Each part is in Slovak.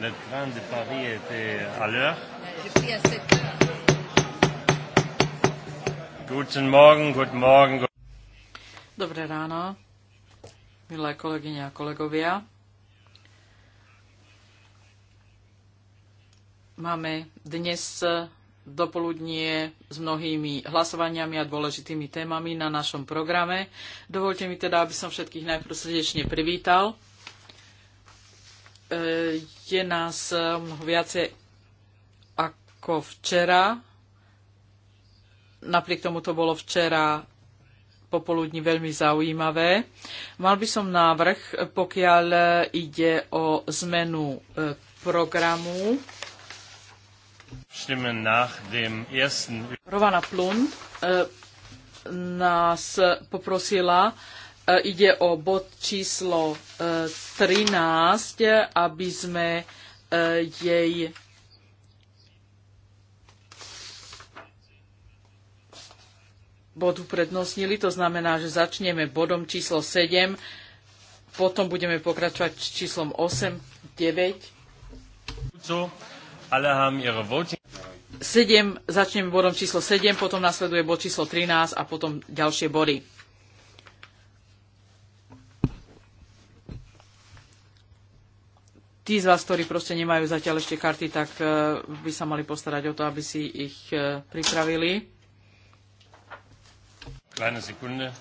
le train de Paris était à l'heure. Guten Morgen, guten Morgen. Dobré ráno, milé kolegyne a kolegovia. Máme dnes dopoludnie s mnohými hlasovaniami a dôležitými témami na našom programe. Dovolte mi teda, aby som všetkých najprv srdečne privítal E, je nás e, viacej ako včera. Napriek tomu to bolo včera popoludní veľmi zaujímavé. Mal by som návrh, pokiaľ ide o zmenu e, programu. Rovana Plun nás poprosila, E, ide o bod číslo 13, e, aby sme e, jej bod uprednostnili. To znamená, že začneme bodom číslo 7, potom budeme pokračovať s číslom 8, 9. 7, začneme bodom číslo 7, potom nasleduje bod číslo 13 a potom ďalšie body. tí z vás, ktorí proste nemajú zatiaľ ešte karty, tak e, by sa mali postarať o to, aby si ich e, pripravili. Kleine Sekunde.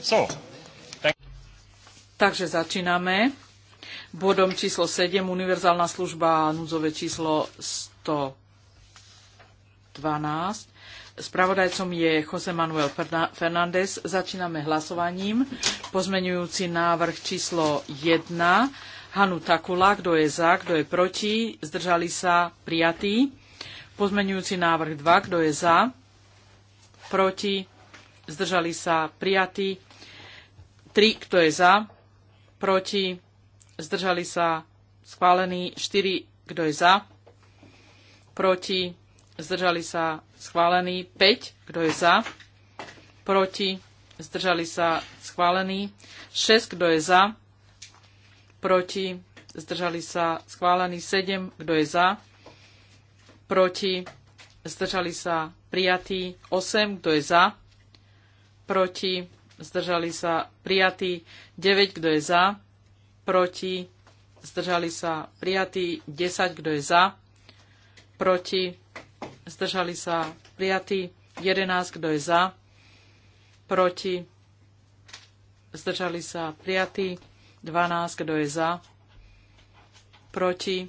So, Takže začíname. Bodom číslo 7, univerzálna služba núdzové číslo 112. Spravodajcom je Jose Manuel Fernández. Začíname hlasovaním. Pozmenujúci návrh číslo 1. Hanu Takula, kto je za, kto je proti, zdržali sa, prijatí. Pozmenujúci návrh 2, kto je za, proti, zdržali sa, prijatí. 3, kto je za, proti, zdržali sa, schválený. 4, kto je za, proti, zdržali sa schválení. 5, kto je za, proti, zdržali sa schválení. 6, kto je za, proti, zdržali sa schválení. 7, kto je za, proti, zdržali sa prijatí. 8, kto je za, proti, zdržali sa prijatí. 9, kto je za, proti, zdržali sa prijatí. 10, kto je za, proti, zdržali sa prijatí, 11, kto je za, proti, zdržali sa prijatí, 12, kto je za, proti,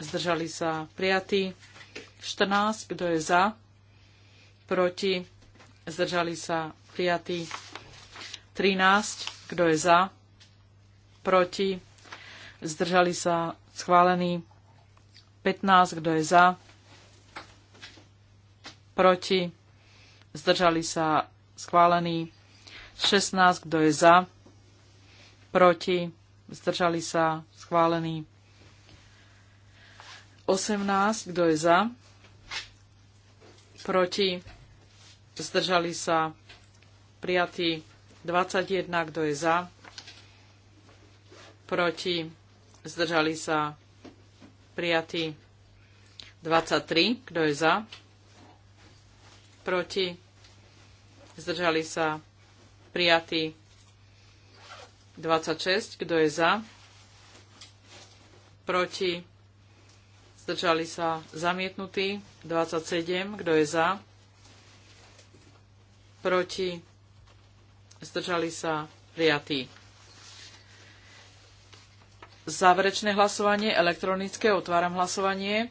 zdržali sa prijatí, 14, kto je za, proti, zdržali sa prijatí, 13, kto je za, proti, zdržali sa schválení, 15, kto je za, proti, zdržali sa schválený. 16, kto je za, proti, zdržali sa schválený. 18, kto je za, proti, zdržali sa prijatý. 21, kto je za, proti, zdržali sa prijatí 23, kto je za, proti, zdržali sa prijatí 26, kto je za, proti, zdržali sa zamietnutí 27, kto je za, proti, zdržali sa prijatí. Záverečné hlasovanie, elektronické, otváram hlasovanie.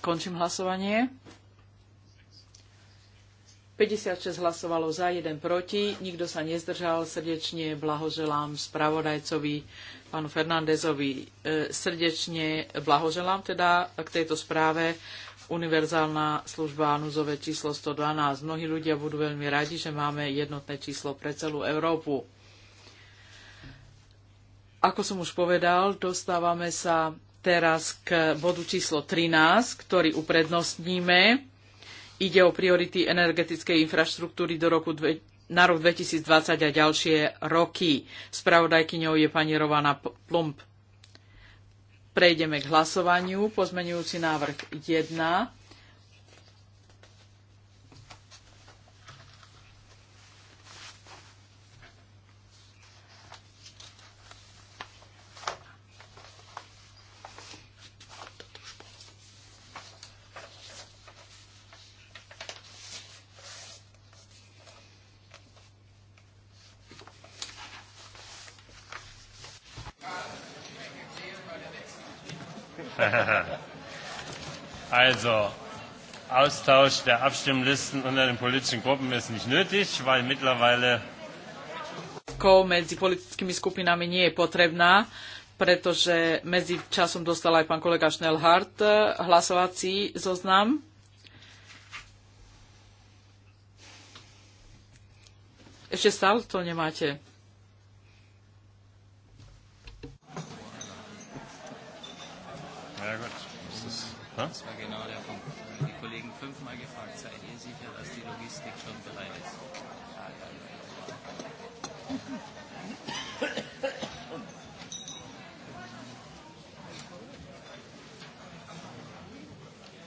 Končím hlasovanie. 56 hlasovalo za, 1 proti, nikto sa nezdržal. Srdečne blahoželám spravodajcovi, pánu Fernandezovi. E, srdečne blahoželám teda k tejto správe. Univerzálna služba núzové číslo 112. Mnohí ľudia budú veľmi radi, že máme jednotné číslo pre celú Európu. Ako som už povedal, dostávame sa teraz k bodu číslo 13, ktorý uprednostníme. Ide o priority energetickej infraštruktúry do roku dve, na rok 2020 a ďalšie roky. Spravodajkyňou je pani Rovana Plump. Prejdeme k hlasovaniu. Pozmenujúci návrh 1. also, Austausch der Abstimmlisten unter den politischen Gruppen ist nicht nötig, weil mittlerweile medzi politickými skupinami nie je potrebná, pretože medzi časom dostal aj pán kolega Schnellhardt eh, hlasovací zoznam. Ešte stále to nemáte. Das war genau der Punkt. Die Kollegen fünfmal gefragt, seid ihr sicher, dass die Logistik schon bereit ist?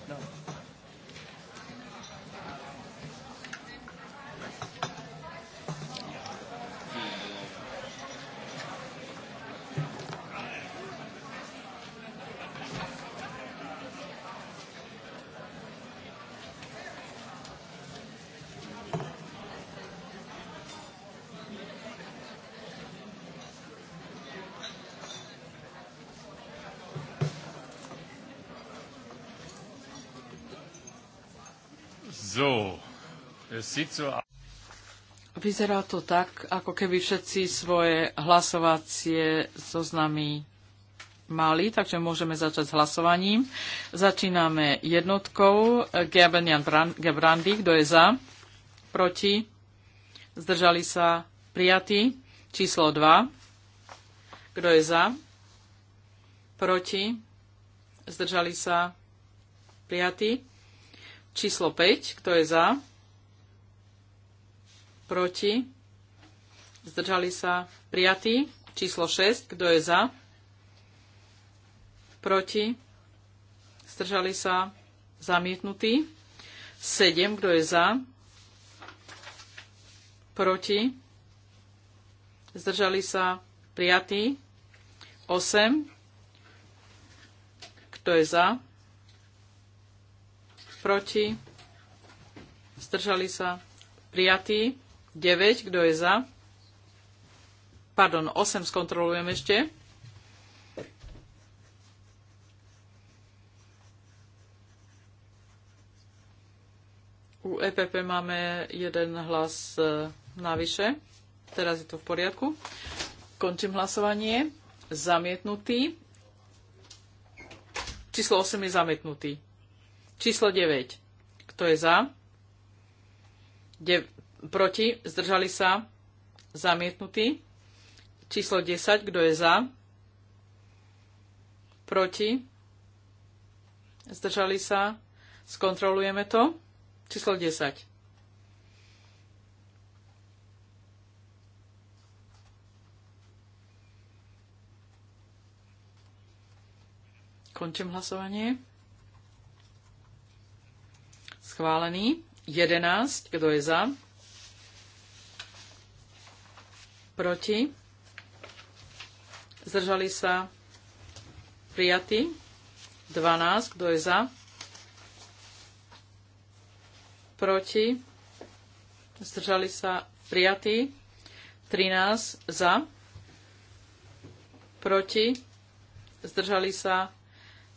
No. So, es sieht so Vyzerá to tak, ako keby všetci svoje hlasovacie zoznamy mali, takže môžeme začať s hlasovaním. Začíname jednotkou. Gerbenian Gebrandy, kto je za? Proti? Zdržali sa prijatí. Číslo 2. Kto je za? Proti? Zdržali sa prijatí. Číslo 5, kto je za? Proti? Zdržali sa prijatí. Číslo 6, kto je za? Proti? Zdržali sa zamietnutí. 7, kto je za? Proti? Zdržali sa prijatí. 8, kto je za? proti, zdržali sa prijatí, 9, kto je za, pardon, 8 skontrolujem ešte. U EPP máme jeden hlas e, navyše. Teraz je to v poriadku. Končím hlasovanie. Zamietnutý. Číslo 8 je zamietnutý. Číslo 9. Kto je za? De- proti? Zdržali sa? Zamietnutý. Číslo 10. Kto je za? Proti? Zdržali sa? Skontrolujeme to. Číslo 10. Končím hlasovanie schválený. 11, kto je za? Proti? Zdržali sa? Prijatý. 12, kto je za? Proti? Zdržali sa? Prijatý. 13, za? Proti? Zdržali sa?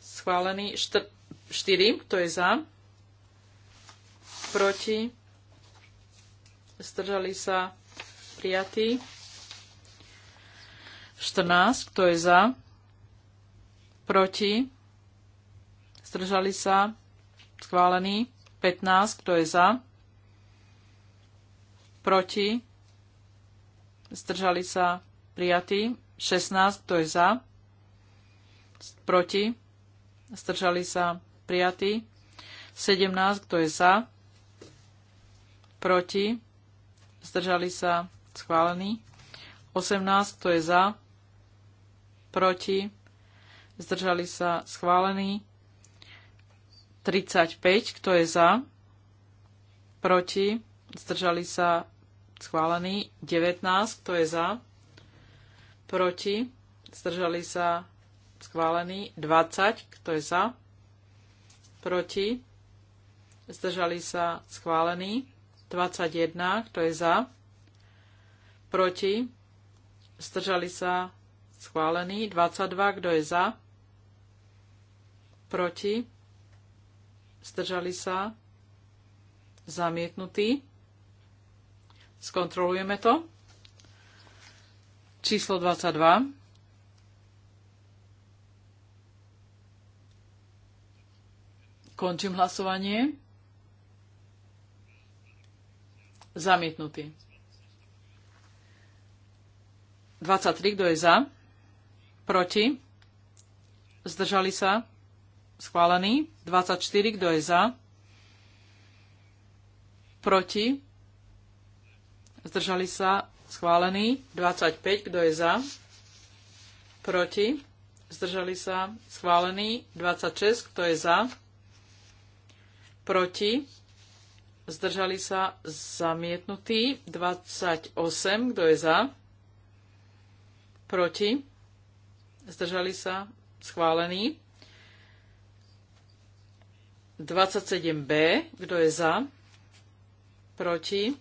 Schválený. 4, kto je za? proti, zdržali sa prijatí. 14, kto je za, proti, zdržali sa, schválený. 15, kto je za, proti, zdržali sa, prijatí. 16, kto je za, proti, zdržali sa, prijatí. 17, kto je za, proti, zdržali sa, schválený. 18, kto je za, proti, zdržali sa, schválený. 35, kto je za, proti, zdržali sa, schválený. 19, kto je za, proti, zdržali sa, schválený. 20, kto je za, proti, zdržali sa, schválený. 21, kto je za, proti, zdržali sa, schválený. 22, kto je za, proti, zdržali sa, zamietnutý. Skontrolujeme to. Číslo 22. Končím hlasovanie. Zamietnutý. 23, kto je za? Proti? Zdržali sa? Schválený. 24, kto je za? Proti? Zdržali sa? Schválený. 25, kto je za? Proti? Zdržali sa? Schválený. 26, kto je za? Proti? zdržali sa zamietnutí, 28, kto je za, proti, zdržali sa schválení, 27b, kto je za, proti,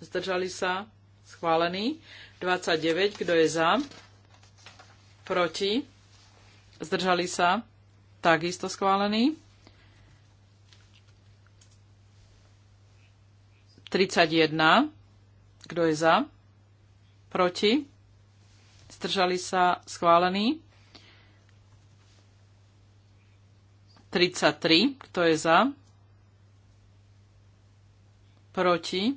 zdržali sa schválení, 29, kto je za, proti, zdržali sa takisto schválení. 31. Kto je za? Proti? Zdržali sa schválení? 33. Kto je za? Proti?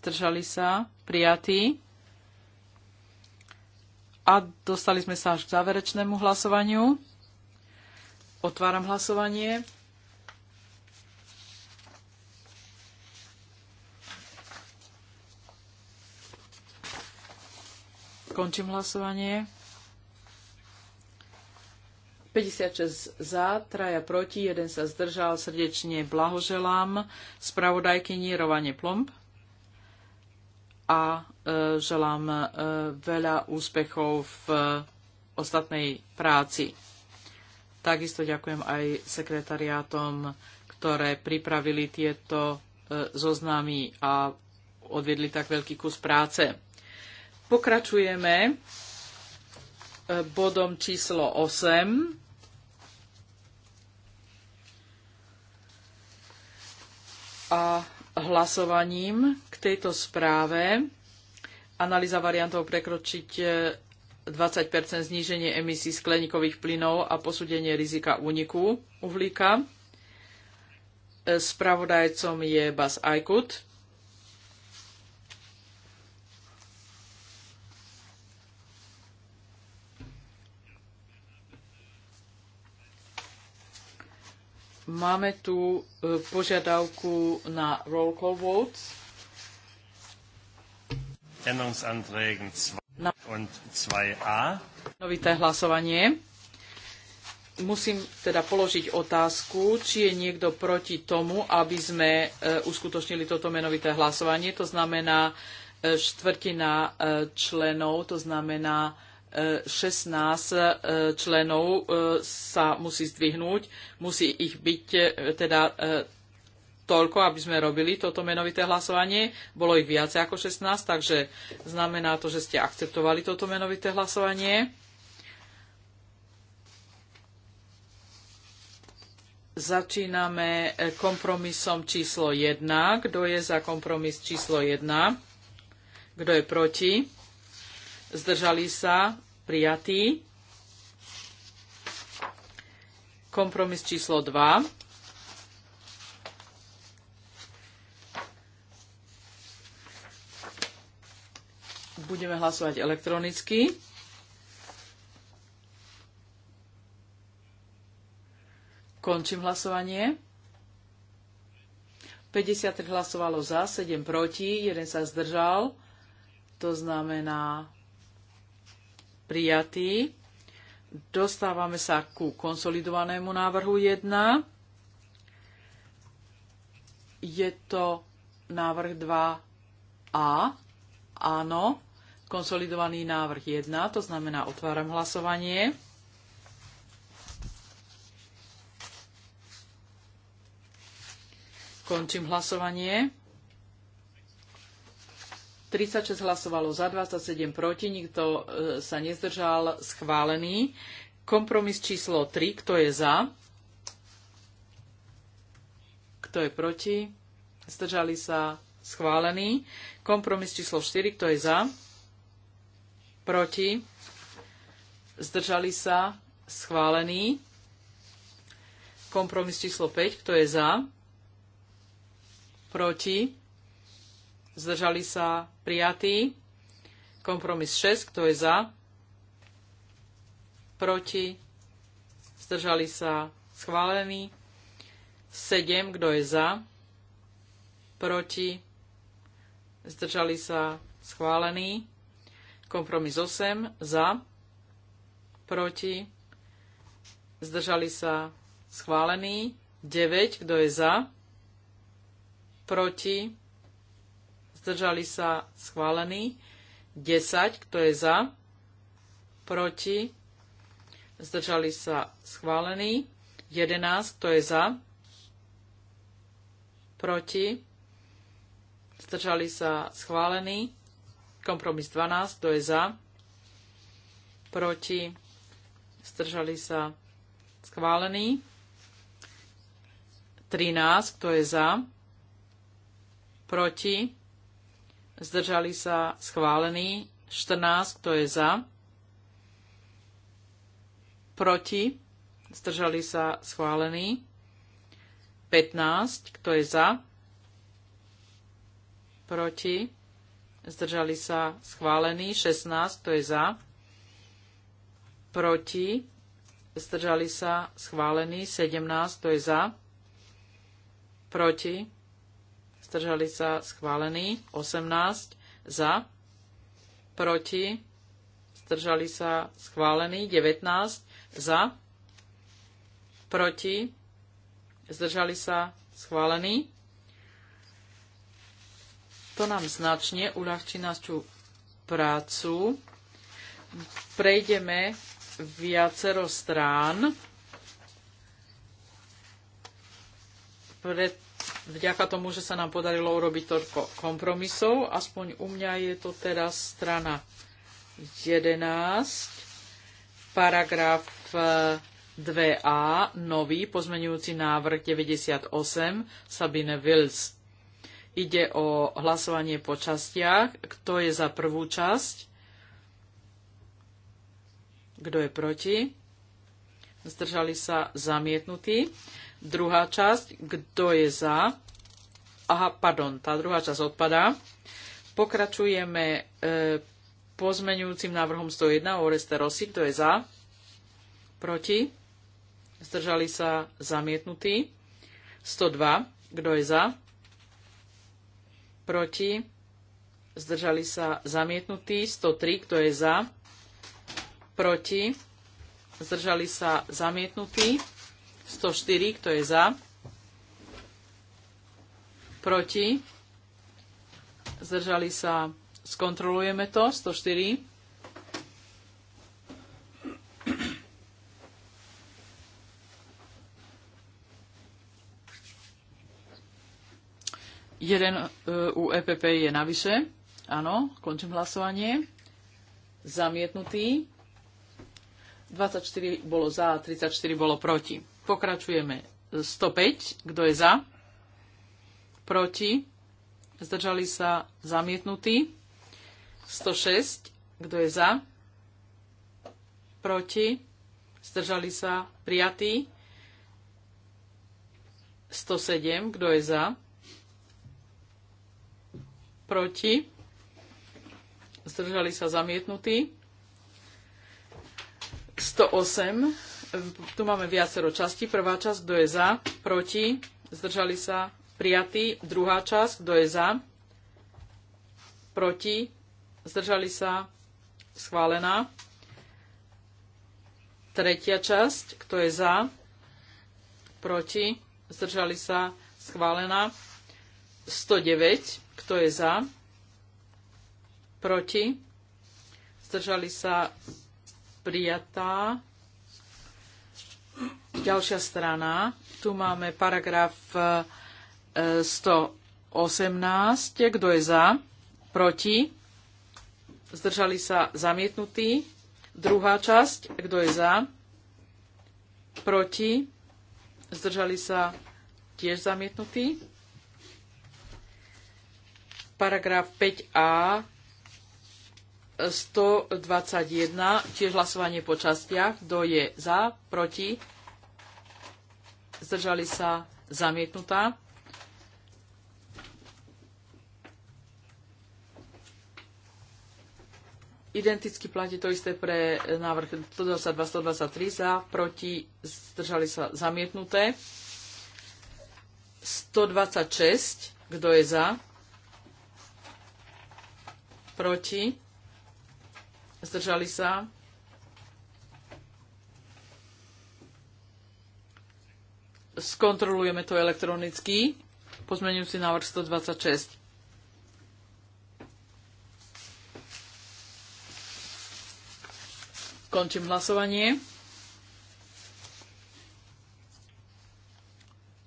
Zdržali sa? Prijatí? A dostali sme sa až k záverečnému hlasovaniu. Otváram hlasovanie. Končím hlasovanie. 56 za, traja proti, jeden sa zdržal, srdečne blahoželám spravodajky Nírovanie Plomb a e, želám e, veľa úspechov v e, ostatnej práci. Takisto ďakujem aj sekretariátom, ktoré pripravili tieto e, zoznámy a odviedli tak veľký kus práce. Pokračujeme e, bodom číslo 8. A hlasovaním k tejto správe analýza variantov prekročiť 20 e, zníženie emisí skleníkových plynov a posúdenie rizika úniku uhlíka. E, spravodajcom je Bas Aykut. Máme tu e, požiadavku na roll call votes. Änderungsanträgen 2 und 2a. Novité hlasovanie. Musím teda položiť otázku, či je niekto proti tomu, aby sme e, uskutočnili toto menovité hlasovanie. To znamená e, štvrtina členov, to znamená 16 e, členov e, sa musí zdvihnúť, musí ich byť e, teda toľko, aby sme robili toto menovité hlasovanie. Bolo ich viac ako 16, takže znamená to, že ste akceptovali toto menovité hlasovanie. Začíname kompromisom číslo 1. Kto je za kompromis číslo 1? Kto je proti? Zdržali sa? prijatý. Kompromis číslo 2. Budeme hlasovať elektronicky. Končím hlasovanie. 53 hlasovalo za, 7 proti, 1 sa zdržal. To znamená, prijatý. Dostávame sa ku konsolidovanému návrhu 1. Je to návrh 2a. Áno. Konsolidovaný návrh 1, to znamená otváram hlasovanie. Končím hlasovanie. 36 hlasovalo za, 27 proti, nikto e, sa nezdržal, schválený. Kompromis číslo 3, kto je za? Kto je proti? Zdržali sa, schválený. Kompromis číslo 4, kto je za? Proti? Zdržali sa, schválený. Kompromis číslo 5, kto je za? Proti? zdržali sa prijatí. Kompromis 6, kto je za, proti, zdržali sa schválení. 7, kto je za, proti, zdržali sa schválení. Kompromis 8, za, proti, zdržali sa schválení. 9, kto je za, proti, zdržali sa schválený. 10, kto je za, proti, zdržali sa schválený. 11, kto je za, proti, zdržali sa schválený. Kompromis 12, kto je za, proti, zdržali sa schválený. 13, kto je za, proti, zdržali sa schválený, 14, kto je za, proti, zdržali sa schválený, 15, kto je za, proti, zdržali sa schválený, 16, kto je za, proti, zdržali sa schválený, 17, kto je za, proti, zdržali sa schválený, 18 za, proti, zdržali sa schválený, 19 za, proti, zdržali sa schválený. To nám značne uľahčí našu prácu. Prejdeme viacero strán. Pred vďaka tomu, že sa nám podarilo urobiť toľko kompromisov, aspoň u mňa je to teraz strana 11, paragraf 2a, e, nový pozmenujúci návrh 98 Sabine Wills. Ide o hlasovanie po častiach. Kto je za prvú časť? Kto je proti? Zdržali sa zamietnutí. Druhá časť, kto je za? Aha, pardon, tá druhá časť odpadá. Pokračujeme e, pozmenujúcim návrhom 101 Oreste Rossi, kto je za? Proti? Zdržali sa zamietnutí. 102, kto je za? Proti? Zdržali sa zamietnutí. 103, kto je za? Proti? Zdržali sa zamietnutí. 104, kto je za? Proti? Zdržali sa. Skontrolujeme to. 104. Jeden e, u EPP je navyše. Áno, končím hlasovanie. Zamietnutý. 24 bolo za, 34 bolo proti. Pokračujeme 105. Kto je za? Proti? Zdržali sa zamietnutí. 106. Kto je za? Proti? Zdržali sa prijatí. 107. Kto je za? Proti? Zdržali sa zamietnutí. 108 tu máme viacero časti. Prvá časť, kto je za, proti, zdržali sa, prijatý. Druhá časť, kto je za, proti, zdržali sa, schválená. Tretia časť, kto je za, proti, zdržali sa, schválená. 109, kto je za, proti, zdržali sa, prijatá. Ďalšia strana, tu máme paragraf 118. E, Kto je za? Proti? Zdržali sa zamietnutí. Druhá časť. Kto je za? Proti? Zdržali sa tiež zamietnutí. Paragraf 5a 121, tiež hlasovanie po častiach. Kto je za, proti, zdržali sa zamietnutá. Identicky platí to isté pre návrh 122-123 za, proti zdržali sa zamietnuté. 126, kto je za? Proti? Zdržali sa? Skontrolujeme to elektronicky. si návrh 126. Končím hlasovanie.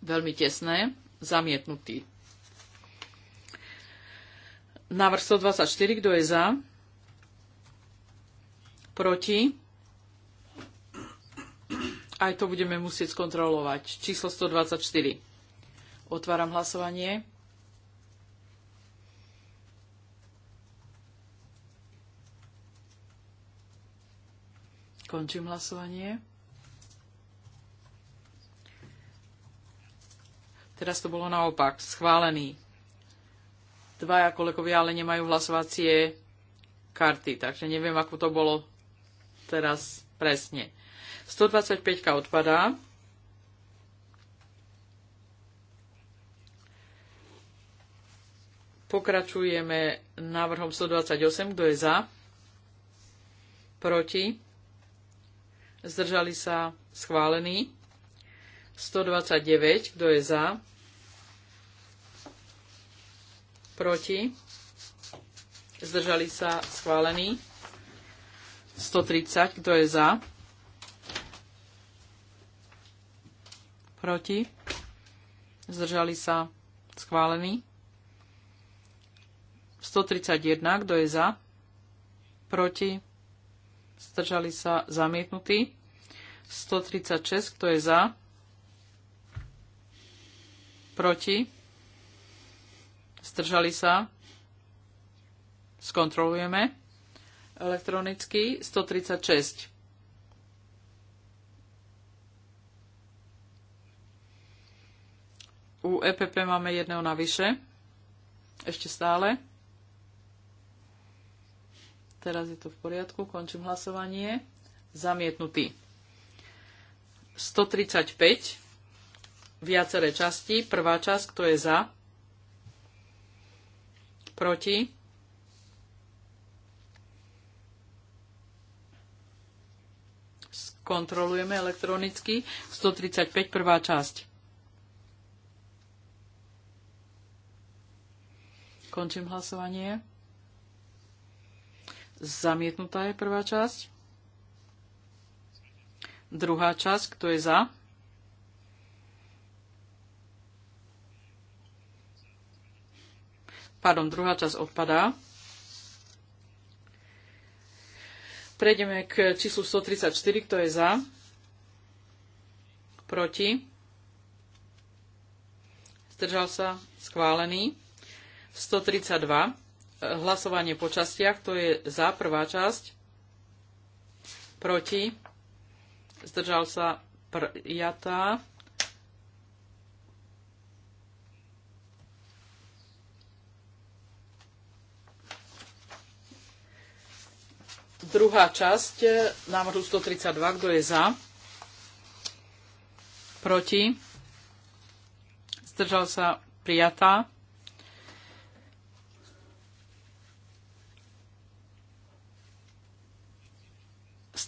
Veľmi tesné. Zamietnutý. Návrh 124. Kto je za? Proti? Aj to budeme musieť skontrolovať. Číslo 124. Otváram hlasovanie. Končím hlasovanie. Teraz to bolo naopak. Schválený. Dvaja kolegovia ale nemajú hlasovacie karty, takže neviem, ako to bolo teraz presne. 125 odpadá. Pokračujeme návrhom 128. Kto je za? Proti? Zdržali sa? schválení. 129. Kto je za? Proti? Zdržali sa? schválení. 130. Kto je za? proti, zdržali sa schválení. 131, kto je za, proti, zdržali sa zamietnutí. 136, kto je za, proti, zdržali sa, skontrolujeme elektronicky 136. U EPP máme jedného navyše. Ešte stále. Teraz je to v poriadku. Končím hlasovanie. Zamietnutý. 135. Viaceré časti. Prvá časť, kto je za? Proti? Kontrolujeme elektronicky. 135, prvá časť. Končím hlasovanie. Zamietnutá je prvá časť. Druhá časť, kto je za? Pardon, druhá časť odpadá. Prejdeme k číslu 134, kto je za? Proti? Zdržal sa? Schválený. 132. E, hlasovanie po častiach. To je za prvá časť. Proti. Zdržal sa prijatá. Druhá časť návrhu 132. Kto je za? Proti? Zdržal sa prijatá.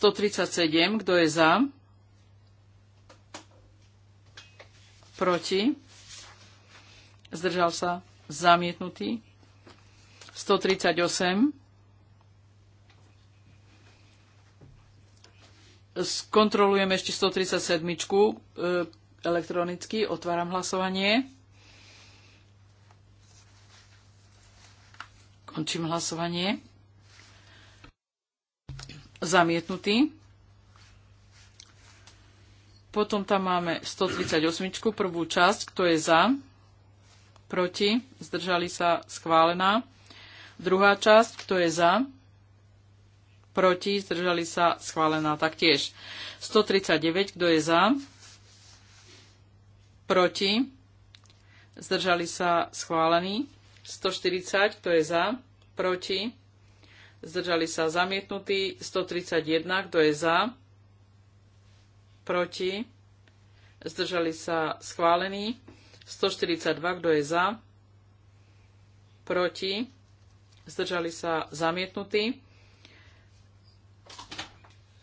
137, kto je za? Proti? Zdržal sa? Zamietnutý? 138. Skontrolujem ešte 137 e, elektronicky. Otváram hlasovanie. Končím hlasovanie zamietnutý. Potom tam máme 138, prvú časť, kto je za, proti, zdržali sa, schválená. Druhá časť, kto je za, proti, zdržali sa, schválená taktiež. 139, kto je za, proti, zdržali sa, schválený. 140, kto je za, proti, zdržali sa zamietnutí, 131, kto je za, proti, zdržali sa schválení, 142, kto je za, proti, zdržali sa zamietnutí,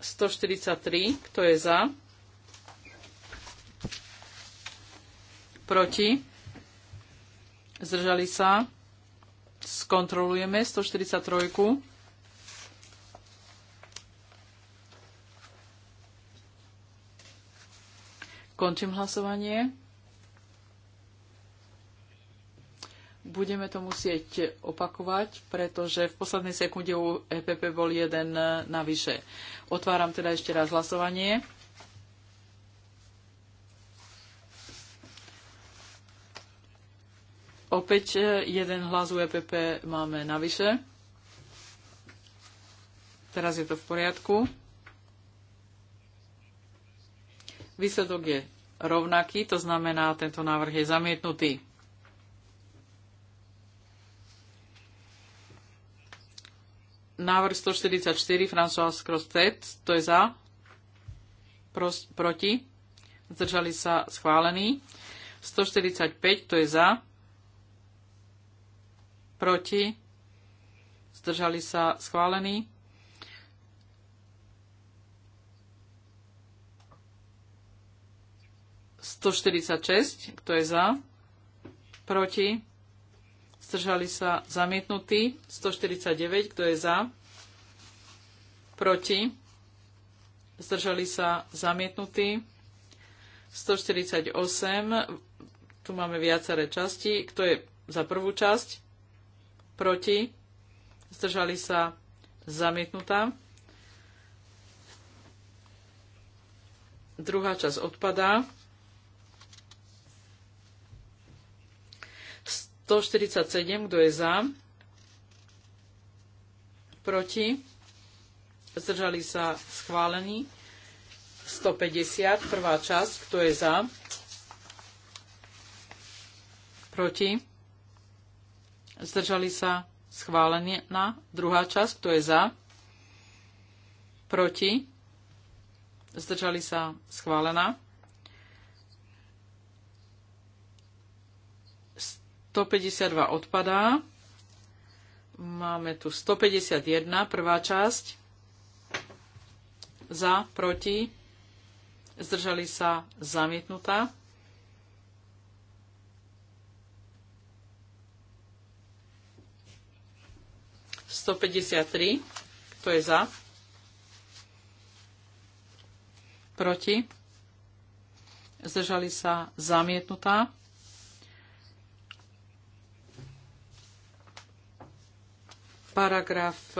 143, kto je za, proti, zdržali sa, skontrolujeme 143. Končím hlasovanie. Budeme to musieť opakovať, pretože v poslednej sekunde u EPP bol jeden navyše. Otváram teda ešte raz hlasovanie. Opäť eh, jeden hlas u EPP máme navyše. Teraz je to v poriadku. Výsledok je rovnaký, to znamená, tento návrh je zamietnutý. Návrh 144 François Crostet, to je za, pros, proti, zdržali sa schválený. 145, to je za, proti, zdržali sa schválený. 146, kto je za, proti, zdržali sa zamietnutí, 149, kto je za, proti, zdržali sa zamietnutí, 148, tu máme viaceré časti, kto je za prvú časť, proti, zdržali sa zamietnutá. Druhá časť odpadá. 147, kto je za? Proti? Zdržali sa schválení. 150, prvá časť, kto je za? Proti? Zdržali sa schválenie na druhá časť, kto je za? Proti? Zdržali sa schválená. 152 odpadá. Máme tu 151, prvá časť. Za, proti. Zdržali sa zamietnutá. Sto päťdesiat tri. Kto je za? Proti. Zdržali sa zamietnutá. Paragraf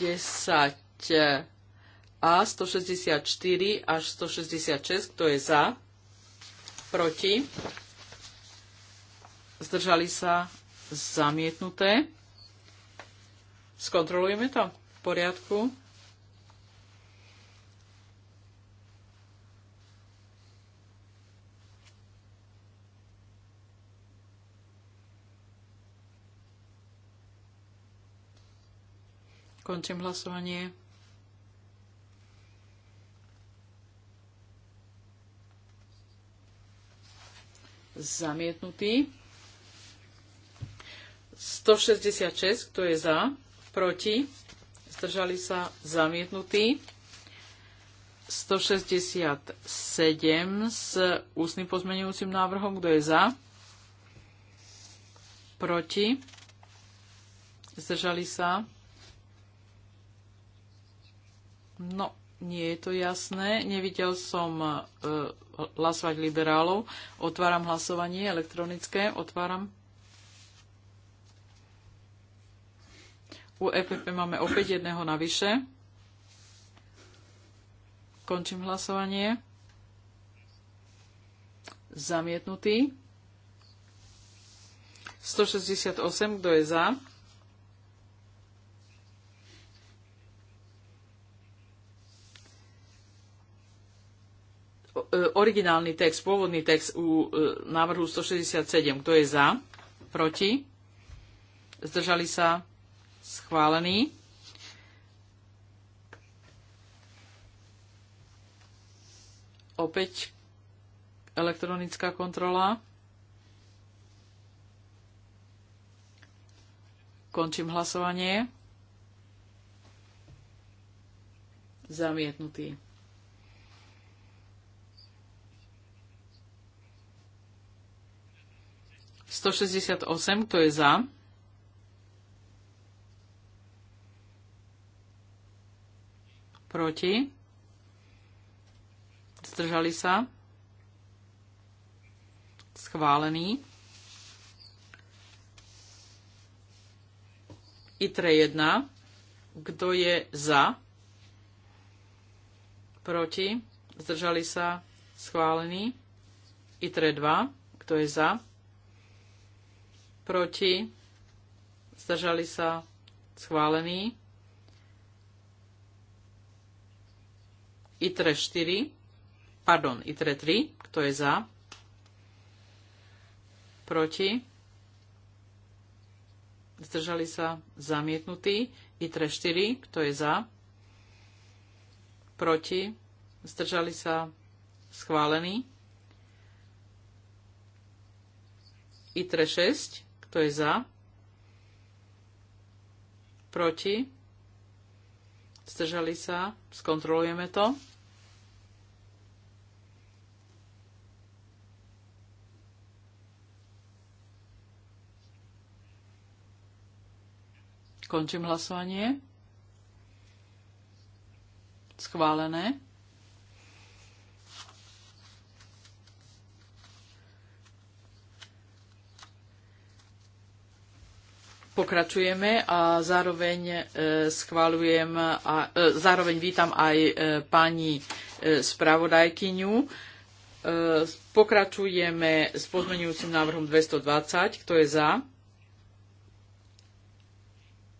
10 a 164 až 166, kto je za, proti, zdržali sa zamietnuté. Skontrolujeme to v poriadku. Končím hlasovanie. Zamietnutý. 166, kto je za, proti, zdržali sa, zamietnutý. 167 s ústnym pozmenujúcim návrhom, kto je za, proti, zdržali sa, No, nie je to jasné. Nevidel som e, hlasovať liberálov. Otváram hlasovanie elektronické. Otváram. U EPP máme opäť jedného navyše. Končím hlasovanie. Zamietnutý. 168, kto je za? E, originálny text, pôvodný text u e, návrhu 167. Kto je za? Proti? Zdržali sa? Schválený. Opäť elektronická kontrola. Končím hlasovanie. Zamietnutý. 168, kto je za? Proti? Zdržali sa? Schválený. ITRE 1. Kto je za? Proti? Zdržali sa? Schválený. ITRE 2. Kto je za? proti, zdržali sa schválení. ITRE 4, pardon, ITRE 3, kto je za, proti, zdržali sa zamietnutí, ITRE 4, kto je za, proti, zdržali sa schválení. ITRE 6, kto je za? Proti? Zdržali sa? Skontrolujeme to. Končím hlasovanie. Schválené. pokračujeme a zároveň e, schváľujem a e, zároveň vítam aj e, pani spravodajkyňu. Pokračujeme s pozmenujúcim návrhom 220. Kto je za?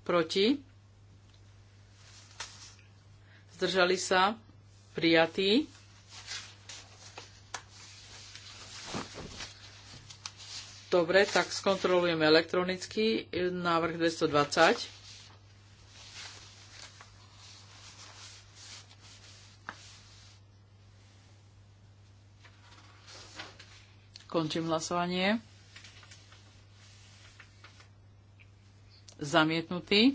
Proti? Zdržali sa? Prijatý? Dobre, tak skontrolujeme elektronicky návrh 220. Končím hlasovanie. Zamietnutý.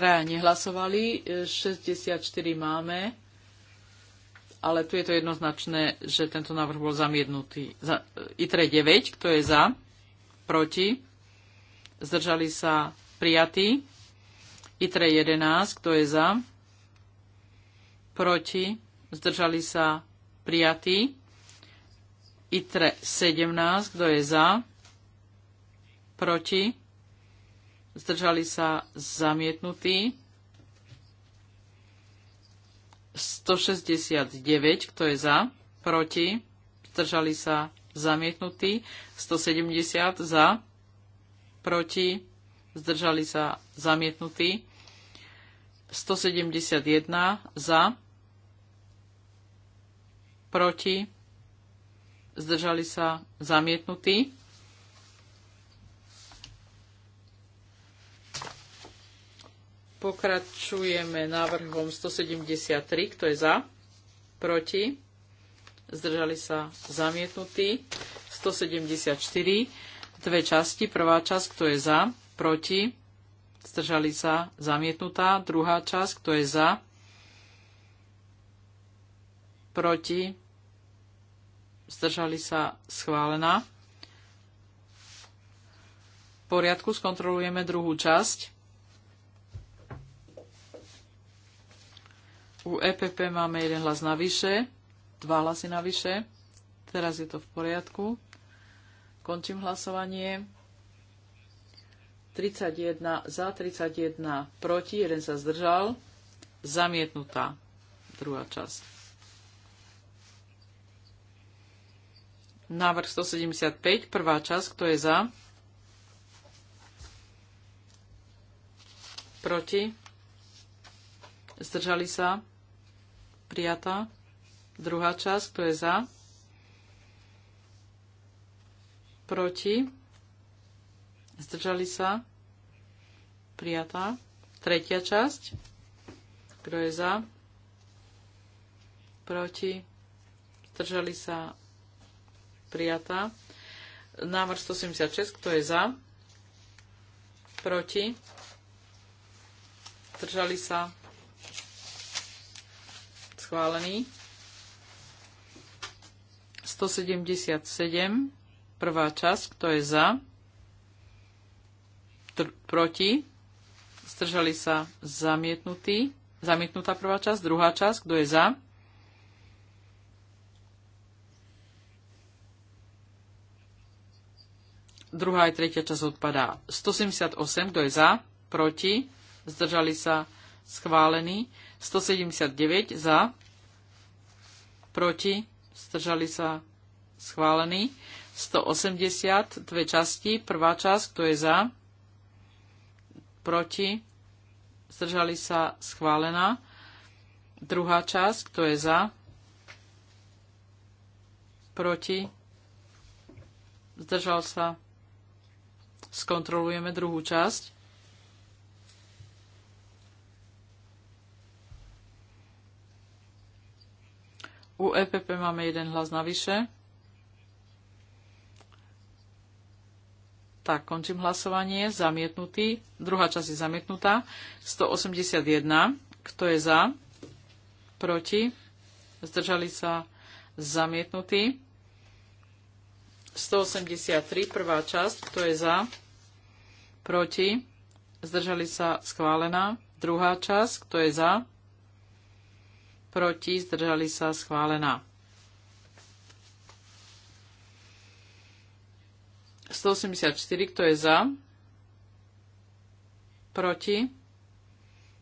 traja nehlasovali, 64 e, máme, ale tu je to jednoznačné, že tento návrh bol zamietnutý. Za, e, ITRE 9, kto je za, proti, zdržali sa prijatí. ITRE 11, kto je za, proti, zdržali sa prijatí. ITRE 17, kto je za, proti, zdržali sa zamietnutí. 169, kto je za, proti, zdržali sa zamietnutí. 170 za, proti, zdržali sa zamietnutí. 171 za, proti, zdržali sa zamietnutí. Pokračujeme návrhom 173, kto je za, proti, zdržali sa zamietnutí. 174, dve časti, prvá časť, kto je za, proti, zdržali sa zamietnutá, druhá časť, kto je za, proti, zdržali sa schválená. V poriadku skontrolujeme druhú časť. U EPP máme jeden hlas navyše, dva hlasy navyše. Teraz je to v poriadku. Končím hlasovanie. 31 za, 31 proti, jeden sa zdržal. Zamietnutá druhá časť. Návrh 175, prvá časť, kto je za? Proti? Zdržali sa? prijatá. Druhá časť, kto je za, proti, zdržali sa, prijatá. Tretia časť, kto je za, proti, zdržali sa, prijatá. Návrh 176, kto je za, proti, zdržali sa, schválený. 177, prvá časť, kto je za, tr- proti, zdržali sa zamietnutí, zamietnutá prvá časť, druhá časť, kto je za, druhá aj tretia časť odpadá. 178, kto je za, proti, zdržali sa schválený. 179 za, proti, zdržali sa schválený. 180, dve časti, prvá časť, kto je za, proti, zdržali sa schválená. Druhá časť, kto je za, proti, zdržal sa. Skontrolujeme druhú časť. U EPP máme jeden hlas navyše. Tak, končím hlasovanie. Zamietnutý. Druhá časť je zamietnutá. 181. Kto je za? Proti? Zdržali sa zamietnutí. 183. Prvá časť. Kto je za? Proti? Zdržali sa schválená. Druhá časť. Kto je za? proti, zdržali sa, schválená. 184, kto je za, proti,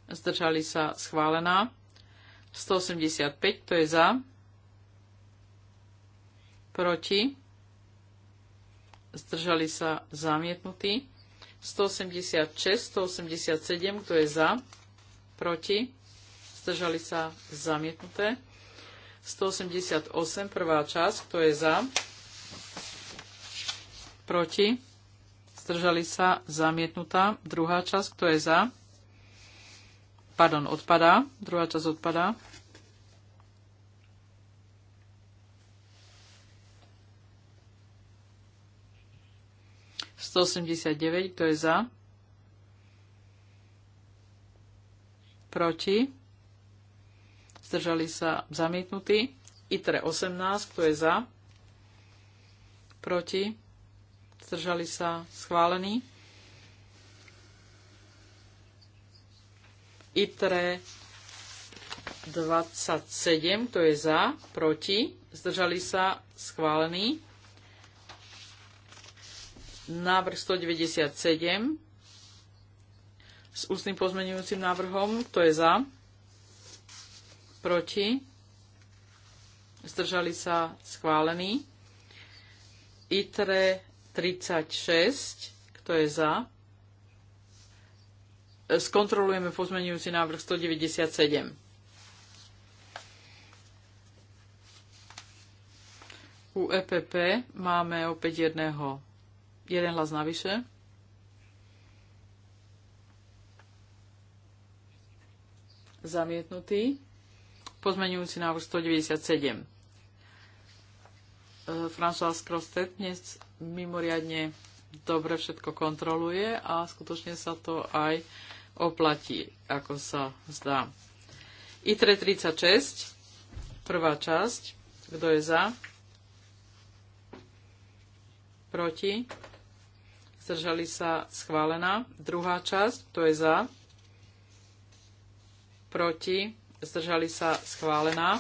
zdržali sa, schválená. 185, kto je za, proti, zdržali sa, zamietnutí. 186, 187, kto je za, proti, zdržali sa zamietnuté. 188, prvá časť, kto je za, proti, zdržali sa zamietnutá, druhá časť, kto je za, pardon, odpadá, druhá časť odpadá. Sto osemdesiat kto je za? Proti? zdržali sa zamietnutí. ITRE 18, kto je za, proti, zdržali sa schválení. ITRE 27, kto je za, proti, zdržali sa schválení. Návrh 197 s ústnym pozmenujúcim návrhom, kto je za, proti, zdržali sa schválení. ITRE 36, kto je za. Skontrolujeme pozmenujúci návrh 197. U EPP máme opäť jedného, jeden hlas navyše. Zamietnutý pozmeňujúci návrh 197. E, François Krostet dnes mimoriadne dobre všetko kontroluje a skutočne sa to aj oplatí, ako sa zdá. ITRE 36, prvá časť. Kto je za? Proti? Zdržali sa schválená. Druhá časť. Kto je za? Proti? zdržali sa schválená.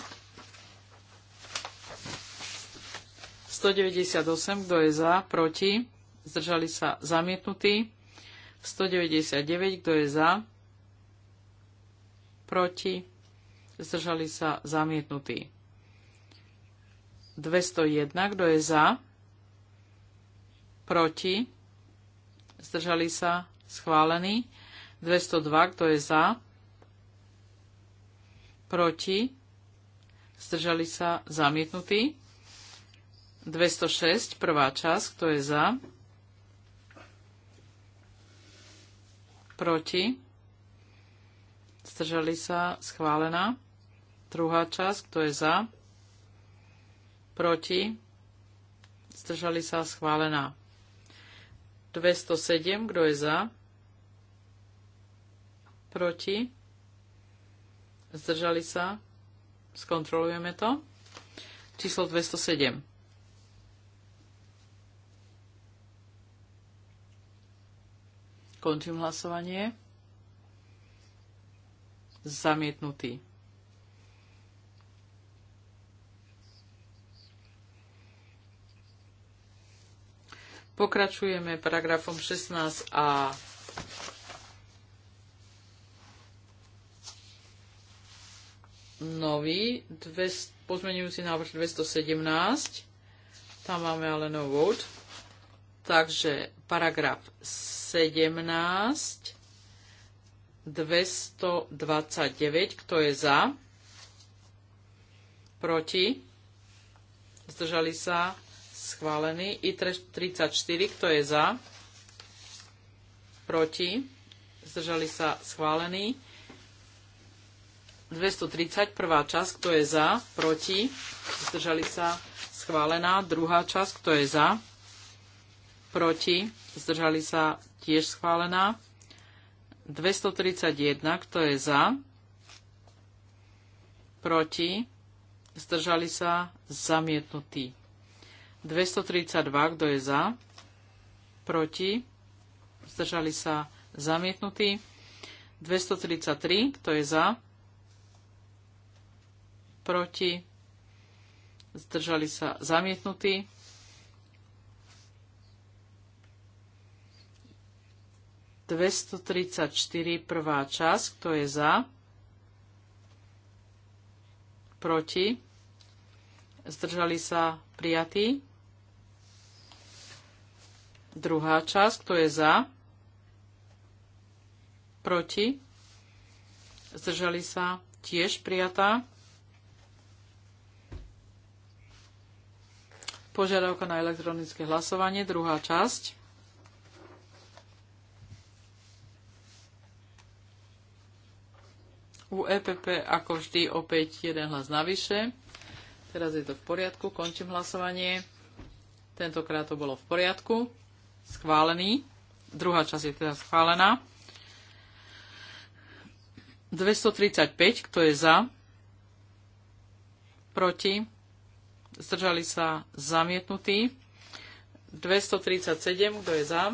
198, kto je za, proti, zdržali sa zamietnutí. 199, kto je za, proti, zdržali sa zamietnutí. 201, kto je za, proti, zdržali sa schválení. 202, kto je za, proti, zdržali sa zamietnutí. 206, prvá časť, kto je za, proti, zdržali sa schválená. Druhá časť, kto je za, proti, zdržali sa schválená. 207, kto je za, proti, Zdržali sa? Skontrolujeme to. Číslo 207. Končím hlasovanie. Zamietnutý. Pokračujeme paragrafom 16a. nový dves, pozmenujúci návrh 217. Tam máme ale no vote. Takže paragraf 17 229, kto je za, proti, zdržali sa, schválený, i 34, kto je za, proti, zdržali sa, schválený, 230, prvá časť, kto je za, proti, zdržali sa, schválená. Druhá časť, kto je za, proti, zdržali sa, tiež schválená. 231, kto je za, proti, zdržali sa, zamietnutí. 232, kto je za, proti, zdržali sa, zamietnutí. 233, kto je za, proti, zdržali sa zamietnutí. Dvesto tridsaťštyri prvá časť, kto je za, proti, zdržali sa prijatí. Druhá časť, kto je za, proti, zdržali sa tiež prijatá. Požiadavka na elektronické hlasovanie, druhá časť. U EPP ako vždy opäť jeden hlas navyše. Teraz je to v poriadku, končím hlasovanie. Tentokrát to bolo v poriadku. Schválený. Druhá časť je teda schválená. 235, kto je za? Proti? zdržali sa zamietnutí. 237, kto je za,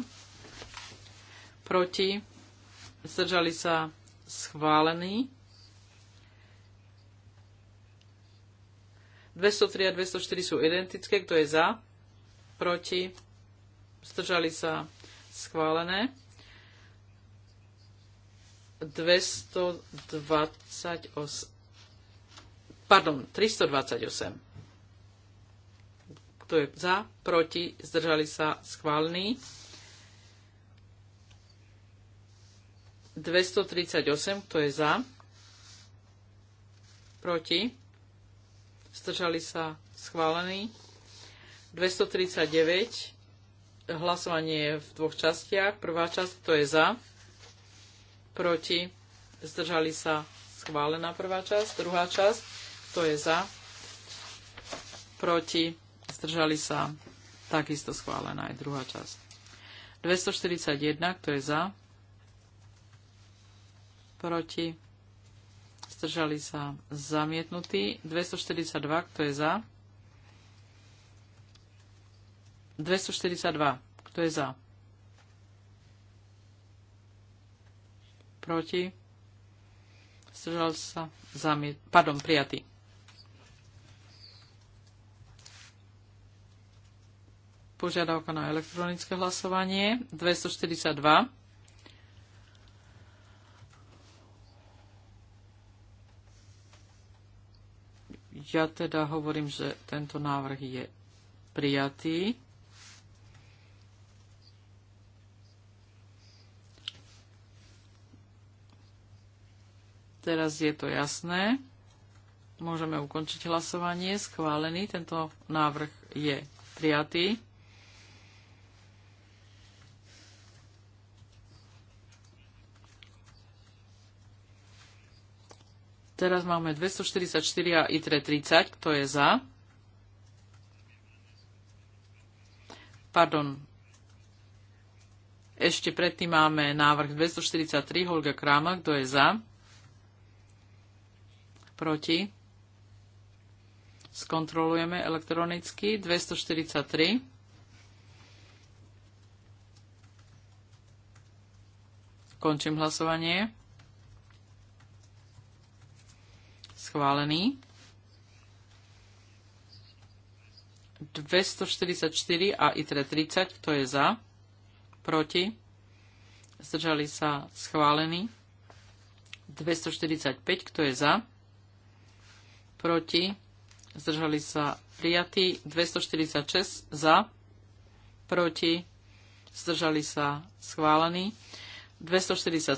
proti, zdržali sa schválení. 203 a 204 sú identické, kto je za, proti, zdržali sa schválené. 228, pardon, 328 kto je za? Proti? Zdržali sa? Schválený. 238. Kto je za? Proti? Zdržali sa? Schválený. 239. Hlasovanie je v dvoch častiach. Prvá časť, kto je za? Proti? Zdržali sa? Schválená prvá časť. Druhá časť, kto je za? Proti? zdržali sa, takisto schválená je druhá časť. 241, kto je za, proti, zdržali sa, zamietnutý. 242, kto je za, 242, kto je za, proti, zdržal sa, zamiet, pardon, prijatý. požiadavka na elektronické hlasovanie 242. Ja teda hovorím, že tento návrh je prijatý. Teraz je to jasné. Môžeme ukončiť hlasovanie. Schválený. Tento návrh je prijatý. Teraz máme 244 a ITRE 30. Kto je za? Pardon. Ešte predtým máme návrh 243 Holga Kráma. Kto je za? Proti? Skontrolujeme elektronicky. 243. Končím hlasovanie. schválený. 244 a ITRE 30, kto je za, proti, zdržali sa schválený. 245, kto je za, proti, zdržali sa prijatí. 246 za, proti, zdržali sa schválený. 247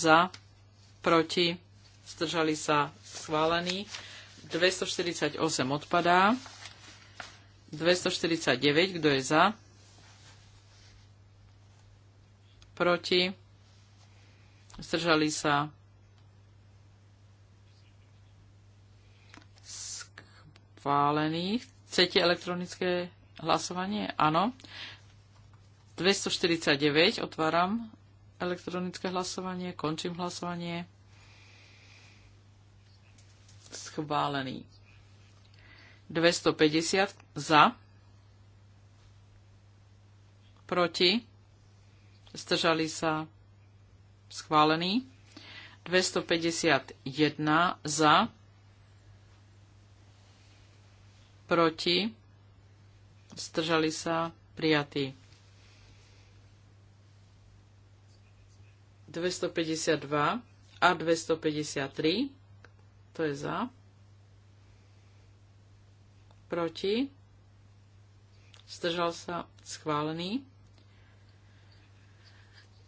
za, proti, zdržali sa schválený. 248 odpadá. 249, kto je za? Proti? Zdržali sa? Schválený. Chcete elektronické hlasovanie? Áno. 249, otváram elektronické hlasovanie, končím hlasovanie schválený. 250 za, proti, zdržali sa, schválený. 251 za, proti, zdržali sa, prijatý. 252 a 253 kto je za? Proti? Zdržal sa? Schválený.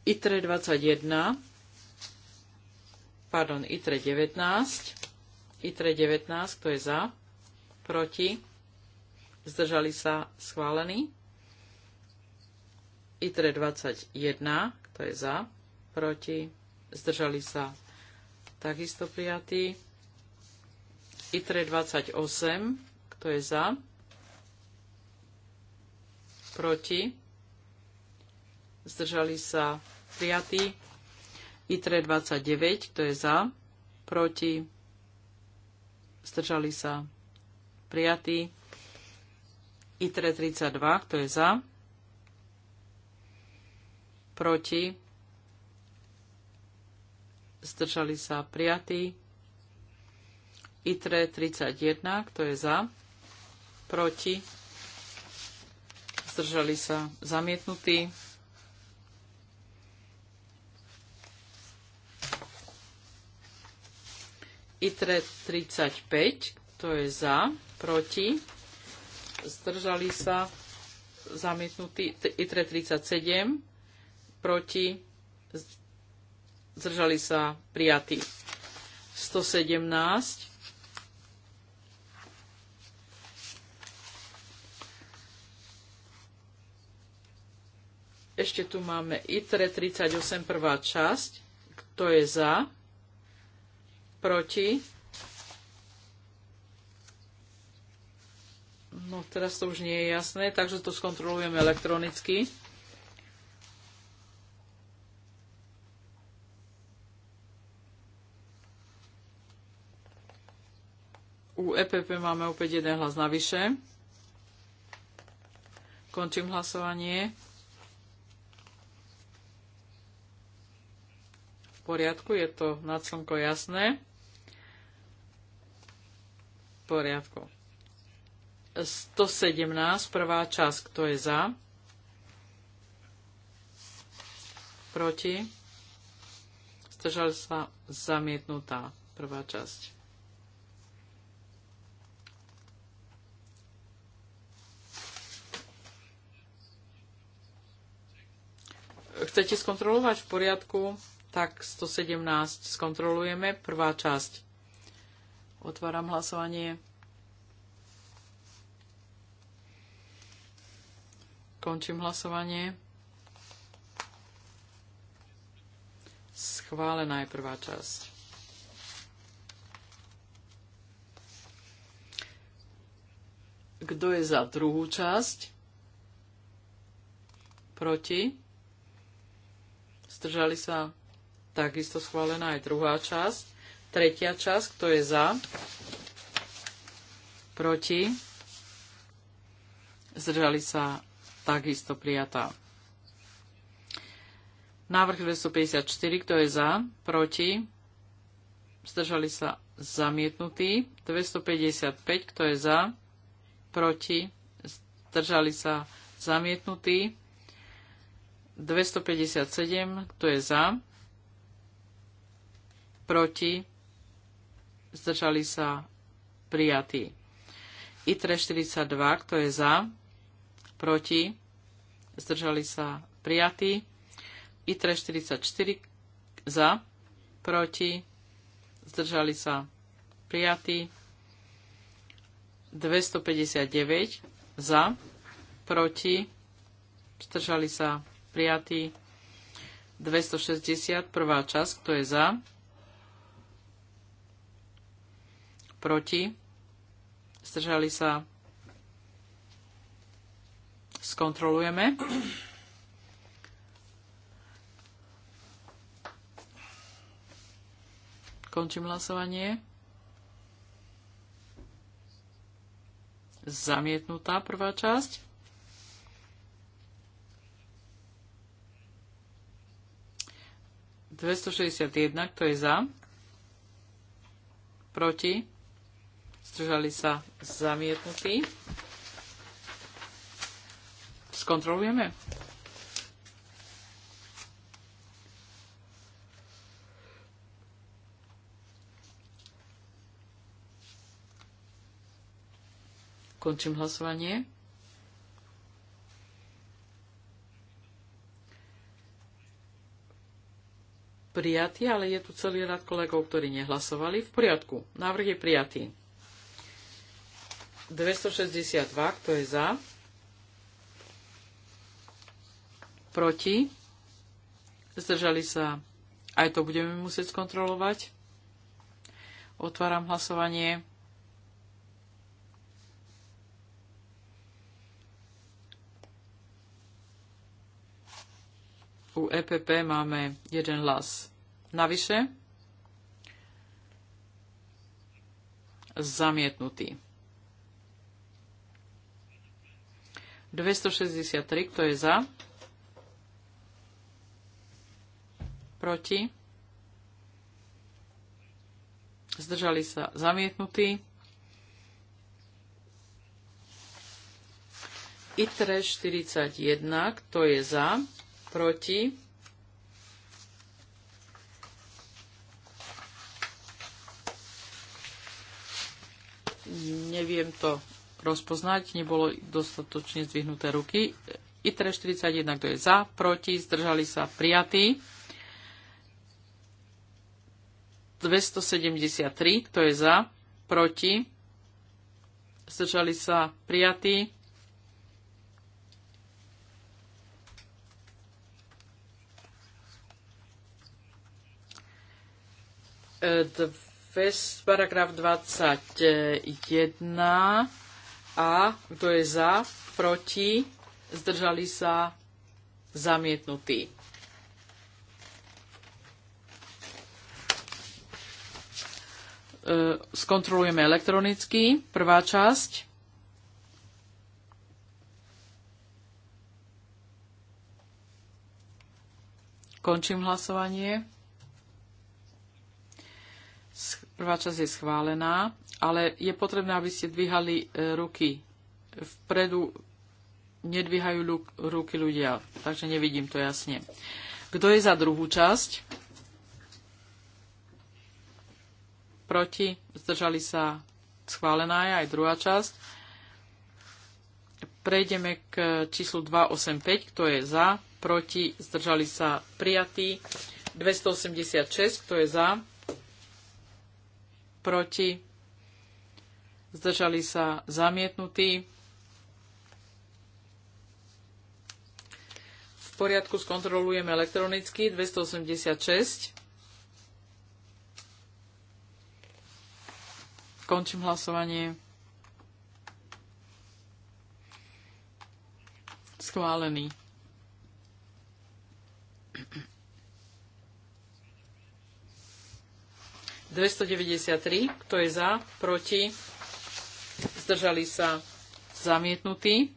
ITRE 21. Pardon, ITRE 19. ITRE 19, kto je za? Proti? Zdržali sa? Schválený. ITRE 21, kto je za? Proti? Zdržali sa? Takisto prijatý. ITRE 28, kto je za? Proti? Zdržali sa prijatí. ITRE 29, kto je za? Proti? Zdržali sa prijatí. ITRE 32, kto je za? Proti? Zdržali sa prijatí. ITRE 31, kto je za, proti, zdržali sa zamietnutí. ITRE 35, kto je za, proti, zdržali sa zamietnutí. ITRE 37, proti, zdržali sa prijatí. 117, Ešte tu máme ITRE 38, prvá časť. Kto je za? Proti? No teraz to už nie je jasné, takže to skontrolujeme elektronicky. U EPP máme opäť jeden hlas navyše. Končím hlasovanie. poriadku, je to na slnko jasné. V poriadku. 117, prvá časť, kto je za? Proti? Stržali sa zamietnutá prvá časť. Chcete skontrolovať v poriadku? tak 117 skontrolujeme. Prvá časť. Otváram hlasovanie. Končím hlasovanie. Schválená je prvá časť. Kto je za druhú časť? Proti? Zdržali sa Takisto schválená aj druhá časť. Tretia časť, kto je za? Proti? Zdržali sa takisto prijatá. Návrh 254, kto je za? Proti? Zdržali sa zamietnutí. 255, kto je za? Proti? Zdržali sa zamietnutí. 257, kto je za? proti, zdržali sa prijatí. ITRE 42, kto je za, proti, zdržali sa prijatí. ITRE 44, za, proti, zdržali sa prijatí. 259, za, proti, zdržali sa prijatí. 260, prvá časť, kto je za, proti, zdržali sa, skontrolujeme. Končím hlasovanie. Zamietnutá prvá časť. jedna, kto je za? Proti? zdržali sa zamietnutí. Skontrolujeme. Končím hlasovanie. Prijatý, ale je tu celý rad kolegov, ktorí nehlasovali. V poriadku. Návrh je prijatý. 262, kto je za? Proti? Zdržali sa. Aj to budeme musieť skontrolovať. Otváram hlasovanie. U EPP máme jeden hlas. Navyše? Zamietnutý. 263, kto je za? Proti? Zdržali sa zamietnutí. ITRE 41, kto je za? Proti? Neviem to rozpoznať, nebolo dostatočne zdvihnuté ruky. ITRE 41, kto je za, proti, zdržali sa, prijatí. 273, kto je za, proti, zdržali sa, prijatí. E, paragraf 21 a kto je za, proti, zdržali sa, zamietnutí. E, skontrolujeme elektronicky. Prvá časť. Končím hlasovanie. Prvá časť je schválená ale je potrebné, aby ste dvíhali e, ruky. Vpredu nedvíhajú ruky ľudia, takže nevidím to jasne. Kto je za druhú časť? Proti? Zdržali sa? Schválená je aj druhá časť. Prejdeme k e, číslu 285. Kto je za? Proti? Zdržali sa? Prijatí. 286. Kto je za? Proti? zdržali sa zamietnutí. V poriadku skontrolujeme elektronicky 286. Končím hlasovanie. Schválený. Dvesto tri. Kto je za? Proti? zdržali sa zamietnutí.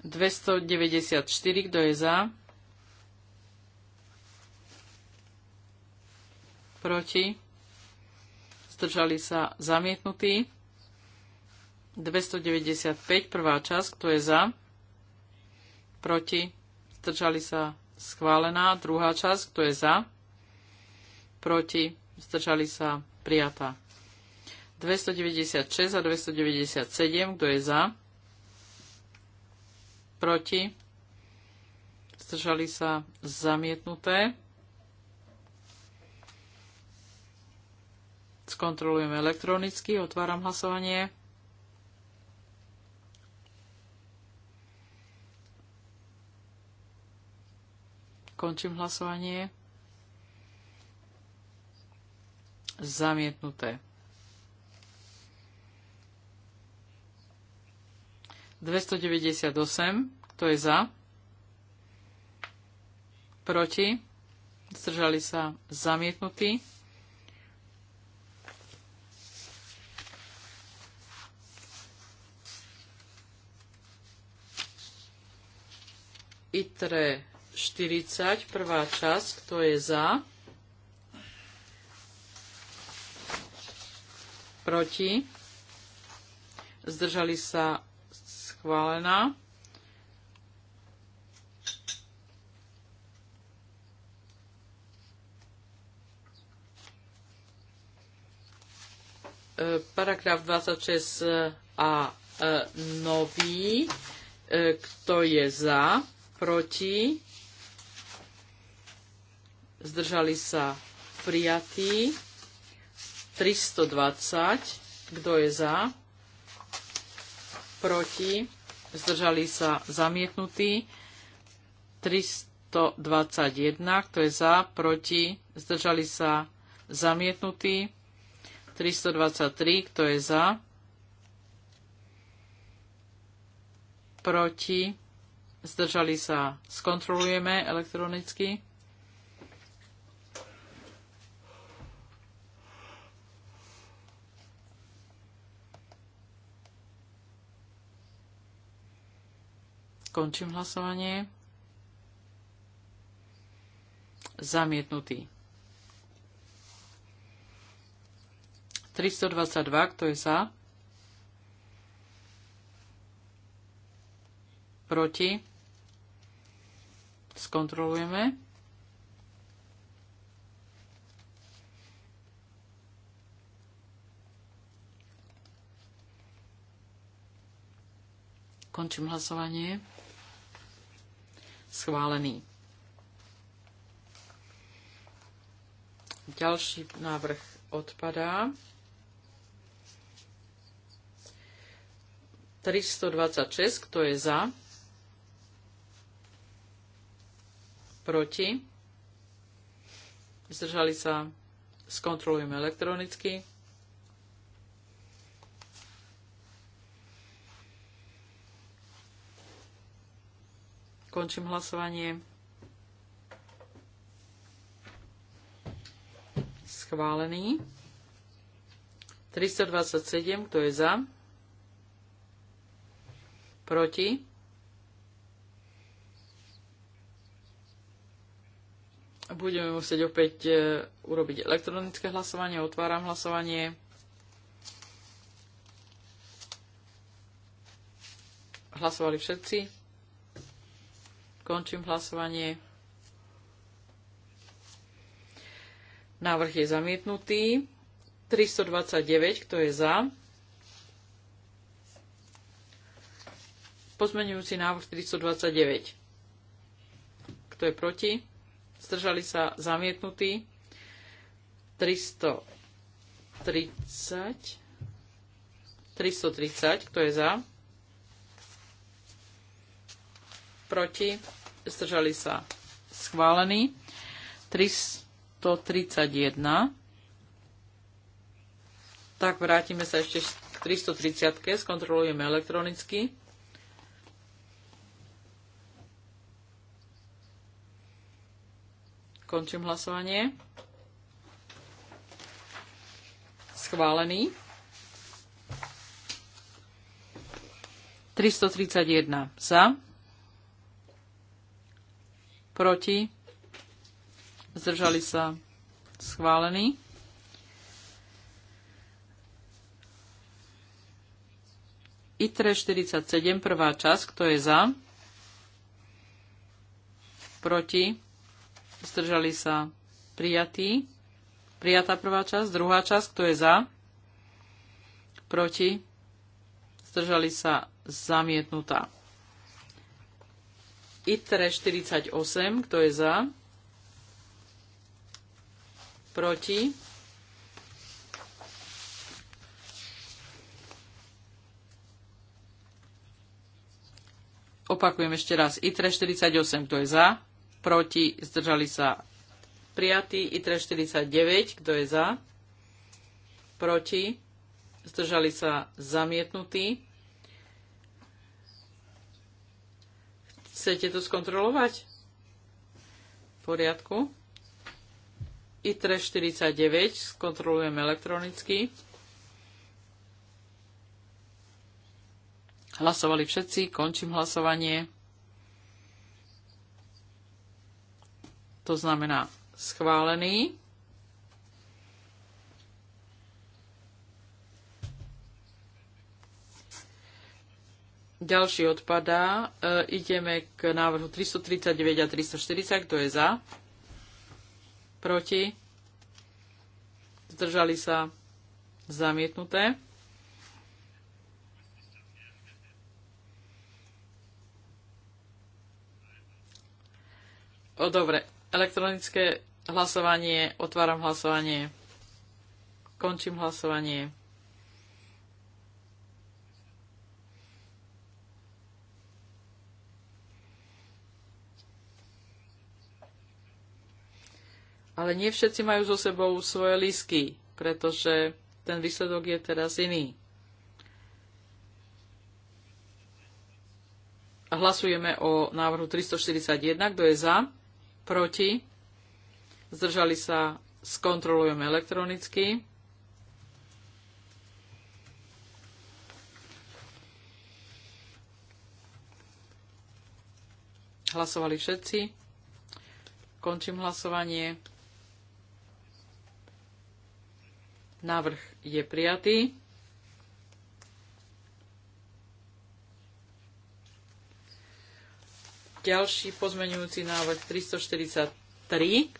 294, kto je za, proti, zdržali sa zamietnutí. 295, prvá časť, kto je za, proti, zdržali sa schválená, druhá časť, kto je za, proti, zdržali sa prijatá. 296 a 297, kto je za? Proti? Zdržali sa zamietnuté. Skontrolujeme elektronicky, otváram hlasovanie. Končím hlasovanie. Zamietnuté. 298, kto je za? Proti? Zdržali sa zamietnutí. ITRE 40, prvá časť, kto je za? Proti? Zdržali sa schválená. E, paragraf 26a e, e, nový. Kto je za? Proti? Zdržali sa prijatí. 320. Kto je za? proti, zdržali sa zamietnutí. 321, kto je za, proti, zdržali sa zamietnutí. 323, kto je za, proti, zdržali sa, skontrolujeme elektronicky. Končím hlasovanie. Zamietnutý. 322, kto je za? Proti? Skontrolujeme. Končím hlasovanie schválený. Ďalší návrh odpadá. 326, kto je za? Proti? Zdržali sa? Skontrolujeme elektronicky. Končím hlasovanie. Schválený. 327, kto je za? Proti? Budeme musieť opäť e, urobiť elektronické hlasovanie. Otváram hlasovanie. Hlasovali všetci. Končím hlasovanie. Návrh je zamietnutý. 329, kto je za? Pozmenujúci návrh 329. Kto je proti? Zdržali sa zamietnutí. 330. 330, kto je za? Proti? zdržali sa schválený. 331. Tak vrátime sa ešte 330. Skontrolujeme elektronicky. Končím hlasovanie. Schválený. 331 za proti, zdržali sa schválení. ITRE 47, prvá časť, kto je za, proti, zdržali sa prijatí, prijatá prvá časť, druhá časť, kto je za, proti, zdržali sa zamietnutá. ITRE 48, kto je za? Proti? Opakujem ešte raz. ITRE 48, kto je za? Proti? Zdržali sa prijatí. ITRE 49, kto je za? Proti? Zdržali sa zamietnutí. Chcete to skontrolovať? V poriadku. ITRE 49 skontrolujem elektronicky. Hlasovali všetci, končím hlasovanie. To znamená schválený. Ďalší odpadá. E, ideme k návrhu 339 a 340. Kto je za? Proti? Zdržali sa? Zamietnuté. O, dobre. Elektronické hlasovanie. Otváram hlasovanie. Končím hlasovanie. Ale nie všetci majú so sebou svoje lísky, pretože ten výsledok je teraz iný. Hlasujeme o návrhu 341. Kto je za? Proti? Zdržali sa? Skontrolujeme elektronicky. Hlasovali všetci. Končím hlasovanie. Návrh je prijatý. Ďalší pozmeňujúci návrh 343,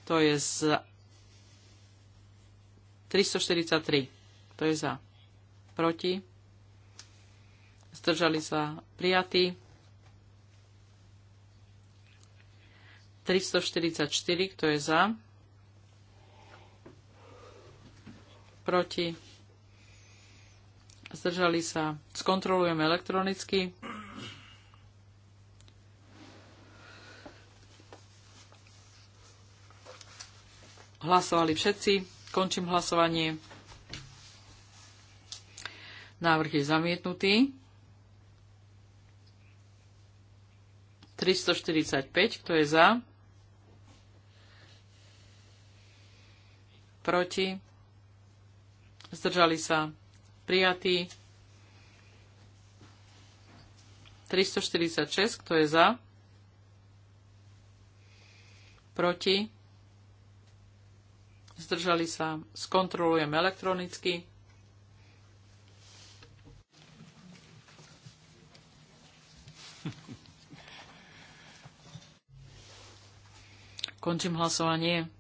to je za. 343, to je za. Proti. Zdržali sa prijatí. 344, kto je za? proti, zdržali sa, skontrolujeme elektronicky. Hlasovali všetci, končím hlasovanie. Návrh je zamietnutý. 345, kto je za? Proti? zdržali sa prijatí. 346, kto je za? Proti? Zdržali sa? Skontrolujem elektronicky. Končím hlasovanie.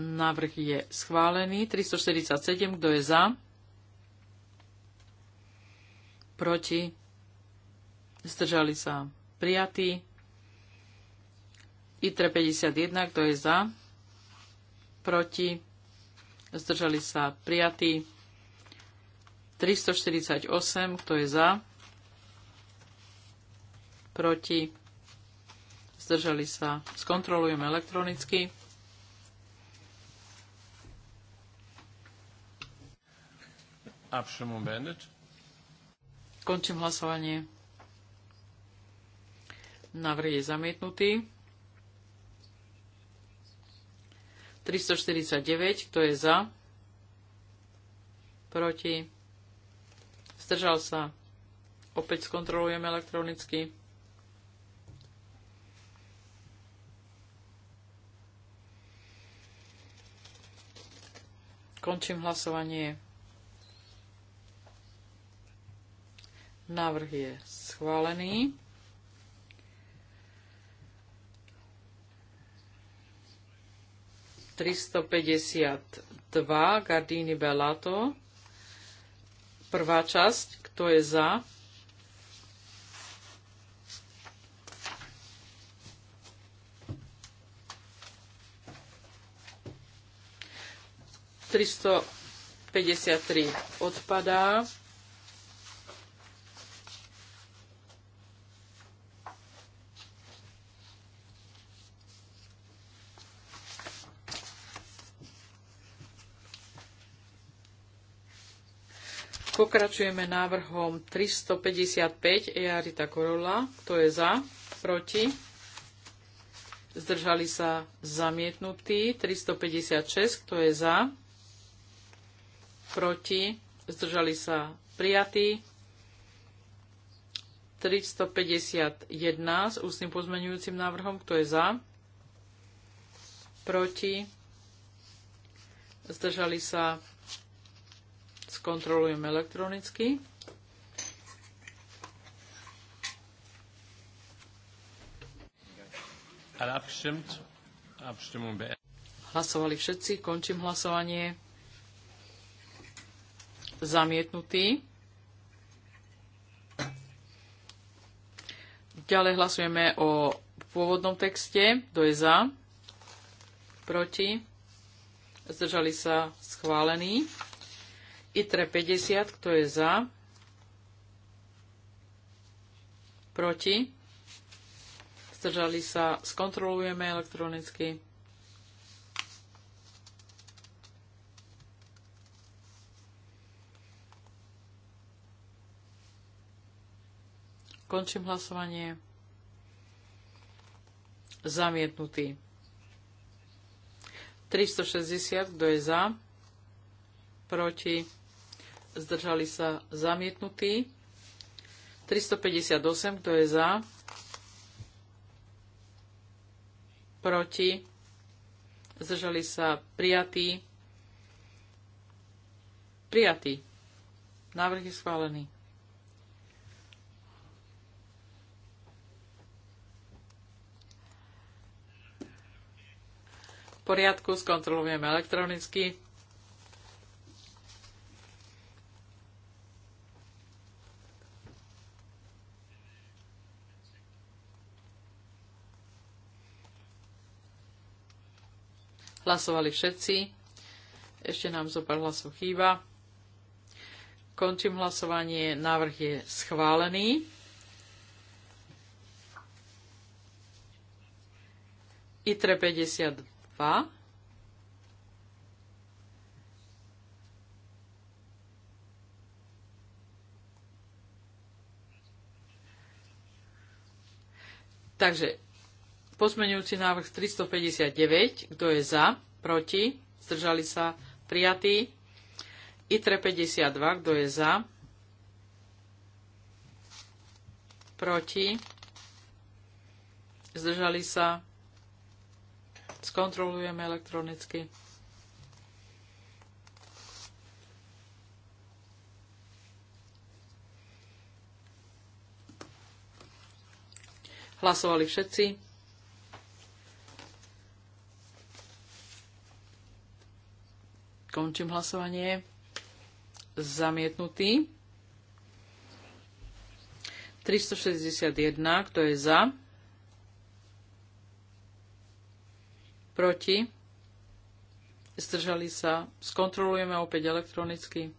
Návrh je schválený. 347, kto je za? Proti? Zdržali sa prijatí. ITRE 51, kto je za? Proti? Zdržali sa prijatí. 348, kto je za? Proti? Zdržali sa. Skontrolujeme elektronicky. Abstimmung beendet. Končím hlasovanie. Návrh je zamietnutý. 349, kto je za? Proti? Zdržal sa? Opäť skontrolujeme elektronicky. Končím hlasovanie. Návrh je schválený. ...352 Gardini Bellato. Prvá časť. Kto je za? ...353 odpadá. Pokračujeme návrhom 355 Earita Korola. Kto je za? Proti? Zdržali sa zamietnutí. 356. Kto je za? Proti? Zdržali sa prijatí. 351 s ústnym pozmenujúcim návrhom. Kto je za? Proti? Zdržali sa skontrolujem elektronicky. Hlasovali všetci, končím hlasovanie. Zamietnutý. Ďalej hlasujeme o pôvodnom texte. Kto je za? Proti? Zdržali sa schválení. ITRE 50, kto je za? Proti? Zdržali sa? Skontrolujeme elektronicky. Končím hlasovanie. Zamietnutý. 360, kto je za? Proti? zdržali sa zamietnutí. 358, kto je za, proti, zdržali sa prijatí. Prijatý. Návrh je schválený. V poriadku skontrolujeme elektronicky. Hlasovali všetci. Ešte nám zo pár hlasov chýba. Končím hlasovanie. Návrh je schválený. ITRE 52. Takže Pozmenujúci návrh 359, kto je za, proti, zdržali sa, prijatý. ITRE 52, kto je za, proti, zdržali sa, skontrolujeme elektronicky. Hlasovali všetci. Končím hlasovanie. Zamietnutý. 361, kto je za? Proti? Zdržali sa. Skontrolujeme opäť elektronicky.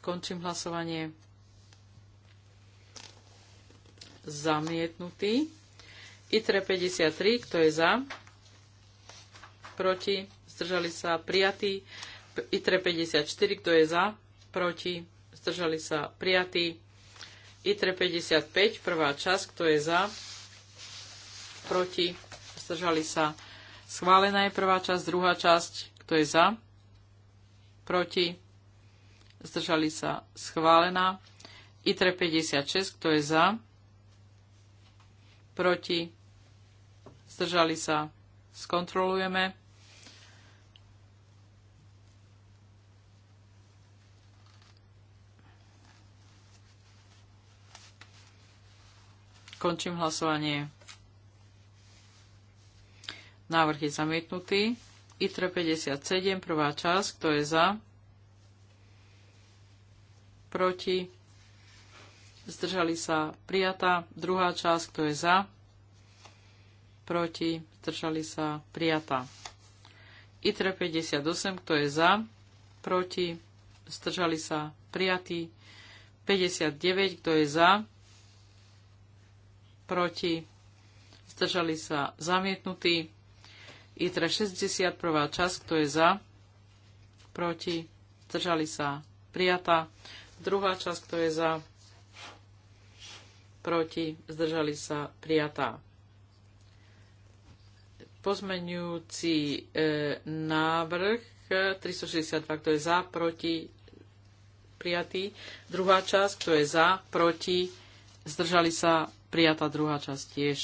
Končím hlasovanie zamietnutý. ITRE 53, kto je za, proti, zdržali sa, prijatý. ITRE 54, kto je za, proti, zdržali sa, prijatý. ITRE 55, prvá časť, kto je za, proti, zdržali sa, schválená je prvá časť, druhá časť, kto je za, proti, zdržali sa, schválená. ITRE 56, kto je za, proti, zdržali sa, skontrolujeme. Končím hlasovanie. Návrh je zamietnutý. ITRE 57, prvá časť, kto je za? Proti? zdržali sa prijatá. Druhá časť, kto je za, proti, zdržali sa prijatá. ITRE 58, kto je za, proti, zdržali sa prijatí. 59, kto je za, proti, zdržali sa zamietnutí. ITRE 60, prvá časť, kto je za, proti, zdržali sa prijatá. Druhá časť, kto je za, proti, zdržali sa, prijatá. Pozmenujúci e, návrh 362, kto je za, proti, prijatý. Druhá časť, kto je za, proti, zdržali sa, prijatá druhá časť tiež.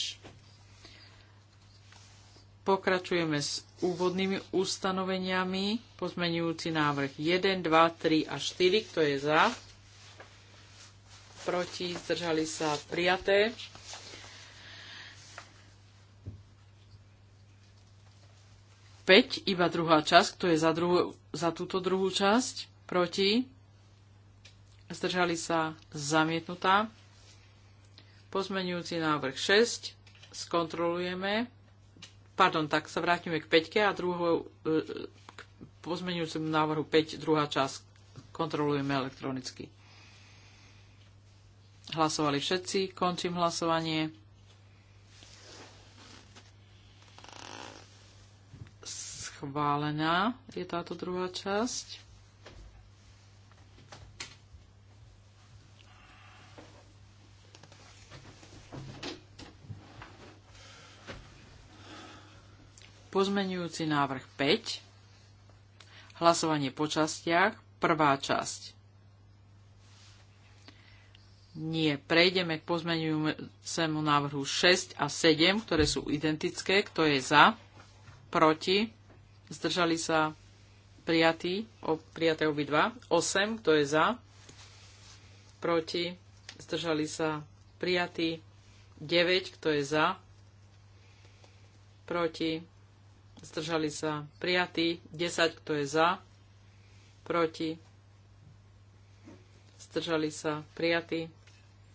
Pokračujeme s úvodnými ustanoveniami. Pozmenujúci návrh 1, 2, 3 a 4, kto je za, proti, zdržali sa prijaté. Peť, iba druhá časť, kto je za, druhú, za túto druhú časť, proti, zdržali sa zamietnutá. Pozmenujúci návrh 6, skontrolujeme. Pardon, tak sa vrátime k 5 a druhou, e, k pozmenujúcemu návrhu 5, druhá časť, kontrolujeme elektronicky. Hlasovali všetci. Končím hlasovanie. Schválená je táto druhá časť. Pozmenujúci návrh 5. Hlasovanie po častiach. Prvá časť. Nie, prejdeme k pozmeňujúcemu návrhu 6 a 7, ktoré sú identické. Kto je za? Proti? Zdržali sa prijatí, o, prijaté obidva. 8, kto je za? Proti? Zdržali sa prijatí. 9, kto je za? Proti? Zdržali sa prijatí. 10, kto je za? Proti? Zdržali sa prijatí.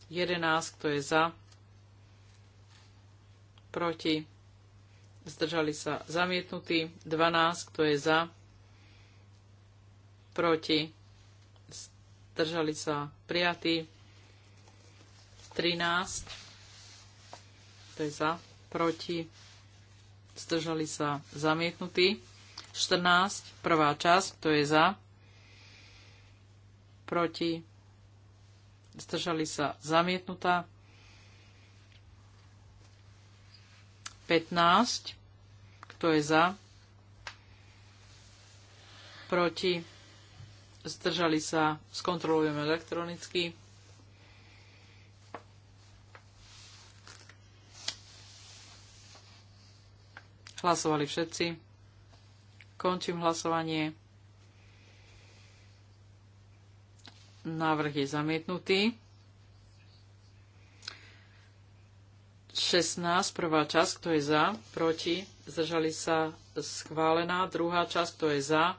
11, kto je za, proti, zdržali sa zamietnutí, 12, kto je za, proti, zdržali sa prijatí, 13, kto je za, proti, zdržali sa zamietnutí, 14, prvá časť, kto je za, proti, zdržali sa zamietnutá. 15, kto je za, proti, zdržali sa, skontrolujeme elektronicky. Hlasovali všetci. Končím hlasovanie. Návrh je zamietnutý. 16, prvá časť, kto je za, proti, zdržali sa schválená. Druhá časť, kto je za,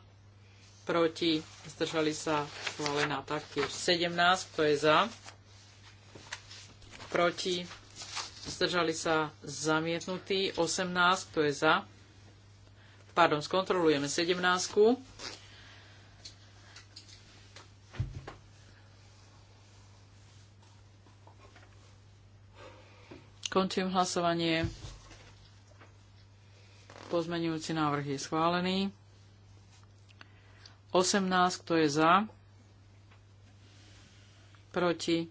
proti, zdržali sa schválená taktiež. 17, kto je za, proti, zdržali sa zamietnutí. 18, kto je za, pardon, skontrolujeme 17. Končím hlasovanie. Pozmenujúci návrh je schválený. 18, kto je za? Proti?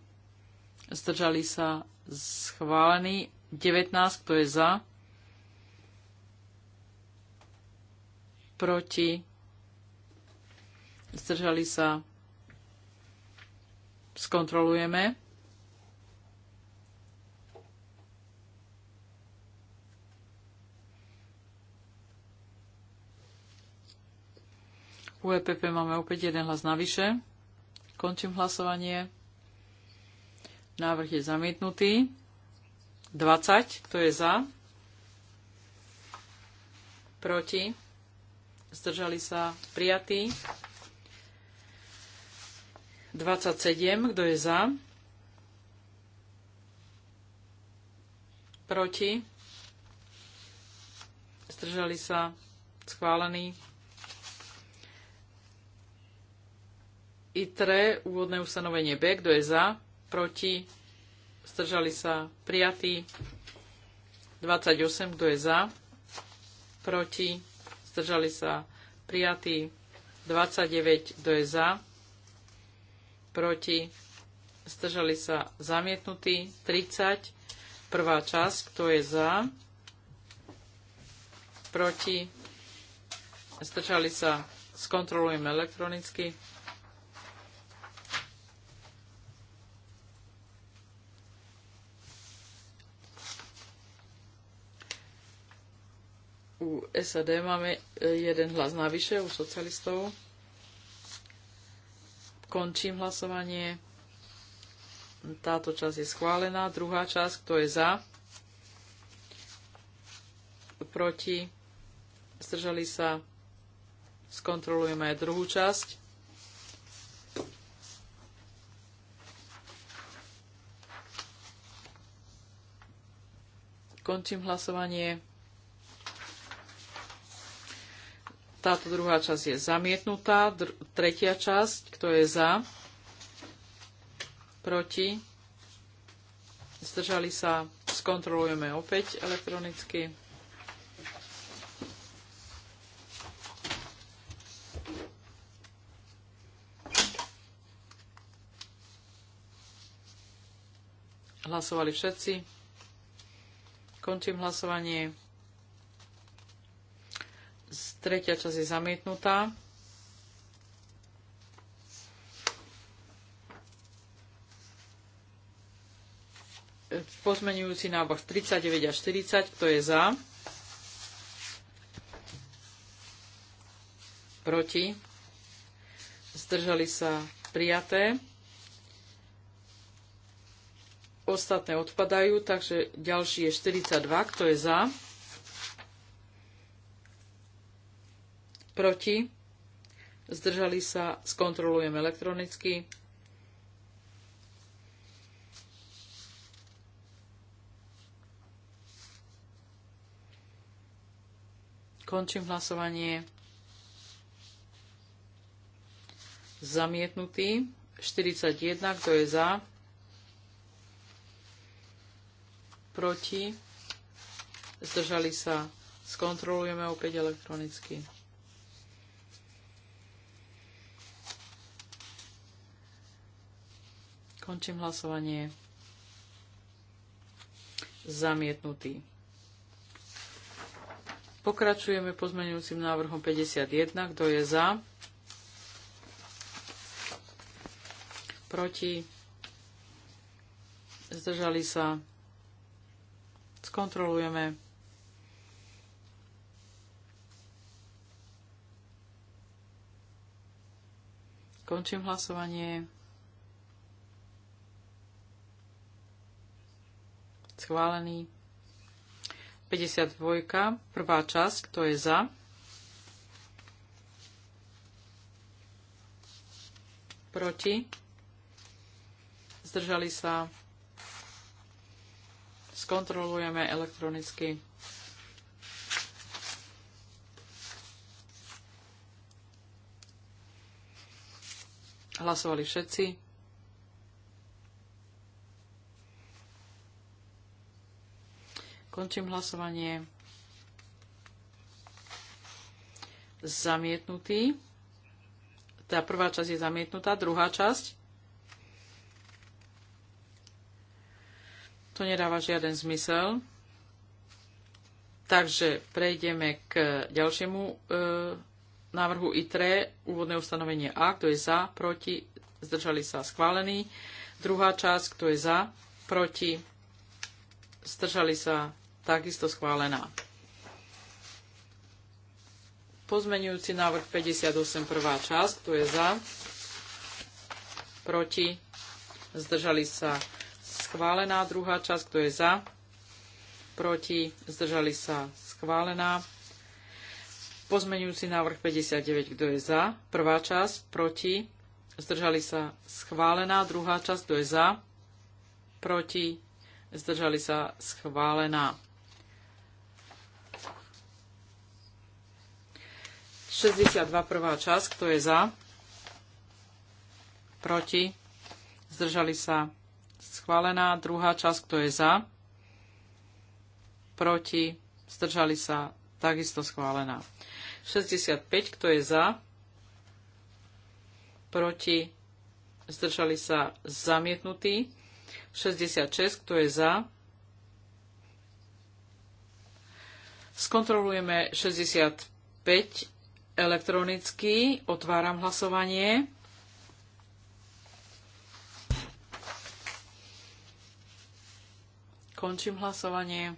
Zdržali sa schválený. 19, kto je za? Proti? Zdržali sa. Skontrolujeme. U EPP máme opäť jeden hlas navyše. Končím hlasovanie. Návrh je zamietnutý. 20. Kto je za? Proti? Zdržali sa prijatí. 27. Kto je za? Proti? Zdržali sa schválený. ITRE, úvodné ustanovenie B, kto je za, proti, zdržali sa, prijatí, 28, kto je za, proti, zdržali sa, prijatí, 29, kto je za, proti, zdržali sa, zamietnutí, 30, prvá časť, kto je za, proti, zdržali sa, skontrolujeme elektronicky. SAD máme e, jeden hlas navyše, u socialistov. Končím hlasovanie. Táto časť je schválená. Druhá časť, kto je za? Proti? Zdržali sa? Skontrolujeme aj druhú časť. Končím hlasovanie Táto druhá časť je zamietnutá. Dr- tretia časť, kto je za? Proti? Zdržali sa? Skontrolujeme opäť elektronicky. Hlasovali všetci. Končím hlasovanie. Tretia časť je zamietnutá. Pozmenujúci návrh 39 až 40, kto je za? Proti? Zdržali sa prijaté. Ostatné odpadajú, takže ďalší je 42, kto je za? proti, zdržali sa, skontrolujem elektronicky. Končím hlasovanie. Zamietnutý. 41, kto je za? Proti? Zdržali sa? Skontrolujeme opäť elektronicky. Končím hlasovanie. Zamietnutý. Pokračujeme pozmenujúcim návrhom 51. Kto je za? Proti? Zdržali sa? Skontrolujeme. Končím hlasovanie. schválený. 52. Prvá časť. Kto je za? Proti? Zdržali sa? Skontrolujeme elektronicky. Hlasovali všetci. Končím hlasovanie. Zamietnutý. Tá prvá časť je zamietnutá, druhá časť. To nedáva žiaden zmysel. Takže prejdeme k ďalšiemu e, návrhu ITRE, úvodné ustanovenie A, kto je za, proti, zdržali sa schválený. Druhá časť, kto je za, proti, zdržali sa takisto schválená. Pozmenujúci návrh 58, prvá časť, kto je za, proti, zdržali sa schválená, druhá časť, kto je za, proti, zdržali sa schválená. Pozmenujúci návrh 59, kto je za, prvá časť, proti, zdržali sa schválená, druhá časť, kto je za, proti, zdržali sa schválená. 62 prvá časť, kto je za? Proti? Zdržali sa? Schválená. Druhá časť, kto je za? Proti? Zdržali sa? Takisto schválená. 65, kto je za? Proti? Zdržali sa? Zamietnutý. 66, kto je za? Skontrolujeme 65 elektronicky. Otváram hlasovanie. Končím hlasovanie.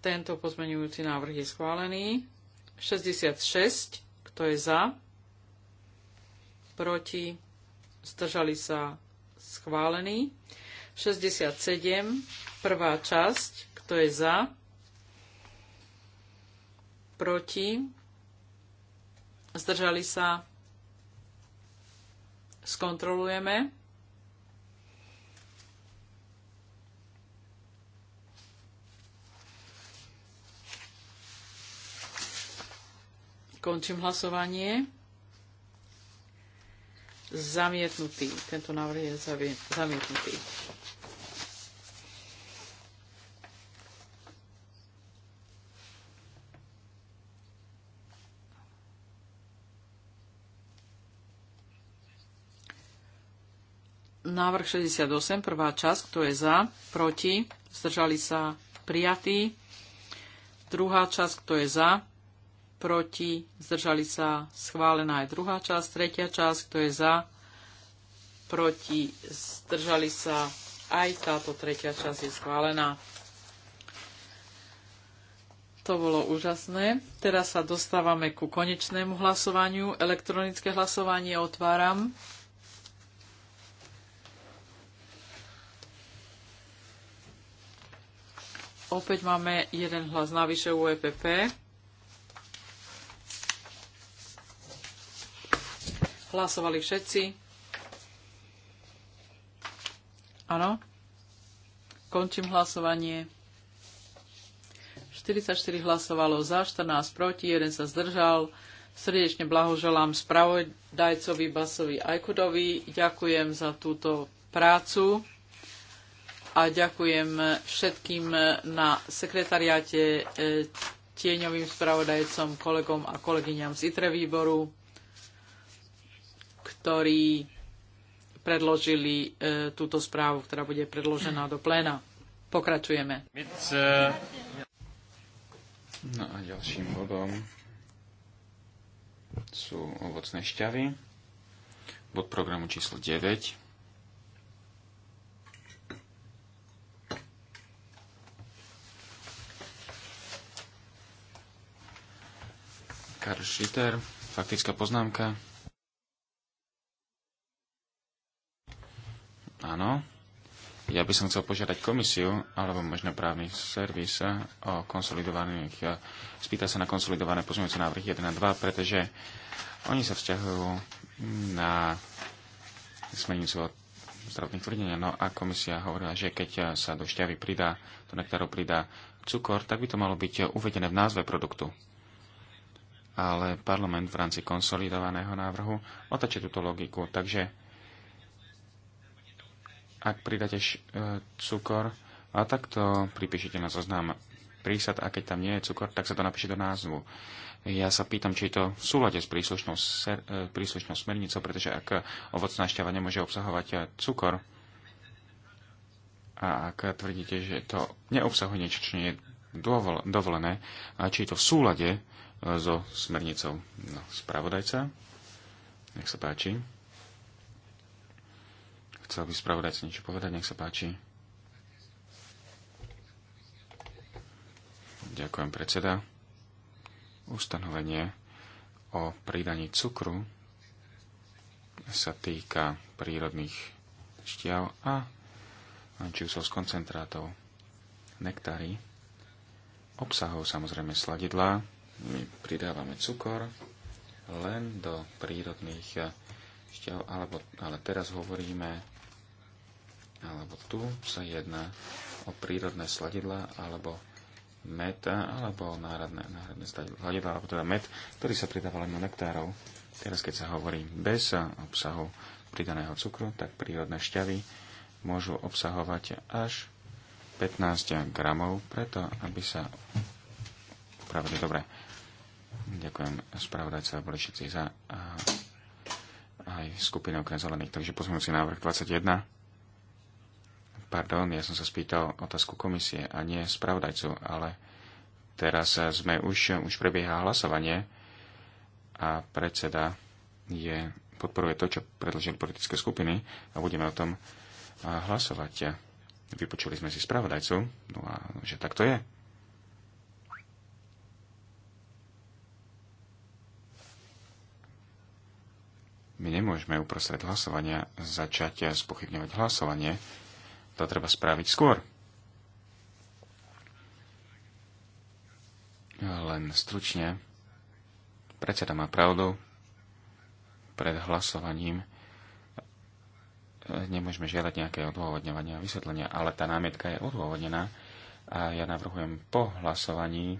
Tento pozmeňujúci návrh je schválený. 66. Kto je za? Proti? Zdržali sa? Schválený. 67. Prvá časť. Kto je za? proti, zdržali sa, skontrolujeme. Končím hlasovanie. Zamietnutý. Tento návrh je zamietnutý. Návrh 68, prvá časť, kto je za, proti, zdržali sa prijatí. Druhá časť, kto je za, proti, zdržali sa schválená aj druhá časť. Tretia časť, kto je za, proti, zdržali sa aj táto tretia časť je schválená. To bolo úžasné. Teraz sa dostávame ku konečnému hlasovaniu. Elektronické hlasovanie otváram. Opäť máme jeden hlas navyše u EPP. Hlasovali všetci. Áno. Končím hlasovanie. 44 hlasovalo za, 14 proti, 1 sa zdržal. Srdečne blahoželám spravodajcovi Basovi Ajkudovi. Ďakujem za túto prácu a ďakujem všetkým na sekretariáte, e, tieňovým spravodajcom, kolegom a kolegyňam z ITRE výboru, ktorí predložili e, túto správu, ktorá bude predložená do pléna. Pokračujeme. No a ďalším bodom sú ovocné šťavy. Bod programu číslo 9. Karl Schlitter, faktická poznámka. Áno. Ja by som chcel požiadať komisiu, alebo možno právny servis o konsolidovaných, spýta sa na konsolidované pozmeňujúce návrhy 1 a 2, pretože oni sa vzťahujú na smernicu o zdravotných tvrdenia. No a komisia hovorila, že keď sa do šťavy pridá, do nektaru pridá cukor, tak by to malo byť uvedené v názve produktu ale parlament v rámci konsolidovaného návrhu otačí túto logiku. Takže ak pridáte e, cukor, a tak to pripíšete na zoznam prísad a keď tam nie je cukor, tak sa to napíše do názvu. Ja sa pýtam, či je to v súlade s príslušnou, ser, e, príslušnou smernicou, pretože ak ovocná šťava nemôže obsahovať e, cukor a ak tvrdíte, že to neobsahuje niečo, čo nie je dovolené, a či je to v súlade so smernicou. No, spravodajca, nech sa páči. Chcel by spravodajca niečo povedať, nech sa páči. Ďakujem, predseda. Ustanovenie o pridaní cukru sa týka prírodných šťav a čísel z koncentrátov, nektári, obsahov samozrejme sladidlá, my pridávame cukor len do prírodných eh, šťav, alebo, ale teraz hovoríme, alebo tu sa jedná o prírodné sladidla, alebo meta, alebo náhradné, náhradné sladidla, alebo teda met, ktorý sa pridáva len do nektárov. Teraz, keď sa hovorí bez obsahu pridaného cukru, tak prírodné šťavy môžu obsahovať až 15 gramov, preto aby sa upravili dobre Ďakujem spravodajca Bolešici za a, aj skupinu okrem zelených. Takže pozmúci návrh 21. Pardon, ja som sa spýtal otázku komisie a nie spravodajcu, ale teraz sme už, už prebieha hlasovanie a predseda je, podporuje to, čo predložili politické skupiny a budeme o tom hlasovať. Vypočuli sme si spravodajcu, no a že tak to je. My nemôžeme uprostred hlasovania začať spochybňovať hlasovanie. To treba spraviť skôr. Len stručne. Predseda má pravdu. Pred hlasovaním nemôžeme žiadať nejaké odôvodňovanie a vysvetlenia, ale tá námietka je odôvodnená a ja navrhujem po hlasovaní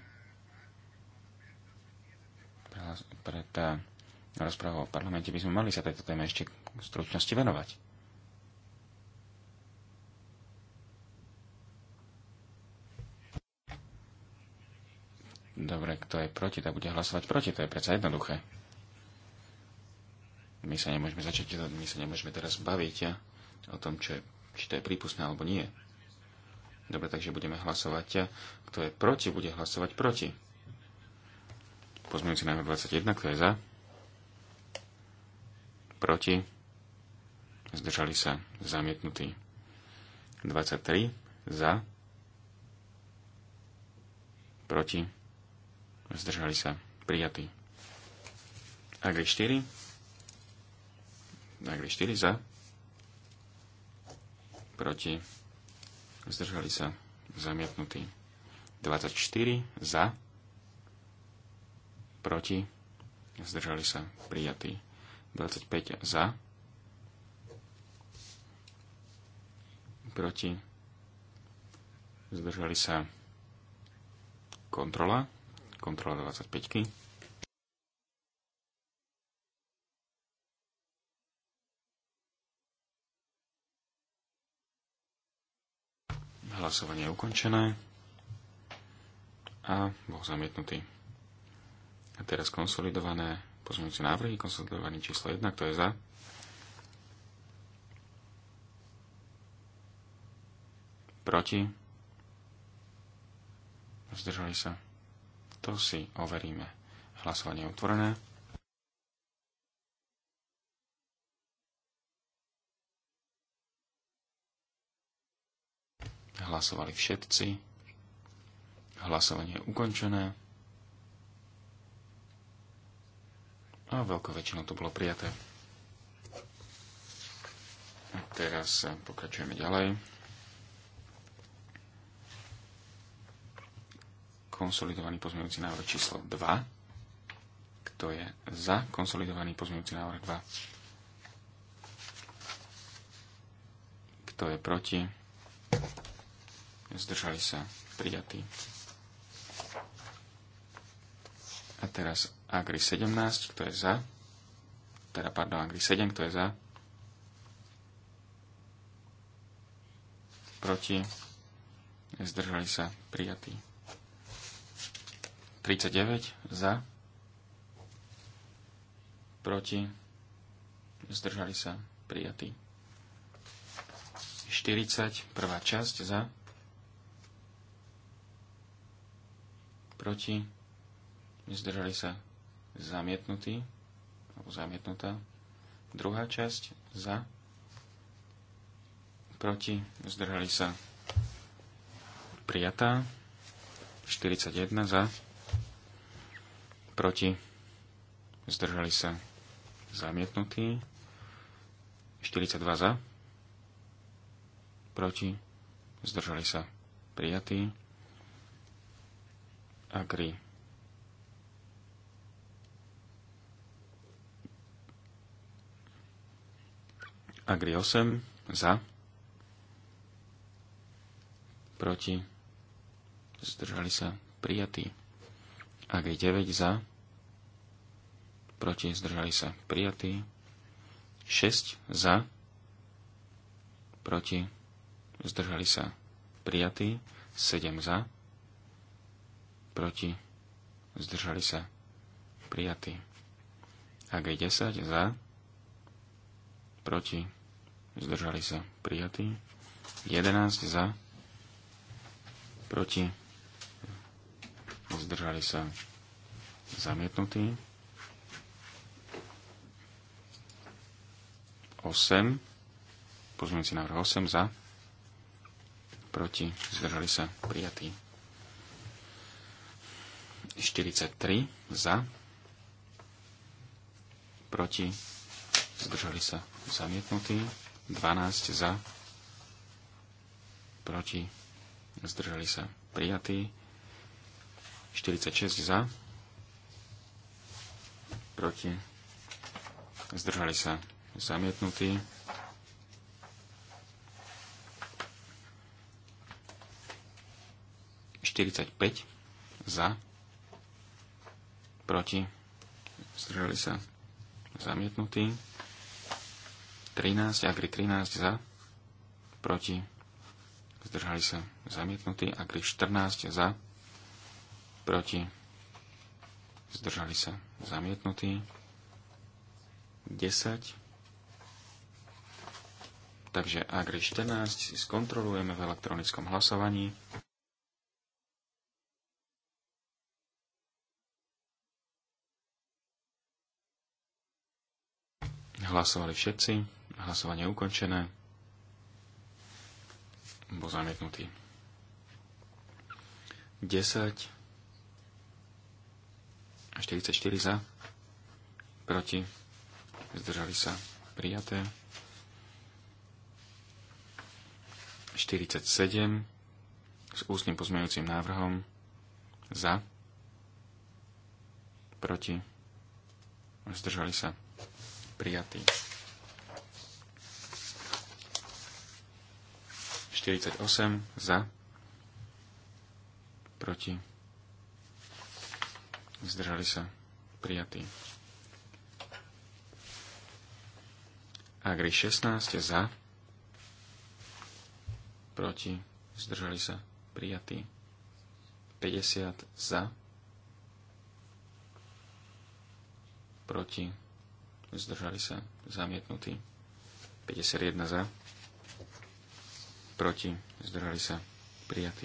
pred, pred rozprávu o parlamente by sme mali sa tejto téme ešte v stručnosti venovať. Dobre, kto je proti, tak bude hlasovať proti. To je predsa jednoduché. My sa nemôžeme začať, my sa nemôžeme teraz baviť ja, o tom, čo je, či to je prípustné alebo nie. Dobre, takže budeme hlasovať. Ja. Kto je proti, bude hlasovať proti. Pozmeňujúci návrh 21, kto je za? proti, zdržali sa zamietnutí. 23 za, proti, zdržali sa prijatí. Agri 4, Agri 4 za, proti, zdržali sa zamietnutí. 24 za, proti, zdržali sa prijatí. 25 za, proti, zdržali sa kontrola, kontrola 25. -ky. Hlasovanie je ukončené a bol zamietnutý. A teraz konsolidované Pozmeňujúce návrhy, konsolidovaný číslo 1, kto je za? Proti? Zdržali sa? To si overíme. Hlasovanie je otvorené. Hlasovali všetci. Hlasovanie je ukončené. a veľkou väčšinou to bolo prijaté. A teraz pokračujeme ďalej. Konsolidovaný pozmeňujúci návrh číslo 2. Kto je za konsolidovaný pozmeňujúci návrh 2? Kto je proti? Zdržali sa prijatí. A teraz Agri 17, kto je za. Teda, pardon, Agri 7, kto je za. Proti. Zdržali sa prijatí. 39 za. Proti. Zdržali sa prijatí. 40, prvá časť za. proti, zdržali sa zamietnutý, alebo zamietnutá. Druhá časť za, proti, zdržali sa prijatá. 41 za, proti, zdržali sa zamietnutí. 42 za, proti, zdržali sa prijatí. Agri Agri 8 za. Proti. Zdržali sa prijatí. Agri 9 za. Proti. Zdržali sa prijatí. 6 za. Proti. Zdržali sa prijatí. 7 za. Proti. Zdržali sa prijatí. Agri 10 za proti, zdržali sa prijatí, 11 za, proti, zdržali sa zamietnutí, 8, pozmeňujúci návrh 8 za, proti, zdržali sa prijatí, 43 za, proti, zdržali sa zamietnutí, 12 za, proti, zdržali sa prijatí, 46 za, proti, zdržali sa zamietnutí, 45 za, proti, zdržali sa zamietnutí, 13, Agri 13 za, proti, zdržali sa zamietnutí, Agri 14 za, proti, zdržali sa zamietnutí, 10, takže Agri 14 si skontrolujeme v elektronickom hlasovaní. Hlasovali všetci. Hlasovanie je ukončené. Bol zamietnutý. 10 a 44 za. Proti. Zdržali sa. Prijaté. 47 s ústnym pozmeňujúcim návrhom za, proti, zdržali sa, prijatí. 48 za, proti, zdržali sa, prijatí. Agri 16 za, proti, zdržali sa, prijatí. 50 za, proti, zdržali sa, zamietnutí. 51 za proti, zdržali sa, prijatí.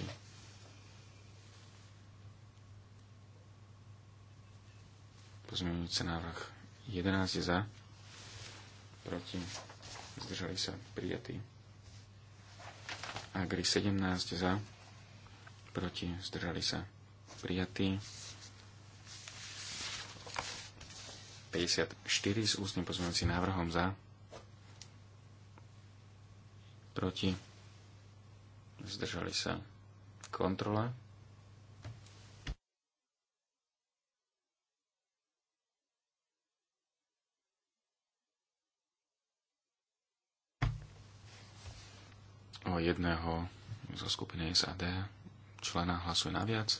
Pozmeňujúce návrh 11 je za, proti, zdržali sa, prijatí. Agri 17 za, proti, zdržali sa, prijatí. 54 s ústnym pozmeňujúcim návrhom za, proti, zdržali sa kontrola. O jedného zo skupiny SAD člena hlasuje naviac.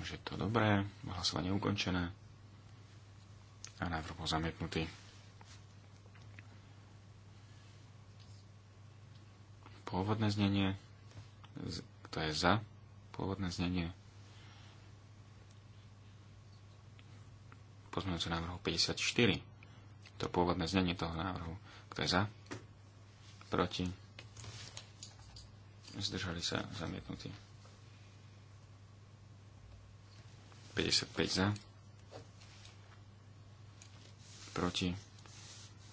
Už je to dobré, hlasovanie ukončené a návrh bol zamietnutý. pôvodné znenie, kto je za pôvodné znenie pozmeňujúceho návrhu 54. To pôvodné znenie toho návrhu. Kto je za? Proti? Zdržali sa zamietnutí. 55 za. Proti?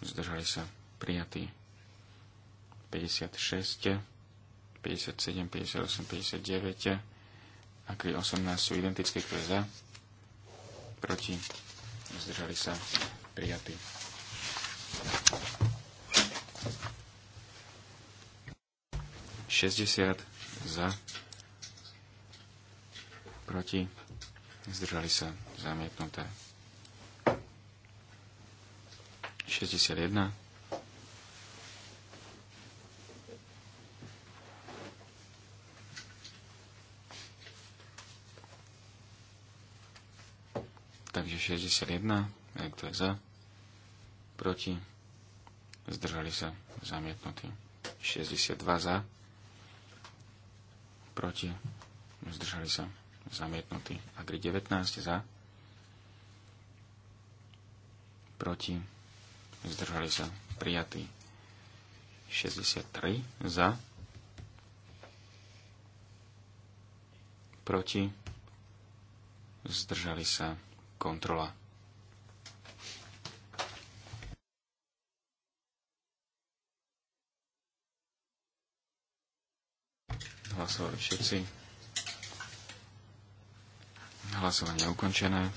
Zdržali sa prijatí. 56, 57, 58, 59 a 18 sú identické, kto je za, proti, zdržali sa, prijatí. Šesťdesiat za, proti, zdržali sa, zamietnuté. 61 61. E, kto je za? Proti? Zdržali sa zamietnutí. 62 za. Proti? Zdržali sa zamietnutí. Agri 19 za. Proti? Zdržali sa prijatí. 63 za. Proti? Zdržali sa kontrola. Hlasovali všetci. Hlasovanie ukončené.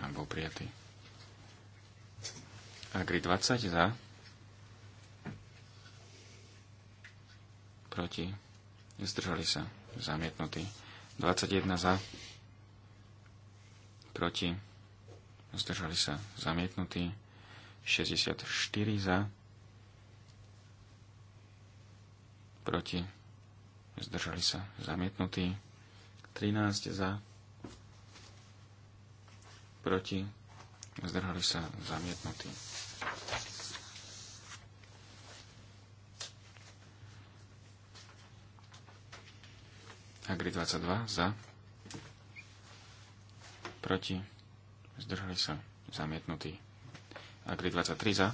A bol prijatý. Agri 20 za. Proti. Zdržali sa. Zamietnutý. 21 za proti, zdržali sa zamietnutí, 64 za, proti, zdržali sa zamietnutí, 13 za, proti, zdržali sa zamietnutí. Agri 22 za, proti, zdržali sa, zamietnutý. Agri 23 za,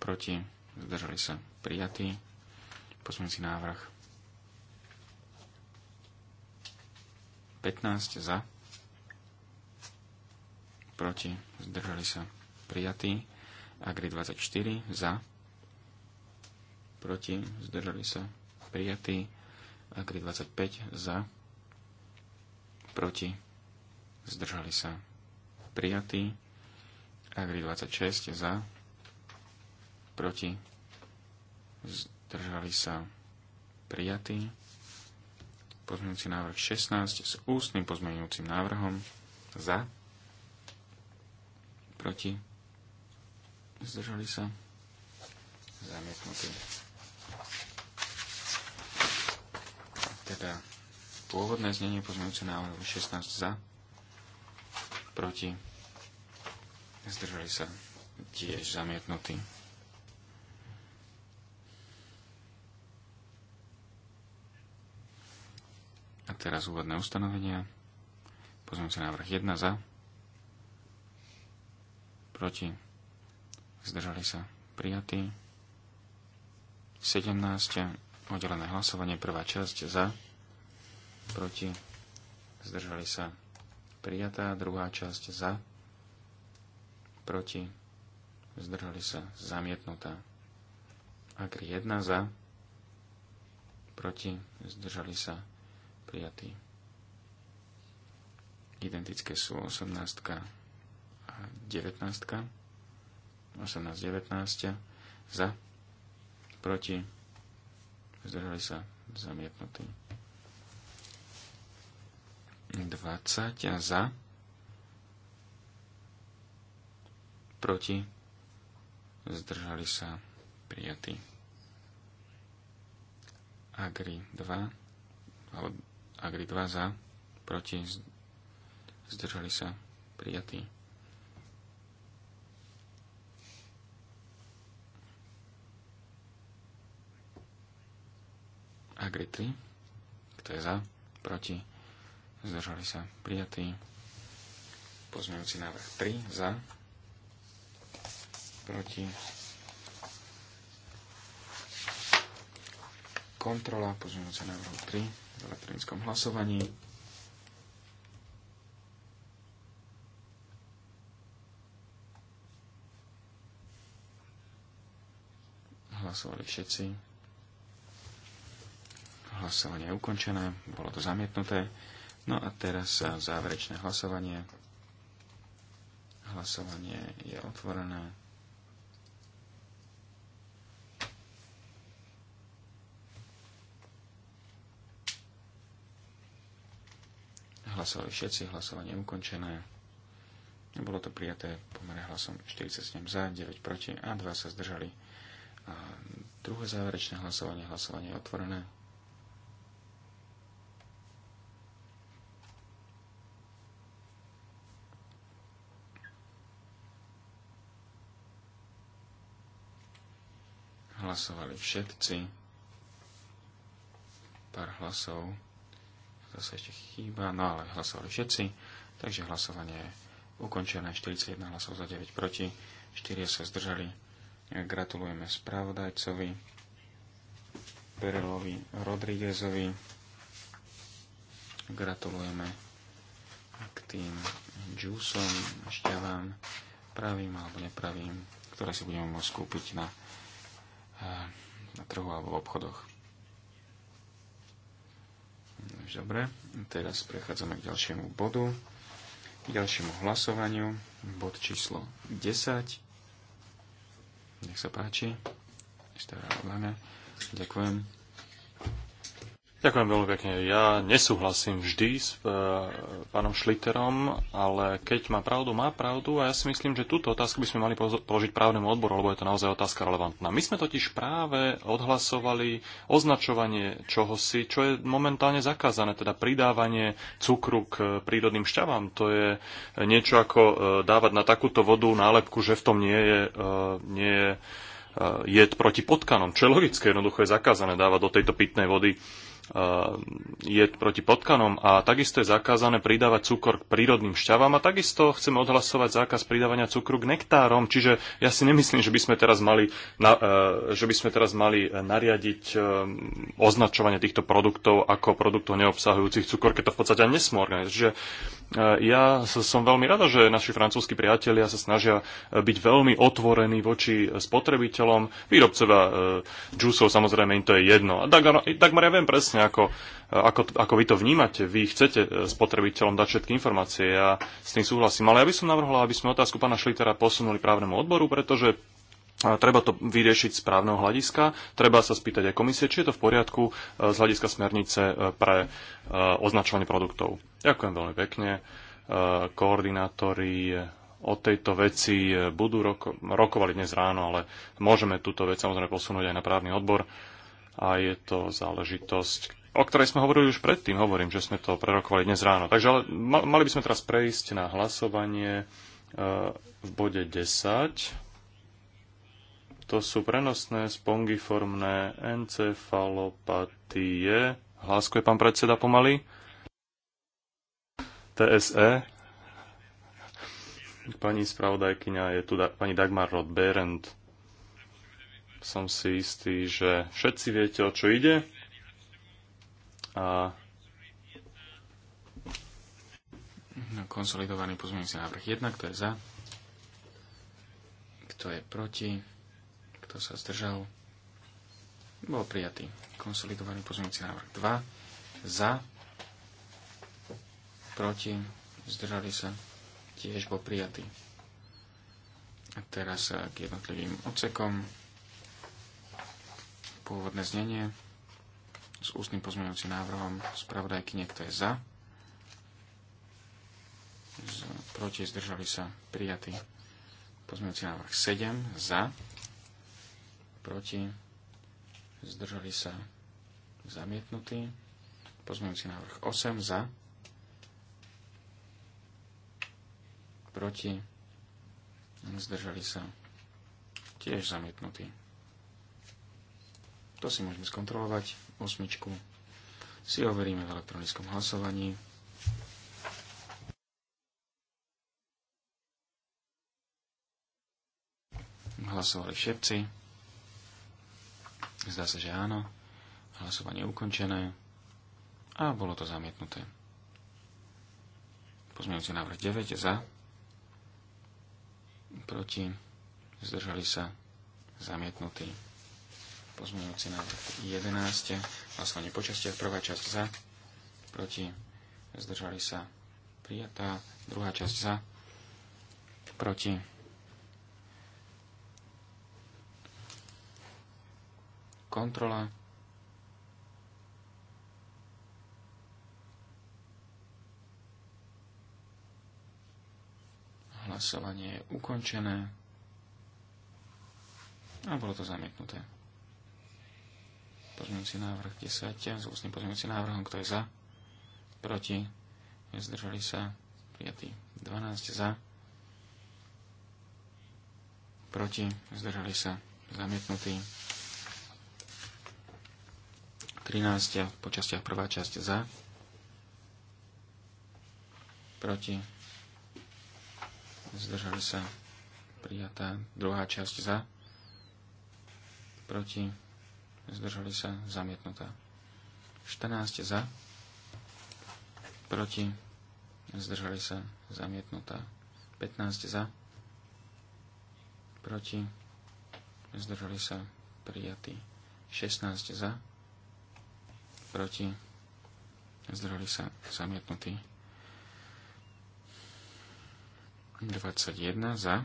proti, zdržali sa, prijatý. si návrh 15 za, proti, zdržali sa, prijatý. Agri 24 za, proti, zdržali sa, prijatý. Agri 25 za, proti, zdržali sa prijatí, Agri 26 za, proti, zdržali sa prijatí, pozmeňujúci návrh 16 s ústnym pozmeňujúcim návrhom za, proti, zdržali sa zamietnutí. Teda pôvodné znenie pozmeňujúce návrhu 16 za, proti, zdržali sa tiež zamietnutí. A teraz úvodné ustanovenia. sa návrh 1 za, proti, zdržali sa prijatí. 17. Oddelené hlasovanie, prvá časť za proti, zdržali sa prijatá, druhá časť za, proti, zdržali sa zamietnutá. Agri 1 za, proti, zdržali sa prijatí. Identické sú 18 a 19, 18, 19 za, proti, zdržali sa zamietnutí. 20 a za, proti, zdržali sa prijatí. Agri 2, alebo Agri 2 za, proti, zdržali sa prijatí. Agri 3, kto je za, proti, zdržali sa prijatí. Pozmeňujúci návrh 3 za, proti, kontrola pozmeňujúce návrh 3 v elektronickom hlasovaní. Hlasovali všetci. Hlasovanie je ukončené, bolo to zamietnuté. No a teraz záverečné hlasovanie. Hlasovanie je otvorené. Hlasovali všetci, hlasovanie ukončené. Bolo to prijaté pomere hlasom 47 za, 9 proti a 2 sa zdržali. A druhé záverečné hlasovanie, hlasovanie je otvorené. Hlasovali všetci. Pár hlasov. Zase ešte chýba, no ale hlasovali všetci. Takže hlasovanie je ukončené. 41 hlasov za 9 proti. 4 sa zdržali. Gratulujeme spravodajcovi Perelovi Rodriguezovi Gratulujeme k tým džúsom, šťavám, pravým alebo nepravým, ktoré si budeme môcť kúpiť na na trhu alebo v obchodoch. No, dobre, teraz prechádzame k ďalšiemu bodu, k ďalšiemu hlasovaniu, bod číslo 10. Nech sa páči. Ďakujem. Ďakujem veľmi pekne. Ja nesúhlasím vždy s e, pánom Šliterom, ale keď má pravdu, má pravdu a ja si myslím, že túto otázku by sme mali položiť právnemu odboru, lebo je to naozaj otázka relevantná. My sme totiž práve odhlasovali označovanie čohosi, čo je momentálne zakázané, teda pridávanie cukru k e, prírodným šťavám. To je e, niečo ako e, dávať na takúto vodu nálepku, že v tom nie je, nie je jed proti potkanom, čo je logické, jednoducho je zakázané dávať do tejto pitnej vody Ehm, je proti potkanom a takisto je zakázané pridávať cukor k prírodným šťavám a takisto chceme odhlasovať zákaz pridávania cukru k nektárom. Čiže ja si nemyslím, že by sme teraz mali, na, e, že by sme teraz mali e, nariadiť e, označovanie týchto produktov ako produktov neobsahujúcich cukor, keď to v podstate ani nesmú organizovať. Čiže ja som veľmi rada, že naši francúzski priatelia sa snažia byť veľmi otvorení voči spotrebiteľom. Výrobcovia džusov, samozrejme im to je jedno. A tak tak ja viem presne, vlastne ako, eh, ako, ako vy to vnímate. Vy chcete eh, spotrebiteľom dať všetky informácie, ja s tým súhlasím. Ale ja by som navrhla, aby sme otázku pána Šlitera posunuli právnemu odboru, pretože eh, Treba to vyriešiť z právneho hľadiska, treba sa spýtať aj komisie, či je to v poriadku z hľadiska smernice pre označovanie produktov. Ďakujem veľmi pekne. Koordinátori o tejto veci budú roko- rokovali dnes ráno, ale môžeme túto vec samozrejme posunúť aj na právny odbor a je to záležitosť, o ktorej sme hovorili už predtým. Hovorím, že sme to prerokovali dnes ráno. Takže ale mali by sme teraz prejsť na hlasovanie e, v bode 10. To sú prenosné spongiformné encefalopatie. Hláskuje pán predseda pomaly. TSE. Pani spravodajkyňa je tu da- pani Dagmar Roth-Berendt som si istý, že všetci viete, o čo ide. A no, konsolidovaný pozmeňujúci návrh 1, kto je za, kto je proti, kto sa zdržal, bol prijatý. Konsolidovaný pozmeňujúci návrh 2, za, proti, zdržali sa, tiež bol prijatý. A teraz k jednotlivým odsekom pôvodné znenie s ústnym pozmeňujúcim návrhom spravodajky. Niekto je za. Z, proti zdržali sa prijatý pozmeňujúci návrh 7 za. Proti zdržali sa zamietnutý pozmeňujúci návrh 8 za. Proti zdržali sa tiež zamietnutý to si môžeme skontrolovať. Osmičku si overíme v elektronickom hlasovaní. Hlasovali všetci. Zdá sa, že áno. Hlasovanie je ukončené. A bolo to zamietnuté. Pozmeňujúci návrh 9 za. Proti. Zdržali sa. Zamietnutý. Pozmeňujúci návrh 11. Hlasovanie po častiach. Prvá časť za. Proti. Zdržali sa. Prijatá. Druhá časť za. Proti. Kontrola. Hlasovanie je ukončené. A bolo to zamietnuté. Pozmeňujúci návrh 10 s ústnym pozmeňujúcim návrhom. Kto je za? Proti? Zdržali sa? Prijatý. 12 za. Proti? Zdržali sa? Zamietnutý. 13 po častiach prvá časť za. Proti? Zdržali sa? Prijatá. Druhá časť za. Proti? zdržali sa, zamietnutá. 14 za, proti, zdržali sa, zamietnutá. 15 za, proti, zdržali sa, prijatí. 16 za, proti, zdržali sa, zamietnutí. 21 za,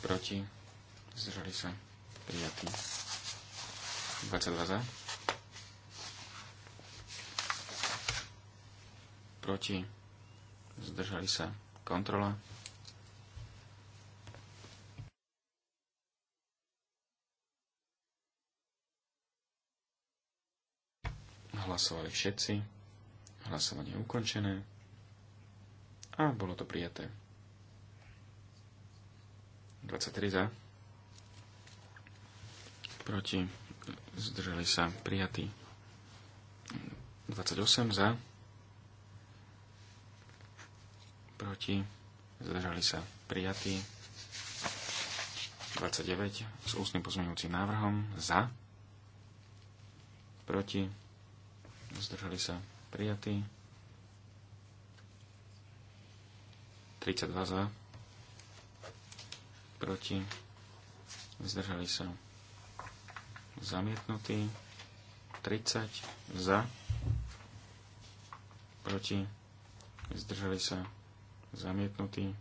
proti, zdržali sa, prijatý. 22 za. Proti. Zdržali sa. Kontrola. Hlasovali všetci. Hlasovanie je ukončené. A bolo to prijaté. 23 za proti, zdržali sa prijatí. 28 za, proti, zdržali sa prijatí. 29 s ústnym pozmeňujúcim návrhom za, proti, zdržali sa prijatí. 32 za, proti, zdržali sa prijatí zamietnutý, 30 za, proti, zdržali sa, zamietnutý,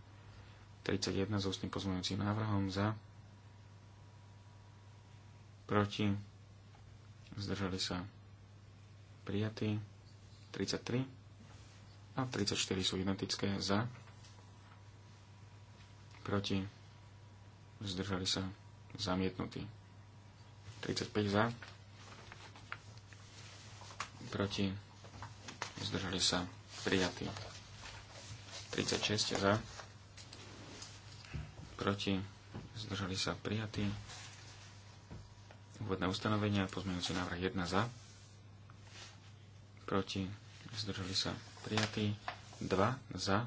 31 s ústnym pozmeňujúcim návrhom za, proti, zdržali sa, prijatý, 33 a 34 sú identické za, proti, zdržali sa, zamietnutý. 35 za. Proti. Zdržali sa. Prijatí. 36 za. Proti. Zdržali sa. Prijatí. Úvodné ustanovenia. Pozmeňujúci návrh 1 za. Proti. Zdržali sa. Prijatí. 2 za.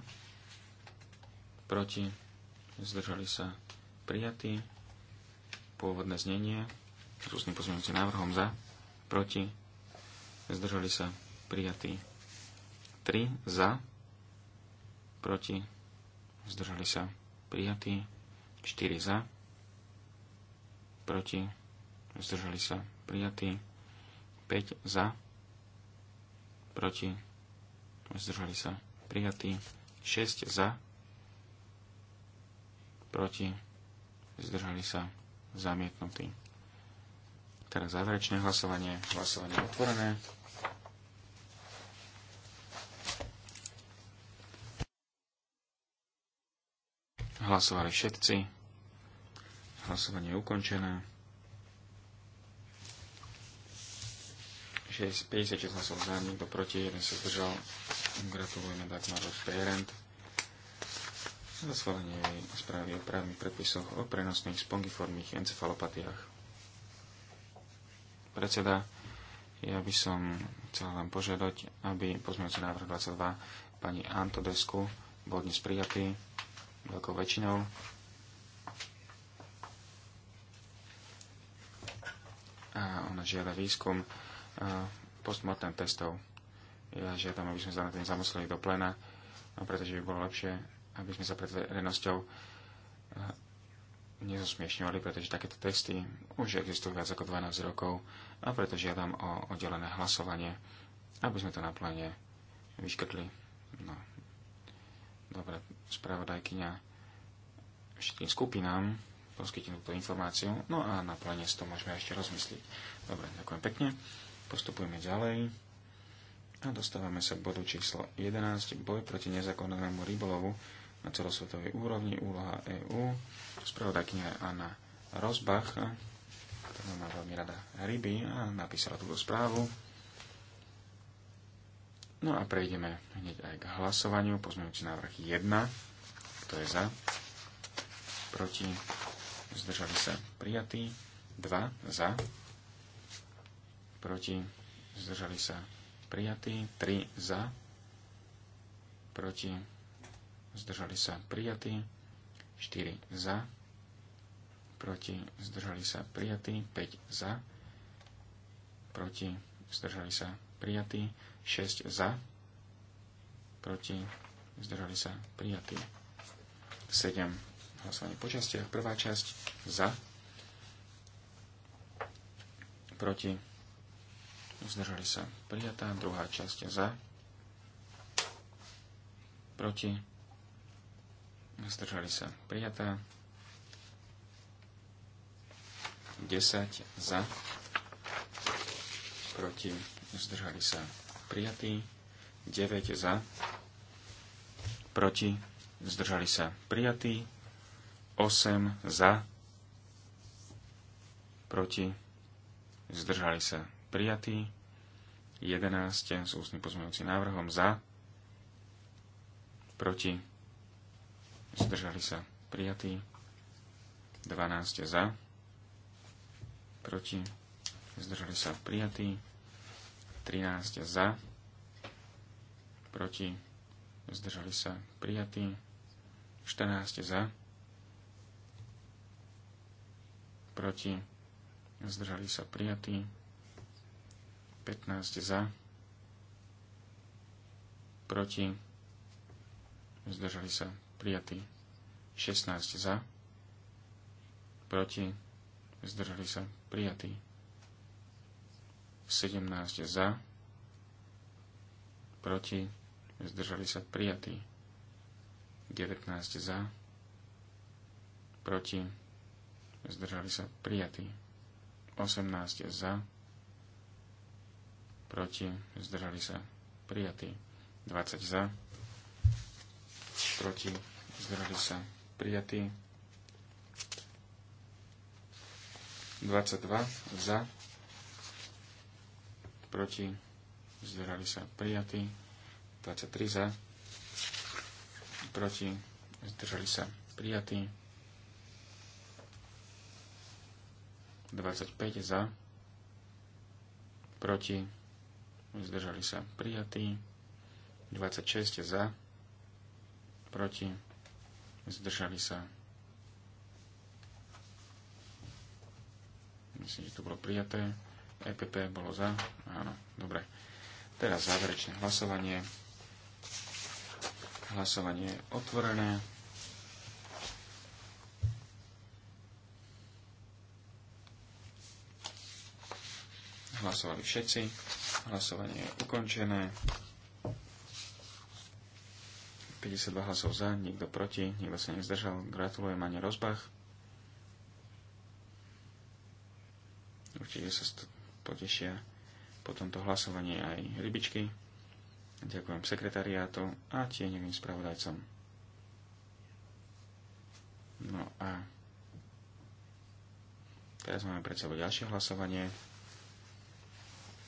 Proti. Zdržali sa. Prijatí. Pôvodné znenie s ústnym pozmeňujúcim návrhom za, proti, zdržali sa prijatí 3 za, proti, zdržali sa prijatí 4 za, proti, zdržali sa prijatí 5 za, proti, zdržali sa prijatí 6 za, proti, zdržali sa zamietnutí. Teraz záverečné hlasovanie. Hlasovanie otvorené. Hlasovali všetci. Hlasovanie je ukončené. 56 hlasov za, nikto proti, jeden sa zdržal. Gratulujeme Dagmaru Ferent. Za jej správy o právnych predpisoch o prenosných spongiformných encefalopatiách predseda. Ja by som chcel vám požiadať, aby pozmeňujúci návrh 22 pani Antodesku bol dnes prijatý veľkou väčšinou. A ona žiada výskum postmortem testov. Ja žiadam, aby sme sa na tým zamysleli do plena, pretože by bolo lepšie, aby sme sa pred verejnosťou nezosmiešňovali, pretože takéto texty už existujú viac ako 12 rokov a preto žiadam o oddelené hlasovanie, aby sme to na plene vyškrtli. No. Dobre, spravodajkyňa všetkým skupinám poskytnú túto informáciu, no a na plene si to môžeme ešte rozmysliť. Dobre, ďakujem pekne. Postupujeme ďalej. A dostávame sa k bodu číslo 11. Boj proti nezákonnému rybolovu na celosvetovej úrovni, úloha EÚ spravodajkynia Anna Rozbach, ktorá má veľmi rada ryby a napísala túto správu. No a prejdeme hneď aj k hlasovaniu. Pozmeňujúci návrh 1. Kto je za? Proti? Zdržali sa prijatí. 2. Za? Proti? Zdržali sa prijatí. 3. Za? Proti? Zdržali sa prijatí. 4 za, proti zdržali sa prijatí, 5 za, proti zdržali sa prijatí, 6 za, proti zdržali sa prijatí, 7 hlasovanie po častiach, prvá časť za, proti zdržali sa prijatá, druhá časť za, proti zdržali sa prijatá, 10 za, proti, zdržali sa prijatí, 9 za, proti, zdržali sa prijatí, 8 za, proti, zdržali sa prijatí, 11 s ústnym pozmeňujúcim návrhom za, proti, zdržali sa prijatí, 12 za, proti, zdržali sa prijatí, 13 za, proti, zdržali sa prijatí, 14 za, proti, zdržali sa prijatí, 15 za, proti, zdržali sa prijatý. 16 za, proti, zdržali sa, prijatý. 17 za, proti, zdržali sa, prijatý. 19 za, proti, zdržali sa, prijatý. 18 za, proti, zdržali sa, prijatý. 20 za, proti, zdržali sa prijatí. 22 za, proti, zdržali sa prijatí. 23 za, proti, zdržali sa prijatí. 25 za, proti, zdržali sa prijatí. 26 za, proti, zdržali sa. Myslím, že to bolo prijaté. EPP bolo za. Áno, dobre. Teraz záverečné hlasovanie. Hlasovanie je otvorené. Hlasovali všetci. Hlasovanie je ukončené. 52 hlasov za, nikto proti, nikto sa nezdržal. Gratulujem Ani Rozbach. Určite sa potešia po tomto hlasovaní aj rybičky. Ďakujem sekretariátu a tieňovým spravodajcom. No a teraz máme pred sebou ďalšie hlasovanie.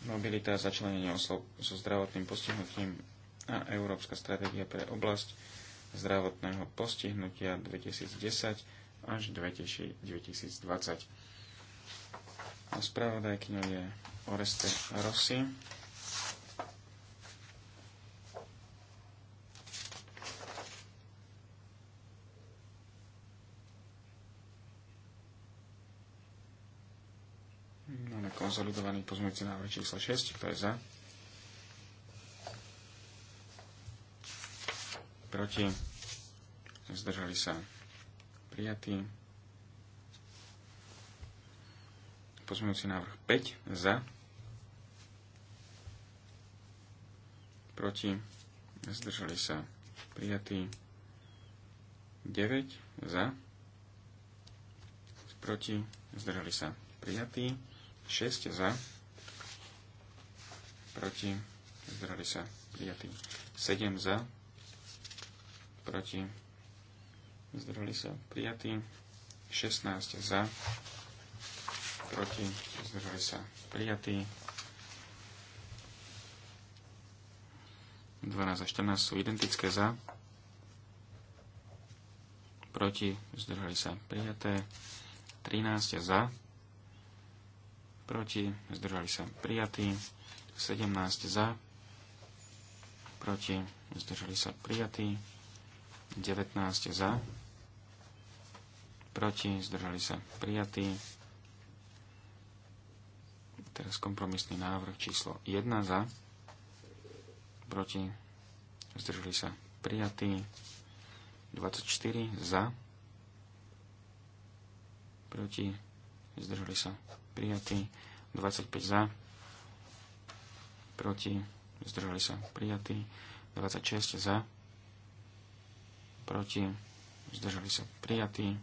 Mobilita, a začlenenie osob so zdravotným postihnutím a Európska stratégia pre oblasť zdravotného postihnutia 2010 až 2020. A spravodajkňou je Oreste Rossi. Máme konsolidovaný pozmeňujúci návrh číslo 6, kto je za? proti, zdržali sa prijatí. Pozmeňujúci návrh 5 za, proti, zdržali sa prijatí. 9 za, proti, zdržali sa prijatí. 6 za, proti, zdržali sa prijatí. 7 za, proti, zdrhli sa prijatí, 16 za, proti, zdrhli sa prijatí, 12 a 14 sú identické za, proti, zdrhli sa prijaté, 13 za, proti, zdržali sa prijatí, 17 za, proti, zdržali sa prijatí, 19 za, proti, zdržali sa prijatí. Teraz kompromisný návrh číslo 1 za, proti, zdržali sa prijatí. 24 za, proti, zdržali sa prijatí. 25 za, proti, zdržali sa prijatí. 26 za, proti, zdržali sa prijatí.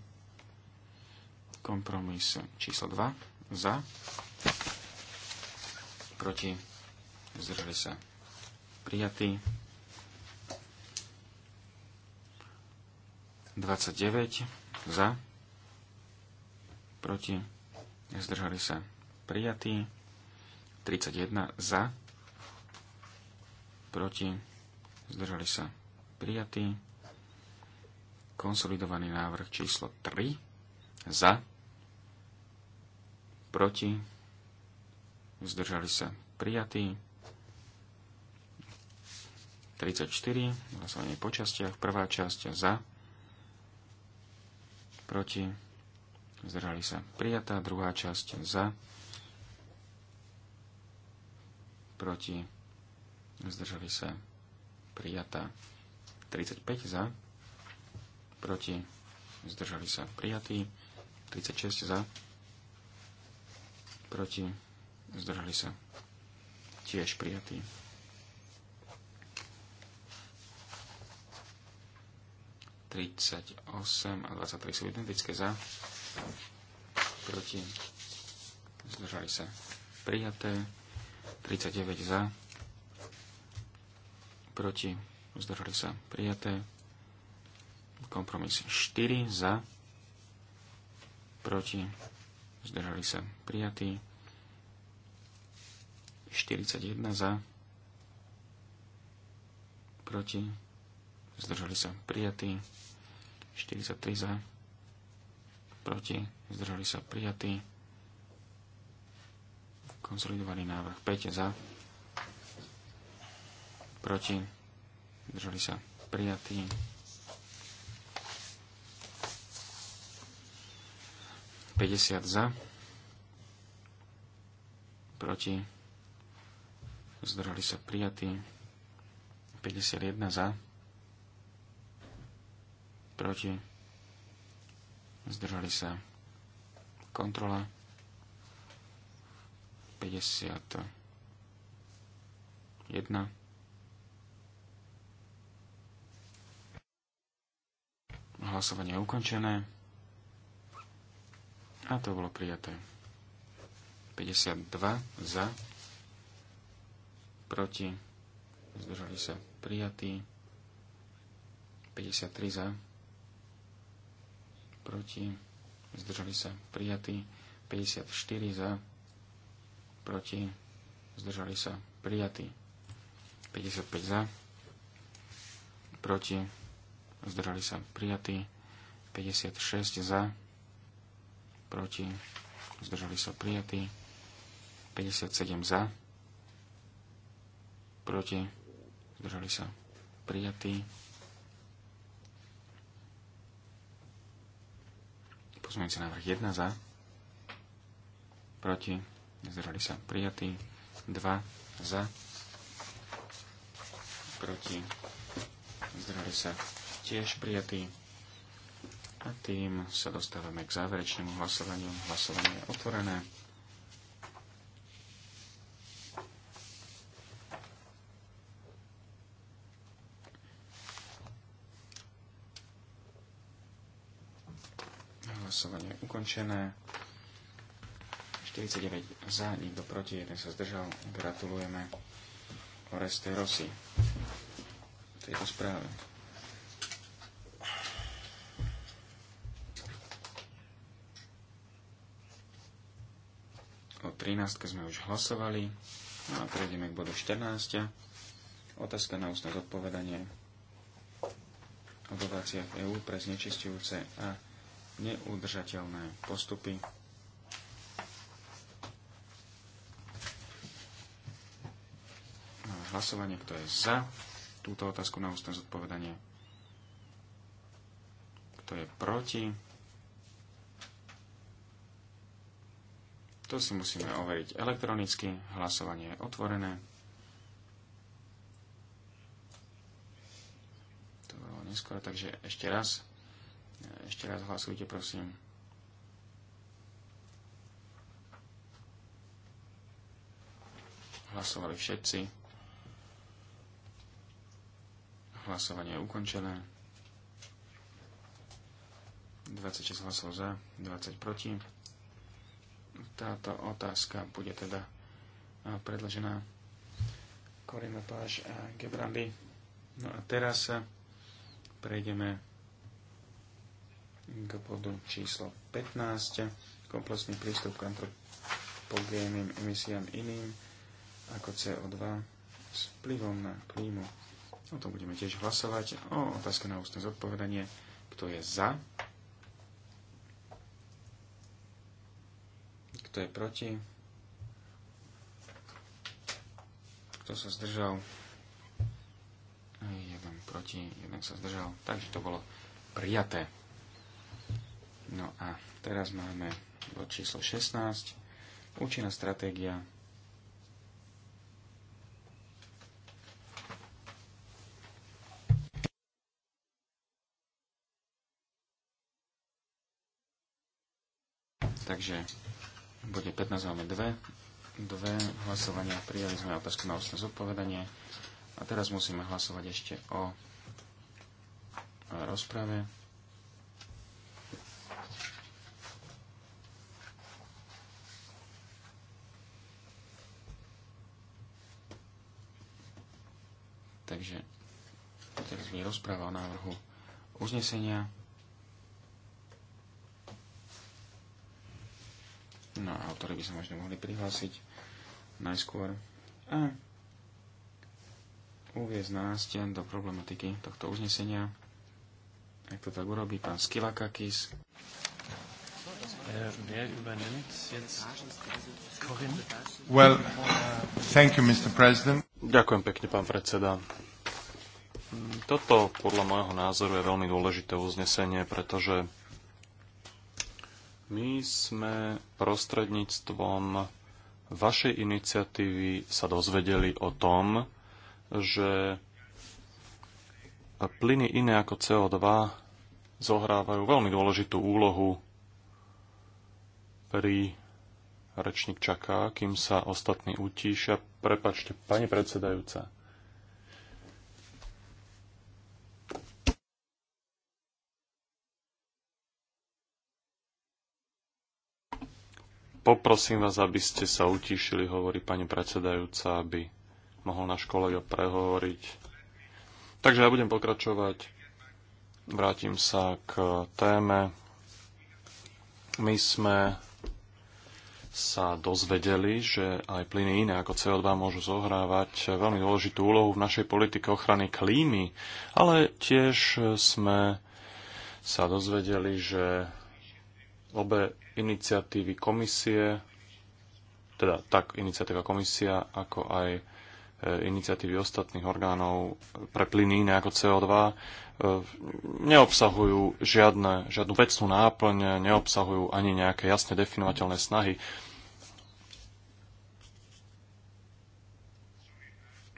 Kompromis číslo 2 za, proti, zdržali sa prijatí. 29 za, proti, zdržali sa prijatí. 31 za, proti, zdržali sa prijatí. Konsolidovaný návrh číslo 3 za, proti, zdržali sa prijatí. 34, hlasovanie po častiach, prvá časť za, proti, zdržali sa prijatá, druhá časť za, proti, zdržali sa prijatá, 35 za, proti, zdržali sa prijatí, 36 za, proti, zdržali sa tiež prijatí. Tridsaťosem a 23 sú identické za, proti, zdržali sa prijaté, 39 za, proti, zdržali sa prijaté, Kompromis 4 za, proti, zdržali sa prijatí. 41 za, proti, zdržali sa prijatí. 43 za, proti, zdržali sa prijatí. Konsolidovaný návrh 5 za, proti, zdržali sa prijatí. 50 za, proti, zdržali sa prijatí, 51 za, proti, zdržali sa kontrola, 51 Hlasovanie je ukončené. A to bolo prijaté. 52 za, proti, zdržali sa prijatí. 53 za, proti, zdržali sa prijatí. 54 za, proti, zdržali sa prijatí. 55 za, proti, zdržali sa prijatí. 56 za, proti, zdržali sa prijatí, 57 za, proti, zdržali sa prijatí. Pozmeňujúci návrh 1 za, proti, zdržali sa prijatí, 2 za, proti, zdržali sa tiež prijatí. A tým sa dostávame k záverečnému hlasovaniu. Hlasovanie je otvorené. Hlasovanie je ukončené. 49 za, nikto proti, jeden sa zdržal. Gratulujeme Oreste Rossi tejto správe. 13 sme už hlasovali. No a prejdeme k bodu 14. Otázka na ústne zodpovedanie o dotáciách EÚ pre znečistujúce a neudržateľné postupy. No hlasovanie, kto je za túto otázku na ústne zodpovedanie, kto je proti, To si musíme overiť elektronicky. Hlasovanie je otvorené. To bolo neskoro, takže ešte raz. Ešte raz hlasujte, prosím. Hlasovali všetci. Hlasovanie je ukončené. 26 hlasov za, 20 proti. Táto otázka bude teda predložená Korina Páš a Gebrandy. No a teraz prejdeme k bodu číslo 15. Komplexný prístup k antropogénnym emisiám iným ako CO2 s vplyvom na klímu. O tom budeme tiež hlasovať. O otázke na ústne zodpovedanie. Kto je za? Kto je proti? Kto sa zdržal? Jeden proti, jeden sa zdržal. Takže to bolo prijaté. No a teraz máme bod číslo 16. Účinná stratégia Takže bode 15 máme dve, dve hlasovania. Prijali sme otázku na ústne zodpovedanie. A teraz musíme hlasovať ešte o rozprave. Takže teraz mi rozpráva o návrhu uznesenia. No autory by sa možno mohli prihlásiť najskôr a uviezť nás do problematiky tohto uznesenia. Ak to tak urobí pán Skilakakis. Eh, well, thank you, Mr. President. Ďakujem pekne, pán predseda. Toto podľa môjho názoru je veľmi dôležité uznesenie, pretože my sme prostredníctvom vašej iniciatívy sa dozvedeli o tom, že plyny iné ako CO2 zohrávajú veľmi dôležitú úlohu pri rečník čaká, kým sa ostatní utíšia. Prepačte, pani predsedajúca. Poprosím vás, aby ste sa utišili, hovorí pani predsedajúca, aby mohol náš kolega prehovoriť. Takže ja budem pokračovať. Vrátim sa k téme. My sme sa dozvedeli, že aj plyny iné ako CO2 môžu zohrávať veľmi dôležitú úlohu v našej politike ochrany klímy, ale tiež sme sa dozvedeli, že obe iniciatívy komisie, teda tak iniciatíva komisia, ako aj e, iniciatívy ostatných orgánov pre plyny iné ako CO2 e, neobsahujú žiadne, žiadnu vecnú náplň, neobsahujú ani nejaké jasne definovateľné snahy.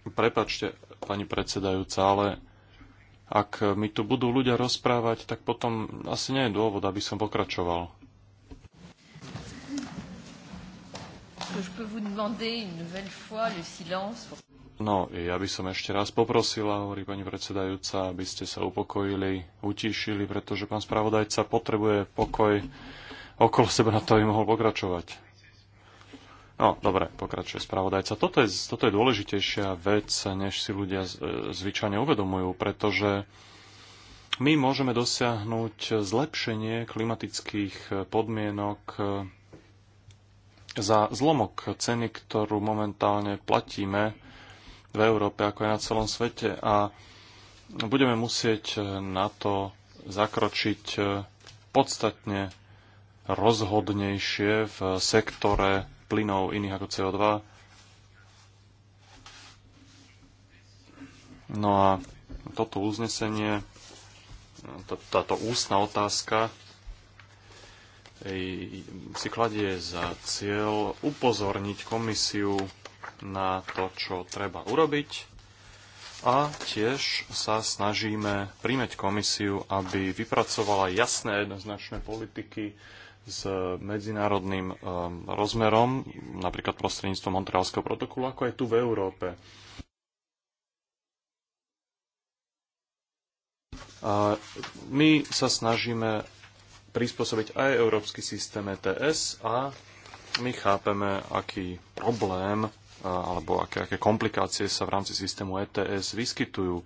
Prepačte, pani predsedajúca, ale ak mi tu budú ľudia rozprávať, tak potom asi nie je dôvod, aby som pokračoval. No, ja by som ešte raz poprosila, hovorí pani predsedajúca, aby ste sa upokojili, utišili, pretože pán spravodajca potrebuje pokoj okolo seba na to, aby mohol pokračovať. No, dobre, pokračuje spravodajca. Toto je, toto je dôležitejšia vec, než si ľudia e, zvyčajne uvedomujú, pretože my môžeme dosiahnuť zlepšenie klimatických podmienok za zlomok ceny, ktorú momentálne platíme v Európe, ako aj na celom svete a budeme musieť na to zakročiť podstatne rozhodnejšie v sektore plynov iných ako CO2. No a toto uznesenie, táto ústna otázka si kladie za cieľ upozorniť komisiu na to, čo treba urobiť a tiež sa snažíme príjmeť komisiu, aby vypracovala jasné jednoznačné politiky s medzinárodným um, rozmerom, napríklad prostredníctvom Montrealského protokolu, ako aj tu v Európe. A my sa snažíme prispôsobiť aj európsky systém ETS a my chápeme, aký problém alebo aké, aké komplikácie sa v rámci systému ETS vyskytujú.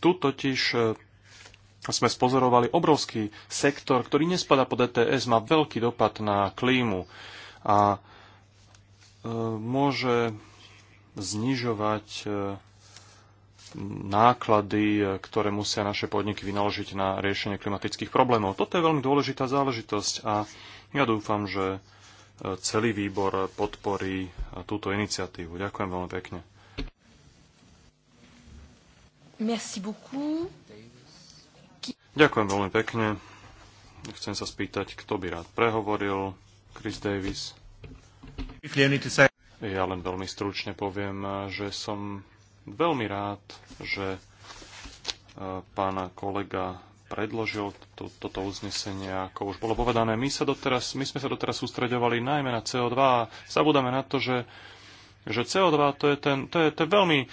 Tu totiž e, sme spozorovali obrovský sektor, ktorý nespada pod ETS, má veľký dopad na klímu a e, môže znižovať e, náklady, e, ktoré musia naše podniky vynaložiť na riešenie klimatických problémov. Toto je veľmi dôležitá záležitosť a ja dúfam, že e, celý výbor podporí e, túto iniciatívu. Ďakujem veľmi pekne. Merci beaucoup. Ďakujem veľmi pekne. Chcem sa spýtať, kto by rád prehovoril. Chris Davis. Ja len veľmi stručne poviem, že som veľmi rád, že e, pána kolega predložil to, toto uznesenie, ako už bolo povedané. My, sa doteraz, my sme sa doteraz sústreďovali najmä na CO2 a zabudáme na to, že, že CO2 to je ten, to je, to je veľmi uh,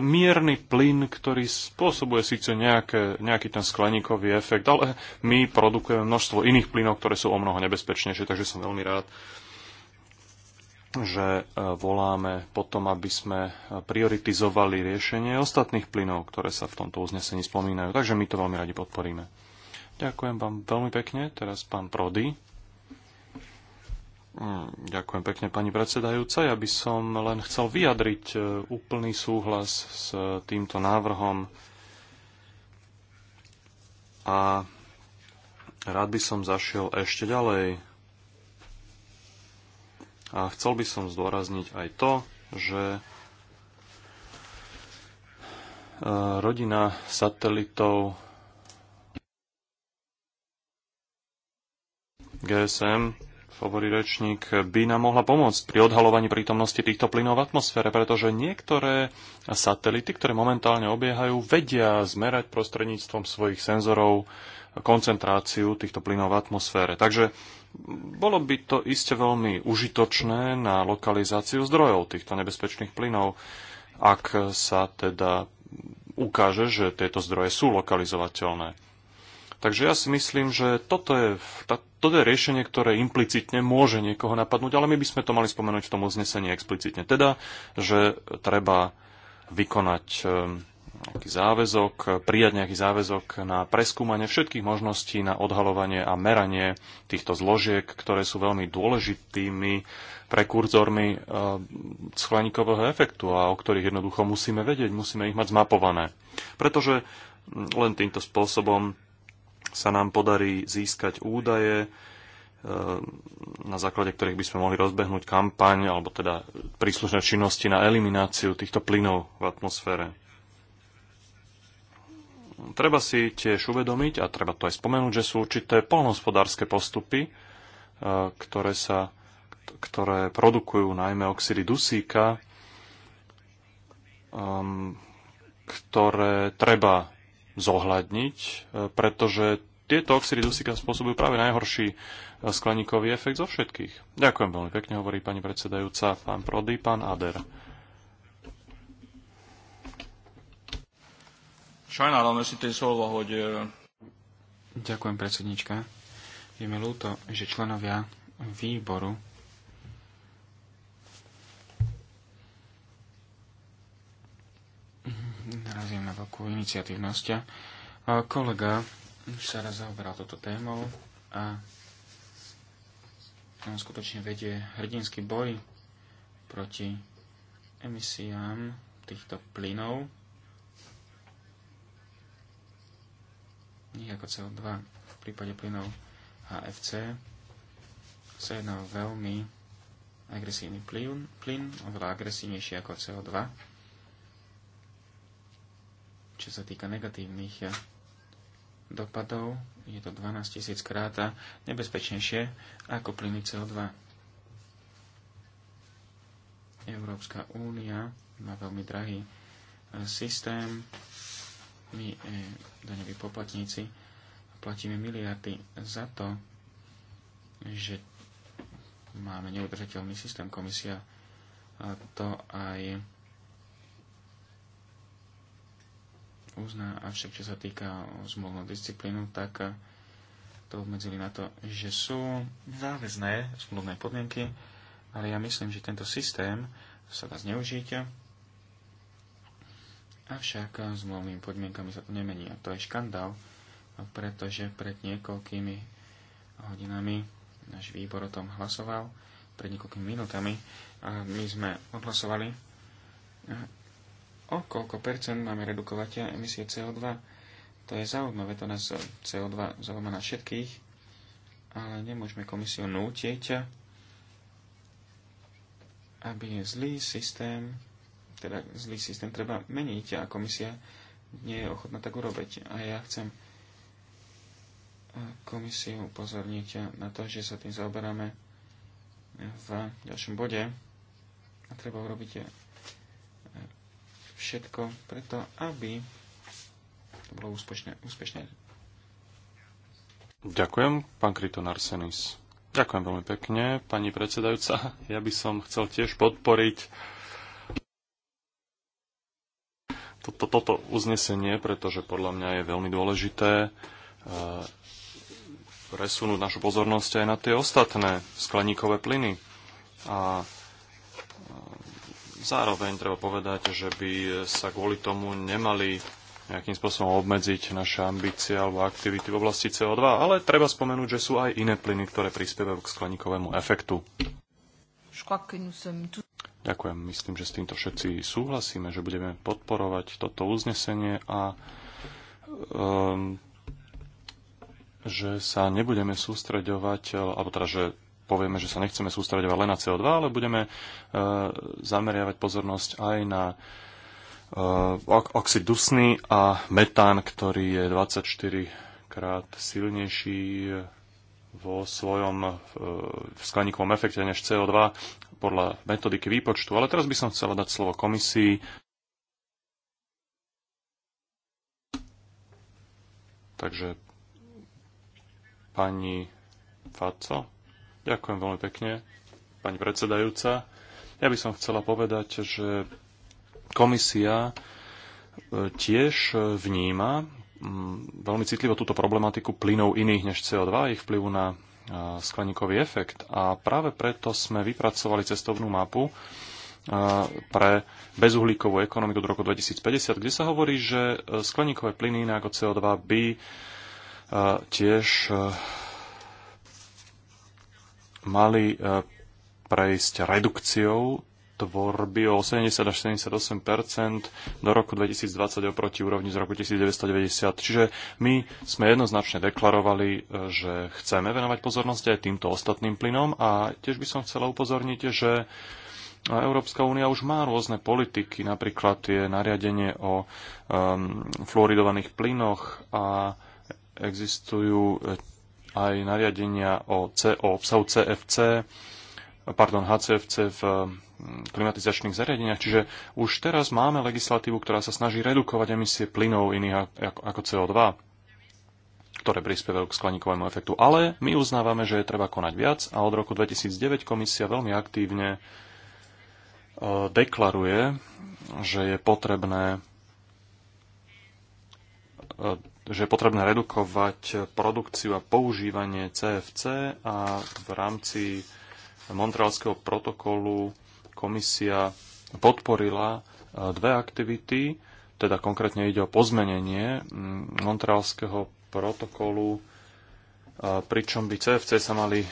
mierny plyn, ktorý spôsobuje síce nejaké, nejaký ten skleníkový efekt, ale my produkujeme množstvo iných plynov, ktoré sú o mnoho nebezpečnejšie, takže som veľmi rád, uh, že e, voláme potom, aby sme e, prioritizovali riešenie ostatných plynov, ktoré sa v tomto uznesení spomínajú. Takže my to veľmi radi podporíme. Ďakujem vám veľmi pekne. Teraz pán Prody. Mm, ďakujem pekne, pani predsedajúca. Ja by som len chcel vyjadriť e, úplný súhlas s týmto návrhom a rád by som zašiel ešte ďalej a chcel by som zdôrazniť aj to, že e, rodina satelitov GSM, hovorí rečník, by nám mohla pomôcť pri odhalovaní prítomnosti týchto plynov v atmosfére, pretože niektoré satelity, ktoré momentálne obiehajú, vedia zmerať prostredníctvom svojich senzorov koncentráciu týchto plynov v atmosfére. Takže bolo by to iste veľmi užitočné na lokalizáciu zdrojov týchto nebezpečných plynov, ak sa teda ukáže, že tieto zdroje sú lokalizovateľné. Takže ja si myslím, že toto je, toto je riešenie, ktoré implicitne môže niekoho napadnúť, ale my by sme to mali spomenúť v tom uznesení explicitne. Teda, že treba vykonať ehm, nejaký záväzok, prijať nejaký záväzok na preskúmanie všetkých možností na odhalovanie a meranie týchto zložiek, ktoré sú veľmi dôležitými prekurzormi eh, schleníkového efektu a o ktorých jednoducho musíme vedieť, musíme ich mať zmapované. Pretože hm, len týmto spôsobom sa nám podarí získať údaje, eh, na základe ktorých by sme mohli rozbehnúť kampaň alebo teda príslušné činnosti na elimináciu týchto plynov v atmosfére. Treba si tiež uvedomiť, a treba to aj spomenúť, že sú určité polnohospodárske postupy, e, ktoré, sa, ktoré produkujú najmä oxidy dusíka, ehm, ktoré treba zohľadniť, e, pretože tieto oxidy dusíka spôsobujú práve najhorší e, skleníkový efekt zo všetkých. Ďakujem veľmi pekne, hovorí pani predsedajúca, pán Prody, pán Ader. Sajnálom őszintén szólva, hogy... Ďakujem, predsednička. Je mi ľúto, že členovia výboru narazím na veľkú iniciatívnosť. Kolega kolega sa raz zaoberal toto témou a on skutočne vedie hrdinský boj proti emisiám týchto plynov nich ako CO2. V prípade plynov HFC sa jedná o veľmi agresívny plyn, plyn oveľa agresívnejší ako CO2. Čo sa týka negatívnych dopadov, je to 12 000 krát nebezpečnejšie ako plyny CO2. Európska únia má veľmi drahý systém my, e, daňoví poplatníci, platíme miliardy za to, že máme neudržateľný systém. Komisia to aj uzná, avšak čo sa týka zmluvnú disciplínu, tak to obmedzili na to, že sú záväzné zmluvné podmienky, ale ja myslím, že tento systém sa dá zneužiť Avšak s zmluvnými podmienkami sa to nemení. A to je škandál, pretože pred niekoľkými hodinami náš výbor o tom hlasoval, pred niekoľkými minútami, a my sme odhlasovali, o koľko percent máme redukovať emisie CO2. To je zaujímavé, to nás CO2 zaujíma na všetkých, ale nemôžeme komisiu nútiť, aby je zlý systém teda zlý systém treba meniť a komisia nie je ochotná tak urobiť. A ja chcem eh, komisiu upozorniť na to, že sa tým zaoberáme eh, v ďalšom bode a treba urobiť eh, všetko preto, aby to bolo úspešné. úspešné. Ďakujem, pán Kryton Arsenis. Ďakujem veľmi pekne, pani predsedajúca. Ja by som chcel tiež podporiť to, toto uznesenie, pretože podľa mňa je veľmi dôležité e, presunúť našu pozornosť aj na tie ostatné skleníkové plyny. A e, zároveň treba povedať, že by sa kvôli tomu nemali nejakým spôsobom obmedziť naše ambície alebo aktivity v oblasti CO2, ale treba spomenúť, že sú aj iné plyny, ktoré prispievajú k skleníkovému efektu. Ďakujem. Myslím, že s týmto všetci súhlasíme, že budeme podporovať toto uznesenie a um, že sa nebudeme sústreďovať, alebo teda, že povieme, že sa nechceme sústreďovať len na CO2, ale budeme uh, zameriavať pozornosť aj na uh, oxid dusný a metán, ktorý je 24 krát silnejší vo svojom uh, skleníkovom efekte než CO2 podľa metodiky výpočtu. Ale teraz by som chcela dať slovo komisii. Takže pani Faco, ďakujem veľmi pekne, pani predsedajúca. Ja by som chcela povedať, že komisia e, tiež vníma veľmi citlivo túto problematiku plynov iných než CO2 a ich vplyvu na skleníkový efekt. A práve preto sme vypracovali cestovnú mapu pre bezuhlíkovú ekonomiku do roku 2050, kde sa hovorí, že e, skleníkové plyny ako CO2 by e, tiež e, mali prejsť redukciou tvorby o 70 až 78 do roku 2020 oproti úrovni z roku 1990. Čiže my sme jednoznačne deklarovali, e, že chceme venovať pozornosť aj týmto ostatným plynom a tiež by som chcela upozorniť, že Európska únia už má rôzne politiky, napríklad je nariadenie o um, fluoridovaných plynoch a existujú e, aj nariadenia o CO, obsahu CFC, pardon, HCFC v klimatizačných zariadeniach. Čiže už teraz máme legislatívu, ktorá sa snaží redukovať emisie plynov iných ako CO2 ktoré prispievajú k skleníkovému efektu. Ale my uznávame, že je treba konať viac a od roku 2009 komisia veľmi aktívne e, deklaruje, že je potrebné e, že je potrebné redukovať produkciu a používanie CFC a v rámci Montrealského protokolu komisia podporila e, dve aktivity, teda konkrétne ide o pozmenenie mm, Montrealského protokolu, e, pričom by CFC sa mali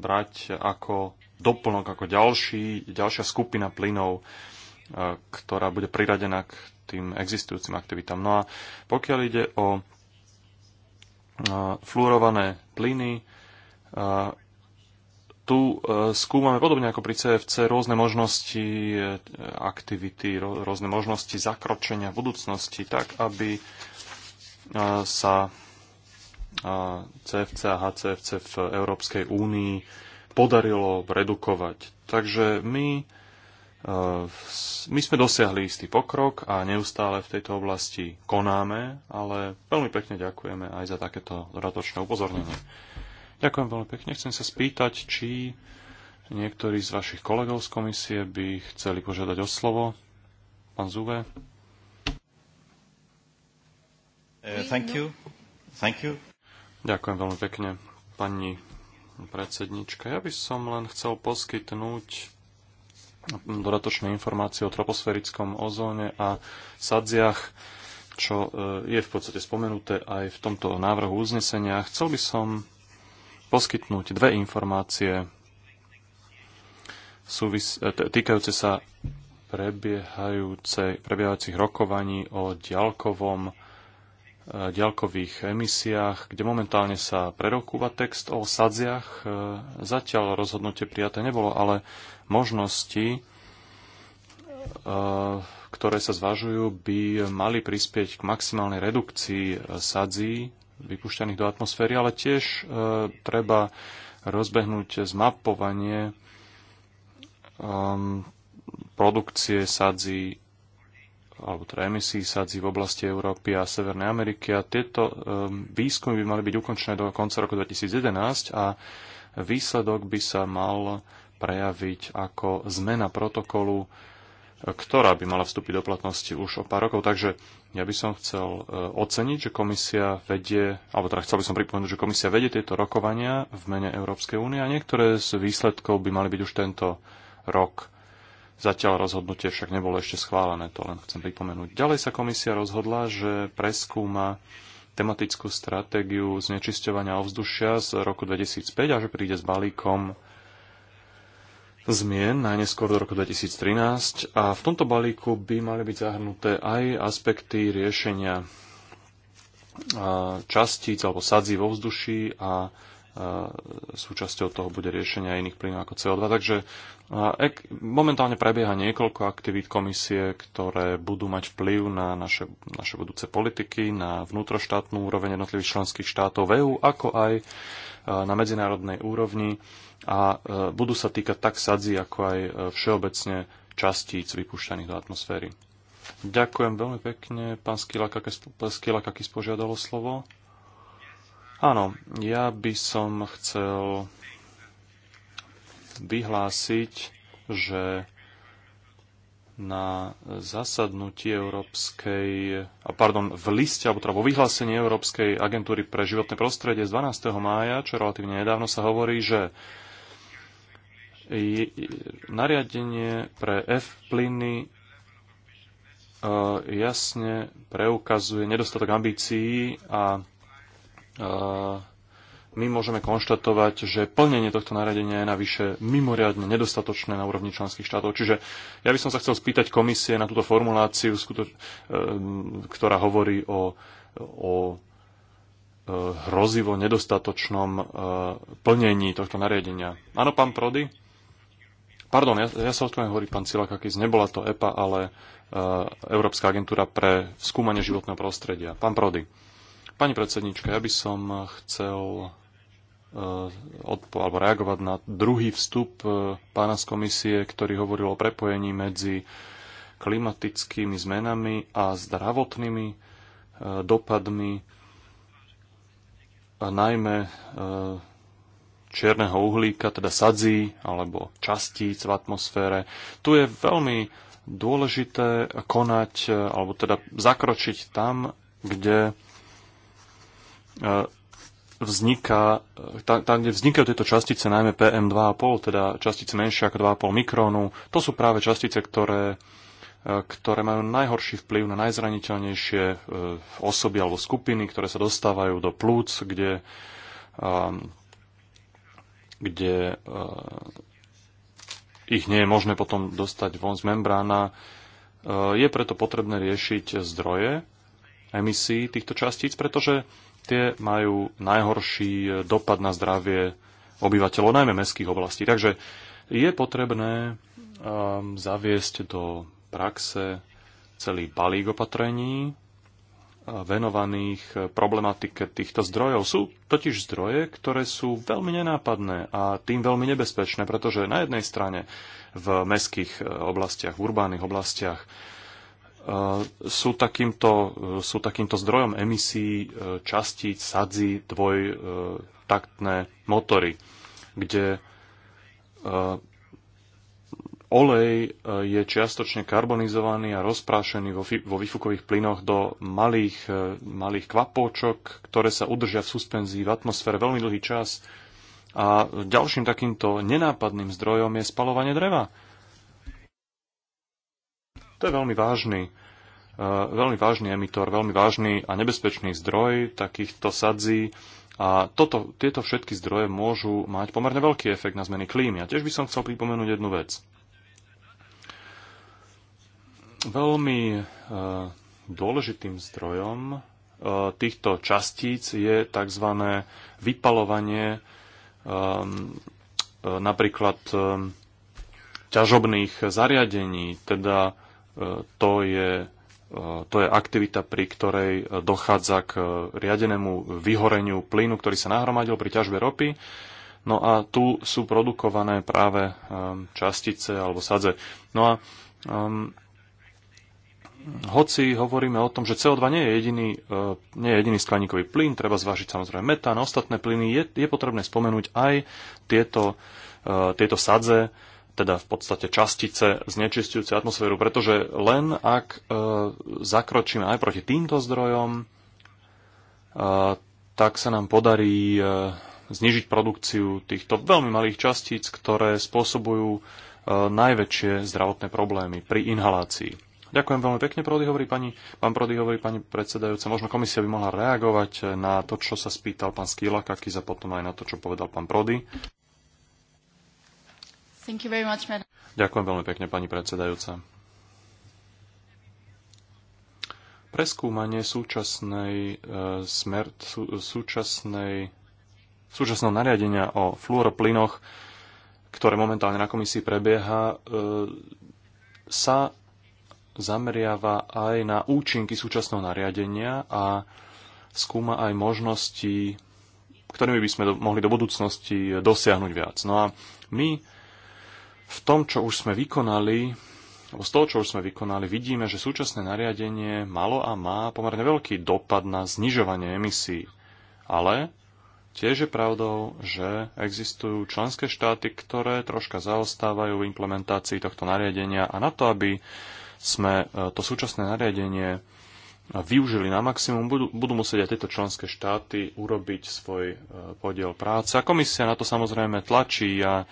brať ako doplnok, ako ďalší, ďalšia skupina plynov, e, ktorá bude priradená k tým existujúcim aktivitám. No a pokiaľ ide o fluorované plyny, tu e, skúmame podobne ako pri CFC rôzne možnosti e, aktivity, rôzne možnosti zakročenia budúcnosti, tak aby e, sa CFC a HCFC v Európskej únii podarilo redukovať. Takže my, my sme dosiahli istý pokrok a neustále v tejto oblasti konáme, ale veľmi pekne ďakujeme aj za takéto dodatočné upozornenie. Ďakujem veľmi pekne. Chcem sa spýtať, či niektorí z vašich kolegov z komisie by chceli požiadať o slovo. Pán Zuve. Uh, thank you. Thank you. Ďakujem veľmi pekne, pani predsednička. Ja by som len chcel poskytnúť dodatočné informácie o troposférickom ozóne a sadziach, čo eh, je v podstate spomenuté aj v tomto návrhu uznesenia. Chcel by som poskytnúť dve informácie e, týkajúce sa prebiehajúcich rokovaní o ďalkovom, e, ďalkových emisiách, kde momentálne sa prerokúva text o sadziach. E, zatiaľ rozhodnutie prijaté nebolo, ale možnosti, ktoré sa zvažujú, by mali prispieť k maximálnej redukcii sadzí vypušťaných do atmosféry, ale tiež e, treba rozbehnúť zmapovanie ehm, produkcie sadzí alebo teda emisí sadzí v oblasti Európy a Severnej Ameriky. A tieto ehm, výskumy by mali byť ukončené do konca roku 2011 a výsledok by sa mal prejaviť ako zmena protokolu ktorá by mala vstúpiť do platnosti už o pár rokov. Takže ja by som chcel e, oceniť, že komisia vedie, alebo teda chcel by som pripomenúť, že komisia vedie tieto rokovania v mene Európskej únie a niektoré z výsledkov by mali byť už tento rok. Zatiaľ rozhodnutie však nebolo ešte schválené, to len chcem pripomenúť. Ďalej sa komisia rozhodla, že preskúma tematickú stratégiu znečisťovania ovzdušia z roku 2005 a že príde s balíkom zmien, najneskôr do roku 2013, a v tomto balíku by mali byť zahrnuté aj aspekty riešenia častíc alebo sadzí vo vzduší a súčasťou toho bude riešenie iných plynov ako CO2. Takže momentálne prebieha niekoľko aktivít komisie, ktoré budú mať vplyv na naše, naše budúce politiky, na vnútroštátnu úroveň jednotlivých členských štátov EÚ, ako aj na medzinárodnej úrovni a e, budú sa týkať tak sadzí, ako aj e, všeobecne častíc vypúšťaných do atmosféry. Ďakujem veľmi pekne. Pán aký požiadalo slovo. Áno, ja by som chcel vyhlásiť, že na zasadnutí Európskej, pardon, v liste, alebo teda vo vyhlásení Európskej agentúry pre životné prostredie z 12. mája, čo relatívne nedávno sa hovorí, že nariadenie pre F plyny e, jasne preukazuje nedostatok ambícií a e, my môžeme konštatovať, že plnenie tohto nariadenia je navyše mimoriadne nedostatočné na úrovni členských štátov. Čiže ja by som sa chcel spýtať komisie na túto formuláciu, e, ktorá hovorí o, o hrozivo nedostatočnom plnení tohto nariadenia. Áno, pán Prody? Pardon, ja, ja sa ospravedlňujem, hovorí pán Cilakakis, nebola to EPA, ale uh, Európska agentúra pre skúmanie životného prostredia. Pán Prody, pani predsednička, ja by som chcel e, odpo- alebo reagovať na druhý vstup e, pána z komisie, ktorý hovoril o prepojení medzi klimatickými zmenami a zdravotnými dopadmi, najmä čierneho uhlíka, teda sadzí alebo častíc v atmosfére. Tu je veľmi dôležité konať, e, alebo teda zakročiť tam, kde e, vzniká, e, tam, kde vznikajú tieto častice, najmä PM2,5, teda častice menšie ako 2,5 mikrónu, to sú práve častice, ktoré, ktoré majú najhorší vplyv na najzraniteľnejšie osoby alebo skupiny, ktoré sa dostávajú do plúc, kde kde e, ich nie je možné potom dostať von z membrána. E, je preto potrebné riešiť zdroje emisí týchto častíc, pretože tie majú najhorší dopad na zdravie obyvateľov, najmä mestských oblastí. Takže je potrebné e, zaviesť do praxe celý balík opatrení, venovaných problematike týchto zdrojov. Sú totiž zdroje, ktoré sú veľmi nenápadné a tým veľmi nebezpečné, pretože na jednej strane v mestských e, oblastiach, v urbánnych oblastiach e, sú takýmto, e, sú takýmto zdrojom emisí časti, sadzi, dvojtaktné motory, kde olej e, je čiastočne karbonizovaný a rozprášený vo, výfukových plynoch do malých, e, malých kvapôčok, ktoré sa udržia v suspenzii v atmosfére veľmi dlhý čas. A ďalším takýmto nenápadným zdrojom je spalovanie dreva. To je veľmi vážny, e, veľmi vážny emitor, veľmi vážny a nebezpečný zdroj takýchto sadzí. A toto, tieto všetky zdroje môžu mať pomerne veľký efekt na zmeny klímy. A tiež by som chcel pripomenúť jednu vec. Veľmi e, dôležitým zdrojom e, týchto častíc je tzv. vypalovanie e, napríklad ťažobných zariadení, teda to je, to je aktivita, pri ktorej dochádza k riadenému vyhoreniu plynu, ktorý sa nahromadil pri ťažbe ropy. No a tu sú produkované práve častice alebo sadze. No a um, hoci hovoríme o tom, že CO2 nie je jediný, e, nie je jediný skleníkový plyn, treba zvážiť samozrejme metán ostatné plyny, je, je potrebné spomenúť aj tieto, e, tieto sadze, teda v podstate častice znečistujúce atmosféru, pretože len ak e, zakročíme aj proti týmto zdrojom, tak sa nám podarí znižiť produkciu týchto veľmi malých častíc, ktoré spôsobujú najväčšie zdravotné problémy pri inhalácii. Ďakujem veľmi pekne, Prody hovorí pani, pán Prody hovorí pani predsedajúca. Možno komisia by mohla reagovať na to, čo sa spýtal pán aký za potom aj na to, čo povedal pán Prody. Much, Ďakujem veľmi pekne, pani predsedajúca. Preskúmanie súčasnej, e, smer, sú, súčasnej, súčasného nariadenia o fluoroplynoch, ktoré momentálne na komisii prebieha, e, sa zameriava aj na účinky súčasného nariadenia a skúma aj možnosti, ktorými by sme do, mohli do budúcnosti dosiahnuť viac. No a my v tom, čo už sme vykonali, alebo z toho, čo už sme vykonali, vidíme, že súčasné nariadenie malo a má pomerne veľký dopad na znižovanie emisí. Ale tiež je pravdou, že existujú členské štáty, ktoré troška zaostávajú v implementácii tohto nariadenia a na to, aby sme e, to súčasné nariadenie využili na maximum, budú, budú musieť aj tieto členské štáty urobiť svoj e, podiel práce. A komisia na to samozrejme tlačí a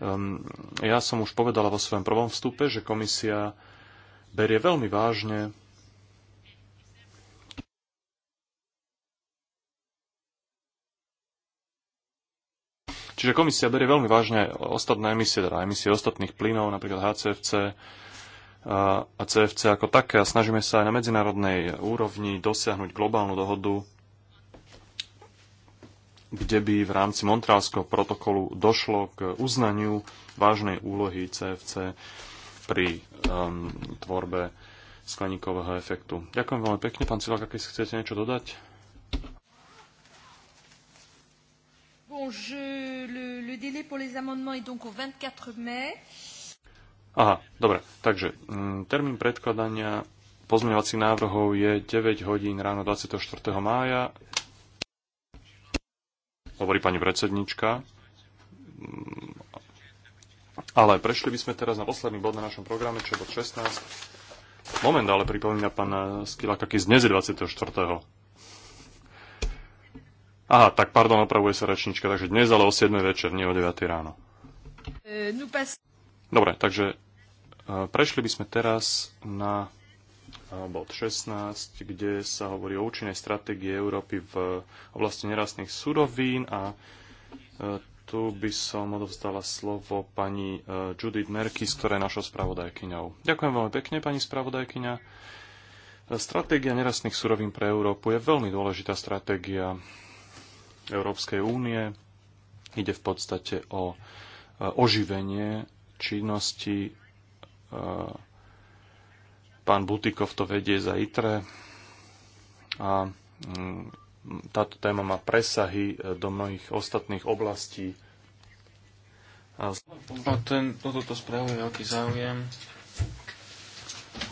um, ja som už povedala vo svojom prvom vstupe, že komisia berie veľmi vážne Čiže komisia berie veľmi vážne ostatné emisie, teda emisie ostatných plynov, napríklad HCFC, a CFC ako také a snažíme sa aj na medzinárodnej úrovni dosiahnuť globálnu dohodu, kde by v rámci Montrealského protokolu došlo k uznaniu vážnej úlohy CFC pri um, tvorbe skleníkového efektu. Ďakujem veľmi pekne. Pán Cilak, keď chcete niečo dodať? Bon, je, le, le délai pour les amendements est donc au 24 mai. Aha, dobre. Takže m, mm, termín predkladania pozmeňovacích návrhov je 9 hodín ráno 24. mája. Hovorí pani predsednička. Mm, ale prešli by sme teraz na posledný bod na našom programe, čo je bod 16. Moment, ale pripomína pán z dnes je 24. Aha, tak pardon, opravuje sa rečnička, takže dnes ale o 7. večer, nie o 9. ráno. E, Dobre, takže e, prešli by sme teraz na e, bod 16, kde sa hovorí o účinnej stratégii Európy v oblasti nerastných surovín a e, tu by som odovzdala slovo pani Judith Merkis, ktorá je našou spravodajkyňou. Ďakujem veľmi pekne, pani spravodajkyňa. Stratégia nerastných surovín pre Európu je veľmi dôležitá stratégia Európskej únie. Ide v podstate o oživenie činnosti. E, pán Butikov to vedie za ITRE a mm, táto téma má presahy e, do mnohých ostatných oblastí. A no, ten, o správu je veľký záujem,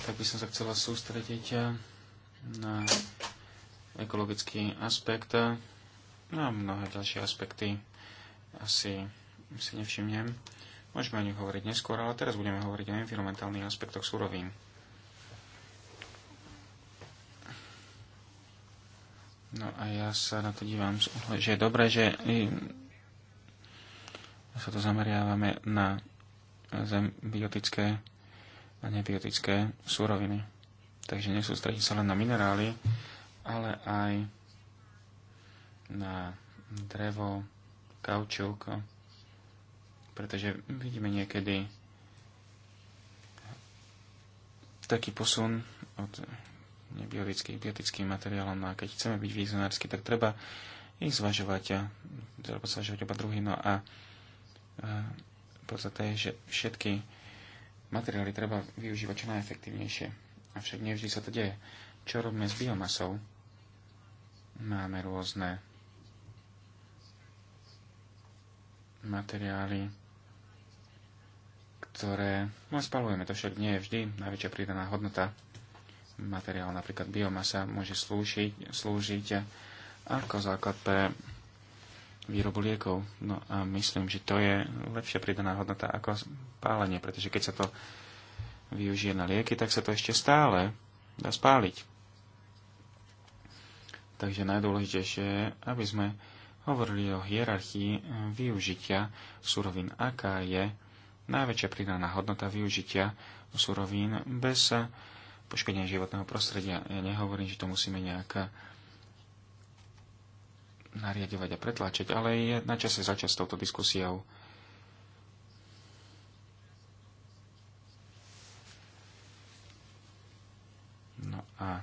tak by som sa chcela sústrediť e, na ekologický aspekt no a mnohé ďalšie aspekty asi si nevšimnem. Môžeme o nich hovoriť neskôr, ale teraz budeme hovoriť o environmentálnych aspektoch surovín. No a ja sa na to dívam, že je dobré, že sa to zameriavame na zem, biotické a nebiotické súroviny. Takže nesústredí sa len na minerály, ale aj na drevo, kaučuk, pretože vidíme niekedy taký posun od nebiologických, biotických materiálov. No a keď chceme byť vizionársky, tak treba ich zvažovať a treba zvažovať oba druhy. No a, a podstate je, že všetky materiály treba využívať čo najefektívnejšie. Avšak nevždy sa to deje. Čo robíme s biomasou? Máme rôzne materiály, ktoré no, spalujeme. To však nie je vždy najväčšia pridaná hodnota Materiál Napríklad biomasa môže slúžiť, slúžiť ako základ pre výrobu liekov. No a myslím, že to je lepšia pridaná hodnota ako spálenie, pretože keď sa to využije na lieky, tak sa to ešte stále dá spáliť. Takže najdôležitejšie je, aby sme hovorili o hierarchii využitia surovín, aká je najväčšia pridaná hodnota využitia surovín bez eh, poškodenia životného prostredia. Ja nehovorím, že to musíme nejak eh, nariadovať a pretláčať, ale je na čase začať s touto diskusiou. No a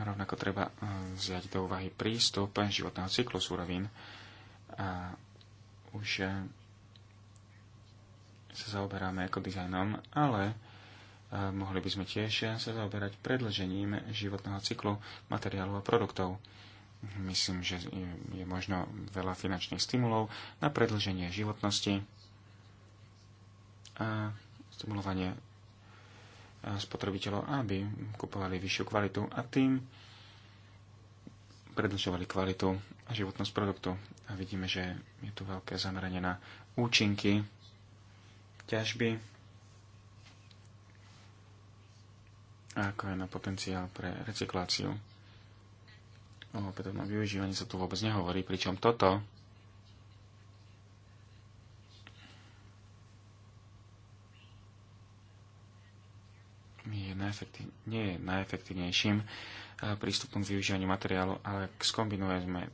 rovnako treba eh, vziať do úvahy prístup životného cyklu súrovín a už sa zaoberáme ekodizajnom, ale e, mohli by sme tiež sa zaoberať predlžením životného cyklu materiálov a produktov. Myslím, že je možno veľa finančných stimulov na predlženie životnosti a stimulovanie e, spotrebiteľov, aby kupovali vyššiu kvalitu a tým predlžovali kvalitu a životnosť produktu. A vidíme, že je tu veľké zameranie na účinky ťažby a ako aj na potenciál pre recykláciu. O opätovnom využívaní sa tu vôbec nehovorí, pričom toto je nie je najefektívnejším eh, prístupom k využívaniu materiálu, ale ak skombinujeme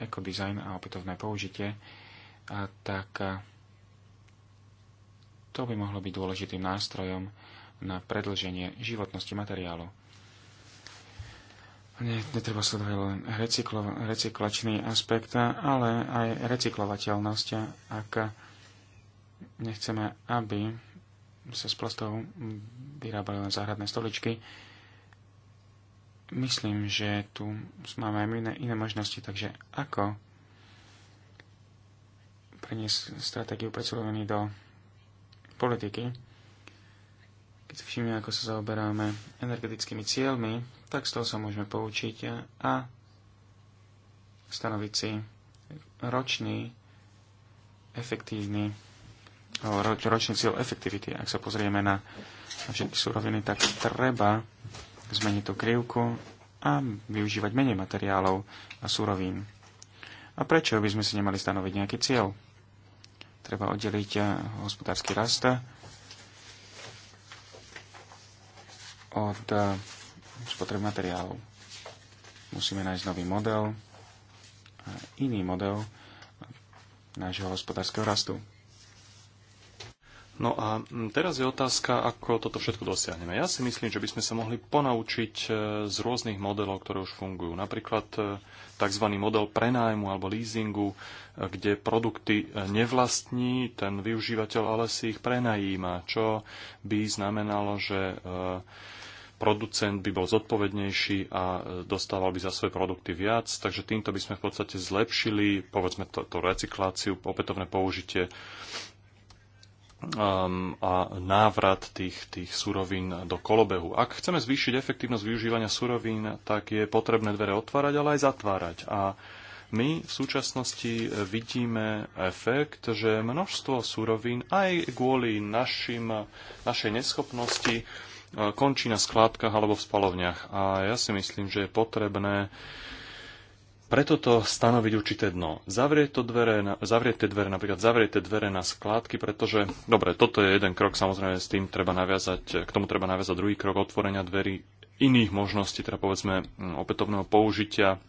ekodizajn a opätovné použitie, eh, tak eh, to by mohlo byť dôležitým nástrojom na predlženie životnosti materiálu. Netreba sledovať len recyklo, recyklačný aspekt, ale aj recyklovateľnosť, ak nechceme, aby sa s plastou vyrábali len záhradné stoličky. Myslím, že tu máme aj iné, iné možnosti, takže ako preniesť stratégiu predsedovaný do politiky. Keď si všimne, ako sa zaoberáme energetickými cieľmi, tak z toho sa môžeme poučiť a stanoviť si ročný efektívny ročný cieľ efektivity. Ak sa pozrieme na, na všetky súroviny, tak treba zmeniť tú krivku a využívať menej materiálov a súrovín. A prečo by sme si nemali stanoviť nejaký cieľ? treba oddeliť eh, hospodársky rast od eh, spotreb materiálu. Musíme nájsť nový model, eh, iný model nášho hospodárskeho rastu. No a mm, teraz je otázka, ako toto všetko dosiahneme. Ja si myslím, že by sme sa mohli ponaučiť e, z rôznych modelov, ktoré už fungujú. Napríklad e, tzv. model prenájmu alebo leasingu, e, kde produkty nevlastní ten využívateľ, ale si ich prenajíma, čo by znamenalo, že producent by bol zodpovednejší a dostával by za svoje produkty viac, takže týmto by sme v podstate zlepšili, povedzme, to, to recykláciu, opätovné použitie Um, a návrat tých, tých surovín do kolobehu. Ak chceme zvýšiť efektívnosť využívania surovín, tak je potrebné dvere otvárať, ale aj zatvárať. A my v súčasnosti vidíme efekt, že množstvo surovín aj kvôli našim, našej neschopnosti uh, končí na skládkach alebo v spalovniach. A ja si myslím, že je potrebné preto to stanoviť určité dno. Zavrieť, to dvere zavrieť tie dvere, napríklad zavrieť tie dvere na skládky, pretože, dobre, toto je jeden krok, samozrejme s tým treba naviazať, k tomu treba naviazať druhý krok otvorenia dverí iných možností, teda povedzme mm, opätovného použitia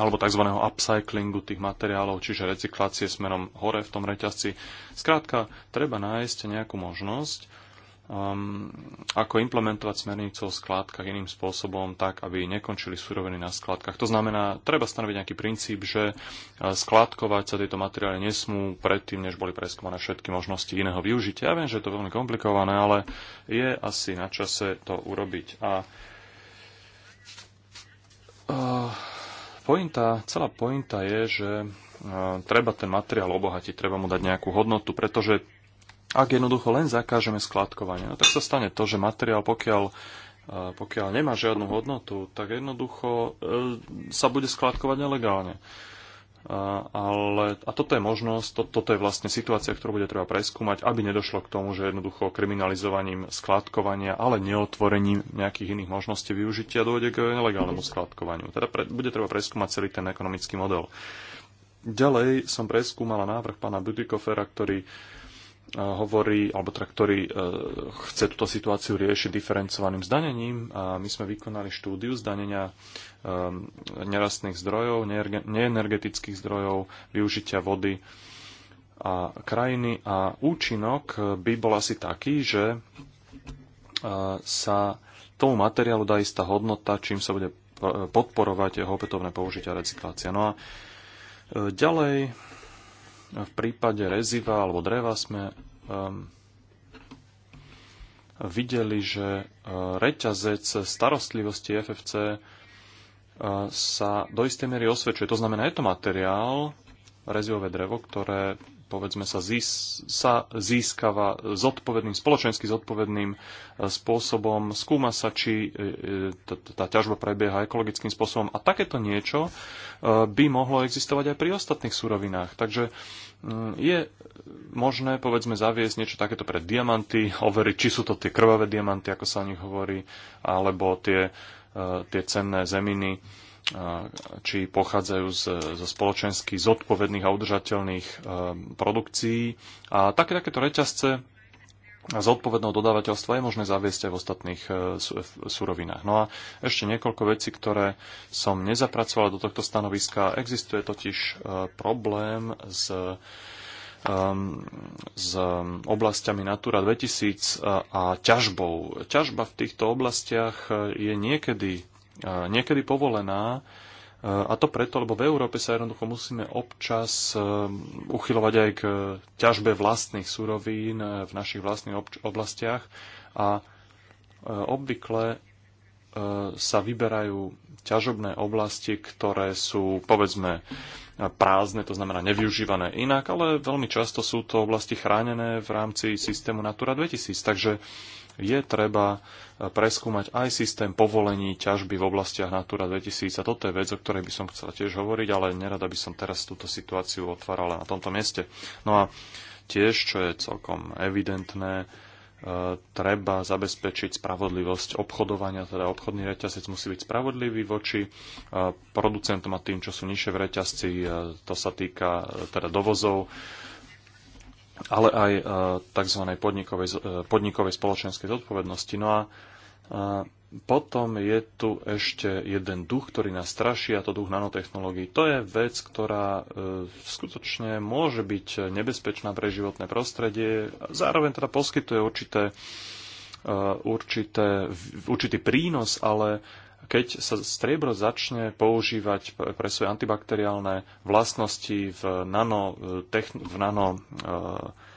alebo tzv. upcyclingu tých materiálov, čiže recyklácie smerom hore v tom reťazci. Skrátka, treba nájsť nejakú možnosť, um, ako implementovať smernicu o skládkach iným spôsobom, tak, aby nekončili suroviny na skládkach. To znamená, treba stanoviť nejaký princíp, že eh, skládkovať sa tieto materiály nesmú predtým, než boli preskúmané všetky možnosti iného využitia. Ja viem, že je to veľmi komplikované, ale je asi na čase to urobiť. A eh, pointa, celá pointa je, že eh, treba ten materiál obohatiť, treba mu dať nejakú hodnotu, pretože ak jednoducho len zakážeme skladkovanie, no tak sa stane to, že materiál, pokiaľ, e, pokiaľ nemá žiadnu hodnotu, tak jednoducho e, sa bude skladkovať nelegálne. A, ale, a toto je možnosť, to, toto je vlastne situácia, ktorú bude treba preskúmať, aby nedošlo k tomu, že jednoducho kriminalizovaním skládkovania, ale neotvorením nejakých iných možností využitia dôjde k nelegálnemu skládkovaniu. Teda pre, bude treba preskúmať celý ten ekonomický model. Ďalej som preskúmala návrh pána Budikofera, ktorý uh, hovorí, alebo teda, ktorý e, chce túto situáciu riešiť diferencovaným zdanením. A my sme vykonali štúdiu zdanenia e, nerastných zdrojov, neenergetických zdrojov, využitia vody a krajiny. A účinok by bol asi taký, že e, sa tomu materiálu dá istá hodnota, čím sa bude podporovať jeho opätovné použitie a recyklácia. No a ďalej v prípade reziva alebo dreva sme um, videli, že e, reťazec starostlivosti FFC e, sa do istej miery osvedčuje. To znamená, je to materiál, rezivové drevo, ktoré povedzme sa, zís, sa získava zodpovedným, spoločensky zodpovedným e, spôsobom, skúma sa, či e, e, tá ťažba prebieha ekologickým spôsobom a takéto niečo by mohlo existovať aj pri ostatných surovinách. Takže mm, je možné, povedzme, zaviesť niečo takéto pre diamanty, overiť, či sú to tie krvavé diamanty, ako sa o nich hovorí, alebo tie, tie cenné zeminy či pochádzajú z, zo spoločensky zodpovedných a udržateľných e, produkcií. A také, takéto reťazce z odpovedného dodávateľstva je možné zaviesť aj v ostatných e, e, surovinách. No a ešte niekoľko vecí, ktoré som nezapracoval do tohto stanoviska. Existuje totiž problém s s oblastiami Natura 2000 a ťažbou. Ťažba v týchto oblastiach je niekedy niekedy povolená, e, a to preto, lebo v Európe sa jednoducho musíme občas e, uchylovať aj k ťažbe vlastných surovín e, v našich vlastných oblastiach a obvykle sa vyberajú ťažobné oblasti, ktoré sú, povedzme, prázdne, to znamená nevyužívané inak, ale veľmi často sú to oblasti chránené v rámci systému Natura 2000. Takže je treba eh, preskúmať aj systém povolení ťažby v oblastiach Natura 2000. A toto je vec, o ktorej by som chcel tiež hovoriť, ale nerada by som teraz túto situáciu otvárala na tomto mieste. No a tiež, čo je celkom evidentné, eh, treba zabezpečiť spravodlivosť obchodovania, teda obchodný reťazec musí byť spravodlivý voči eh, producentom a tým, čo sú nižšie v reťazci. To sa týka teda dovozov ale aj e, tzv. podnikovej, e, podnikovej spoločenskej zodpovednosti. No a e, potom je tu ešte jeden duch, ktorý nás straší, a to duch nanotechnológií. To je vec, ktorá skutočne môže byť nebezpečná pre životné prostredie, zároveň teda poskytuje určité, určité, určitý prínos, ale keď sa striebro začne používať pre svoje antibakteriálne vlastnosti v nano, eh, techn- v nano eh,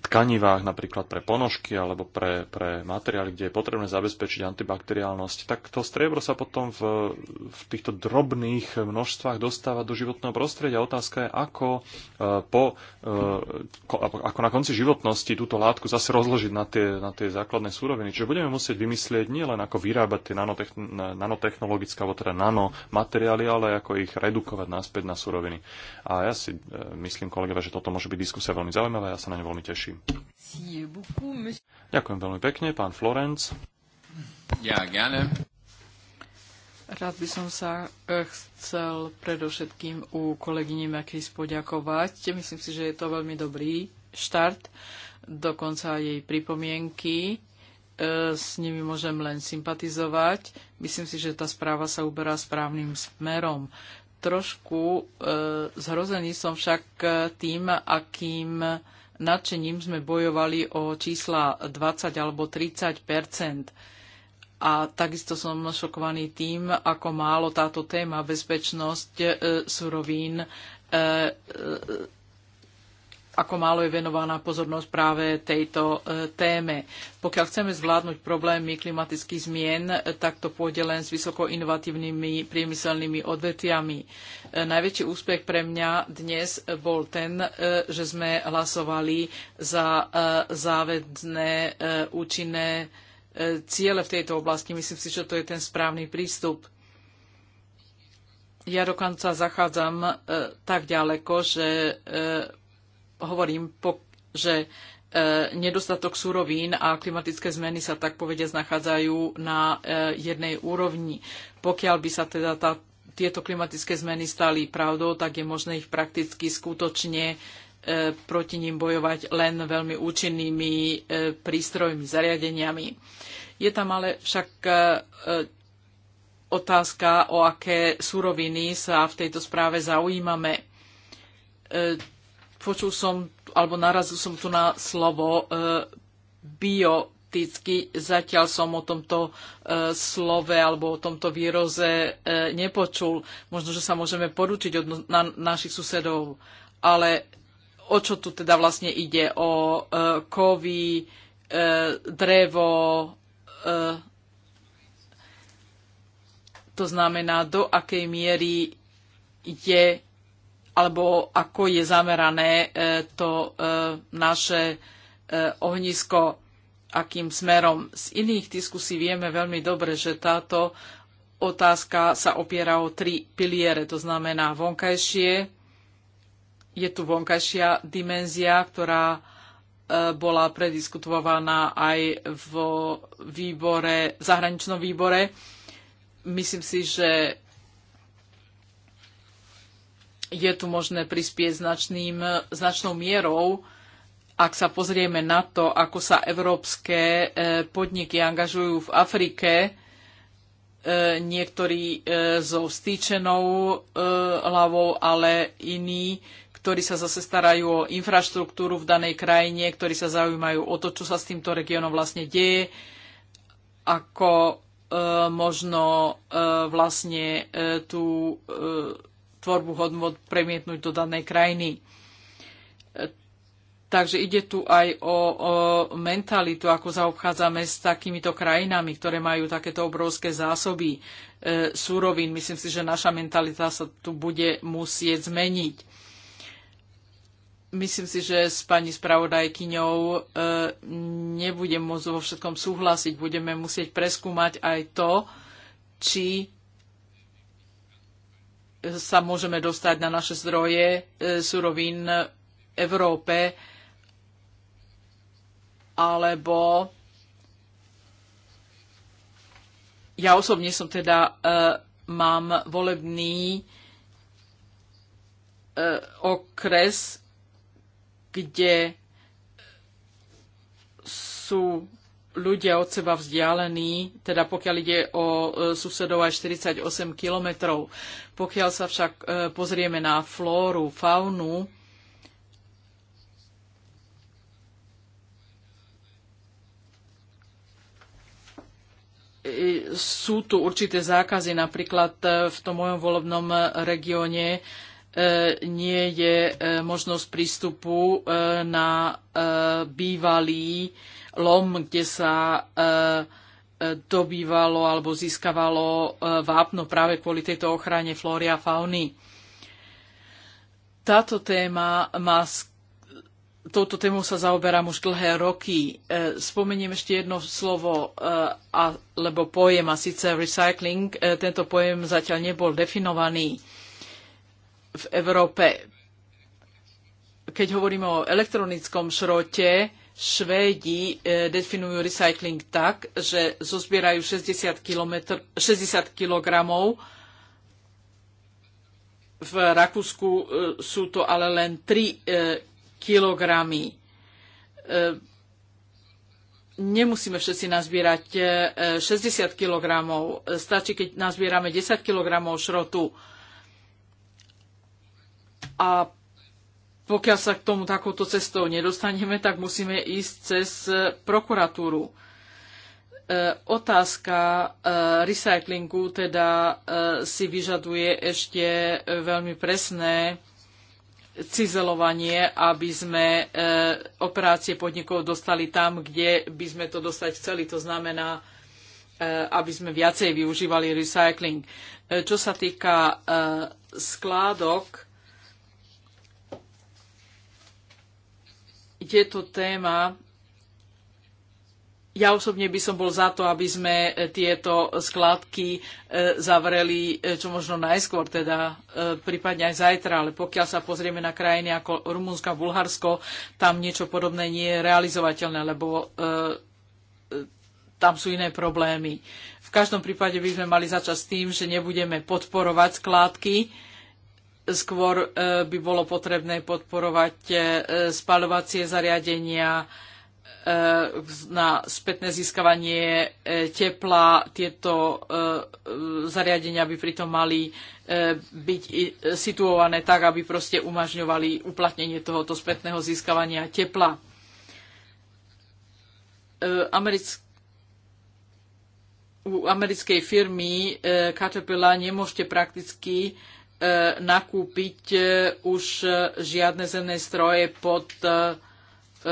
tkanivách, napríklad pre ponožky alebo pre, pre materiály, kde je potrebné zabezpečiť antibakteriálnosť, tak to striebro sa potom v, v týchto drobných množstvách dostáva do životného prostredia. Otázka je, ako, e, po, e, ako na konci životnosti túto látku zase rozložiť na tie, na tie základné súroviny. Čiže budeme musieť vymyslieť nielen ako vyrábať tie nanotechnologické alebo teda nanomateriály, ale ako ich redukovať naspäť na súroviny. A ja si e, myslím, kolegovia, že toto môže byť diskusia veľmi zaujímavá, ja sa na ňu veľmi teším ďalším. Ďakujem veľmi pekne, pán Florenc. Ja, gerne. Rád by som sa eh, chcel predovšetkým u kolegyne Makris poďakovať. Myslím si, že je to veľmi dobrý štart. Dokonca jej pripomienky eh, s nimi môžem len sympatizovať. Myslím si, že tá správa sa uberá správnym smerom. Trošku eh, zhrozený som však tým, akým nadšením sme bojovali o čísla 20 alebo 30 a takisto som šokovaný tým, ako málo táto téma bezpečnosť e, surovín e, e, ako málo je venovaná pozornosť práve tejto e, téme. Pokiaľ chceme zvládnuť problémy klimatických zmien, e, tak to pôjde len s vysokoinovatívnymi priemyselnými odvetiami. E, najväčší úspech pre mňa dnes bol ten, že sme hlasovali za závedné účinné ciele v tejto oblasti. Myslím si, že to je ten správny prístup. Ja dokonca zachádzam tak ďaleko, že hovorím, že e, nedostatok surovín a klimatické zmeny sa tak povediať nachádzajú na e, jednej úrovni. Pokiaľ by sa teda tá, tieto klimatické zmeny stali pravdou, tak je možné ich prakticky skutočne e, proti ním bojovať len veľmi účinnými prístrojmi, zariadeniami. Je tam ale však otázka, o aké suroviny sa v tejto správe zaujímame počul som, alebo narazil som tu na slovo e, bioticky. Zatiaľ som o tomto e, slove alebo o tomto výroze e, nepočul. Možno, že sa môžeme poručiť od na, našich susedov. Ale o čo tu teda vlastne ide? O e, kovy, e, drevo, e, to znamená, do akej miery je alebo ako je zamerané e, to e, naše e, ohnisko, akým smerom. Z iných diskusí vieme veľmi dobre, že táto otázka sa opiera o tri piliere, to znamená vonkajšie, je tu vonkajšia dimenzia, ktorá bola prediskutovaná aj v výbore, v zahraničnom výbore. Myslím si, že je tu možné prispieť značným, značnou mierou, ak sa pozrieme na to, ako sa európske e, podniky angažujú v Afrike, e, niektorí e, so vstýčenou hlavou, ale iní, ktorí sa zase starajú o infraštruktúru v danej krajine, ktorí sa zaujímajú o to, čo sa s týmto regiónom vlastne deje, ako možno vlastne tú tvorbu hodnot premietnúť do danej krajiny. E, takže ide tu aj o, o mentalitu, ako zaobchádzame s takýmito krajinami, ktoré majú takéto obrovské zásoby e, súrovín. Myslím si, že naša mentalita sa tu bude musieť zmeniť. Myslím si, že s pani spravodajkyňou e, nebudem môcť vo všetkom súhlasiť. Budeme musieť preskúmať aj to, či sa môžeme dostať na naše zdroje e, surovín Európe alebo ja osobne som teda e, mám volebný e, okres, kde sú ľudia od seba vzdialení, teda pokiaľ ide o e, susedov aj 48 kilometrov. Pokiaľ sa však e, pozrieme na flóru, faunu, e, sú tu určité zákazy, napríklad v tom mojom volebnom regióne nie je možnosť prístupu na bývalý lom, kde sa e, e, dobývalo alebo získavalo e, vápno práve kvôli tejto ochrane flóry a fauny. Táto téma má touto tému sa zaoberám už dlhé roky. Spomeniem ešte jedno slovo alebo pojem a síce recycling. Tento pojem zatiaľ nebol definovaný v Európe. Keď hovoríme o elektronickom šrote, Švédi e, definujú recycling tak, že zozbierajú 60, km, 60 kg. V Rakúsku e, sú to ale len 3 e, kg. Nemusíme všetci nazbierať 60 kg. Stačí, keď nazbierame 10 kg šrotu. A pokiaľ sa k tomu takouto cestou nedostaneme, tak musíme ísť cez e, prokuratúru. E, otázka e, recyklingu teda e, si vyžaduje ešte veľmi presné cizelovanie, aby sme e, operácie podnikov dostali tam, kde by sme to dostať chceli. To znamená, e, aby sme viacej využívali recycling. Čo sa týka skládok, je to téma, ja osobne by som bol za to, aby sme e, tieto skladky e, zavreli e, čo možno najskôr, teda prípadne aj zajtra, ale pokiaľ sa pozrieme na krajiny ako Rumunsko a Bulharsko, tam niečo podobné nie je realizovateľné, lebo tam sú iné problémy. V každom prípade by sme mali začať s tým, že nebudeme podporovať skládky, Skôr e, by bolo potrebné podporovať e, spalovacie zariadenia e, na spätné získavanie tepla. Tieto zariadenia by pritom mali byť situované tak, aby proste umažňovali uplatnenie tohoto spätného získavania tepla. u americkej firmy Caterpillar nemôžete prakticky E, nakúpiť e, už e, žiadne zemné stroje pod 100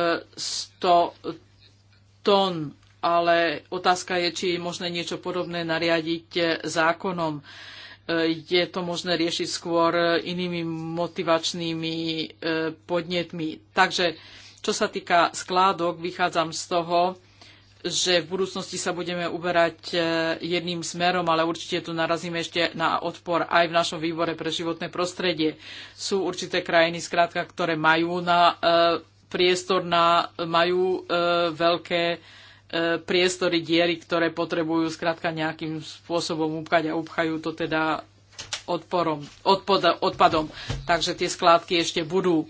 tón, ale otázka je, či je možné niečo podobné nariadiť zákonom. Je to možné riešiť skôr inými motivačnými podnetmi. Takže čo sa týka skládok, vychádzam z toho, že v budúcnosti sa budeme uberať e, jedným smerom, ale určite tu narazíme ešte na odpor aj v našom výbore pre životné prostredie. Sú určité krajiny, skrátka, ktoré majú na e, priestor, na, majú e, veľké priestory diery, ktoré potrebujú skrátka nejakým spôsobom upkať a upchajú to teda odporom, odpad, odpadom. Takže tie skládky ešte budú.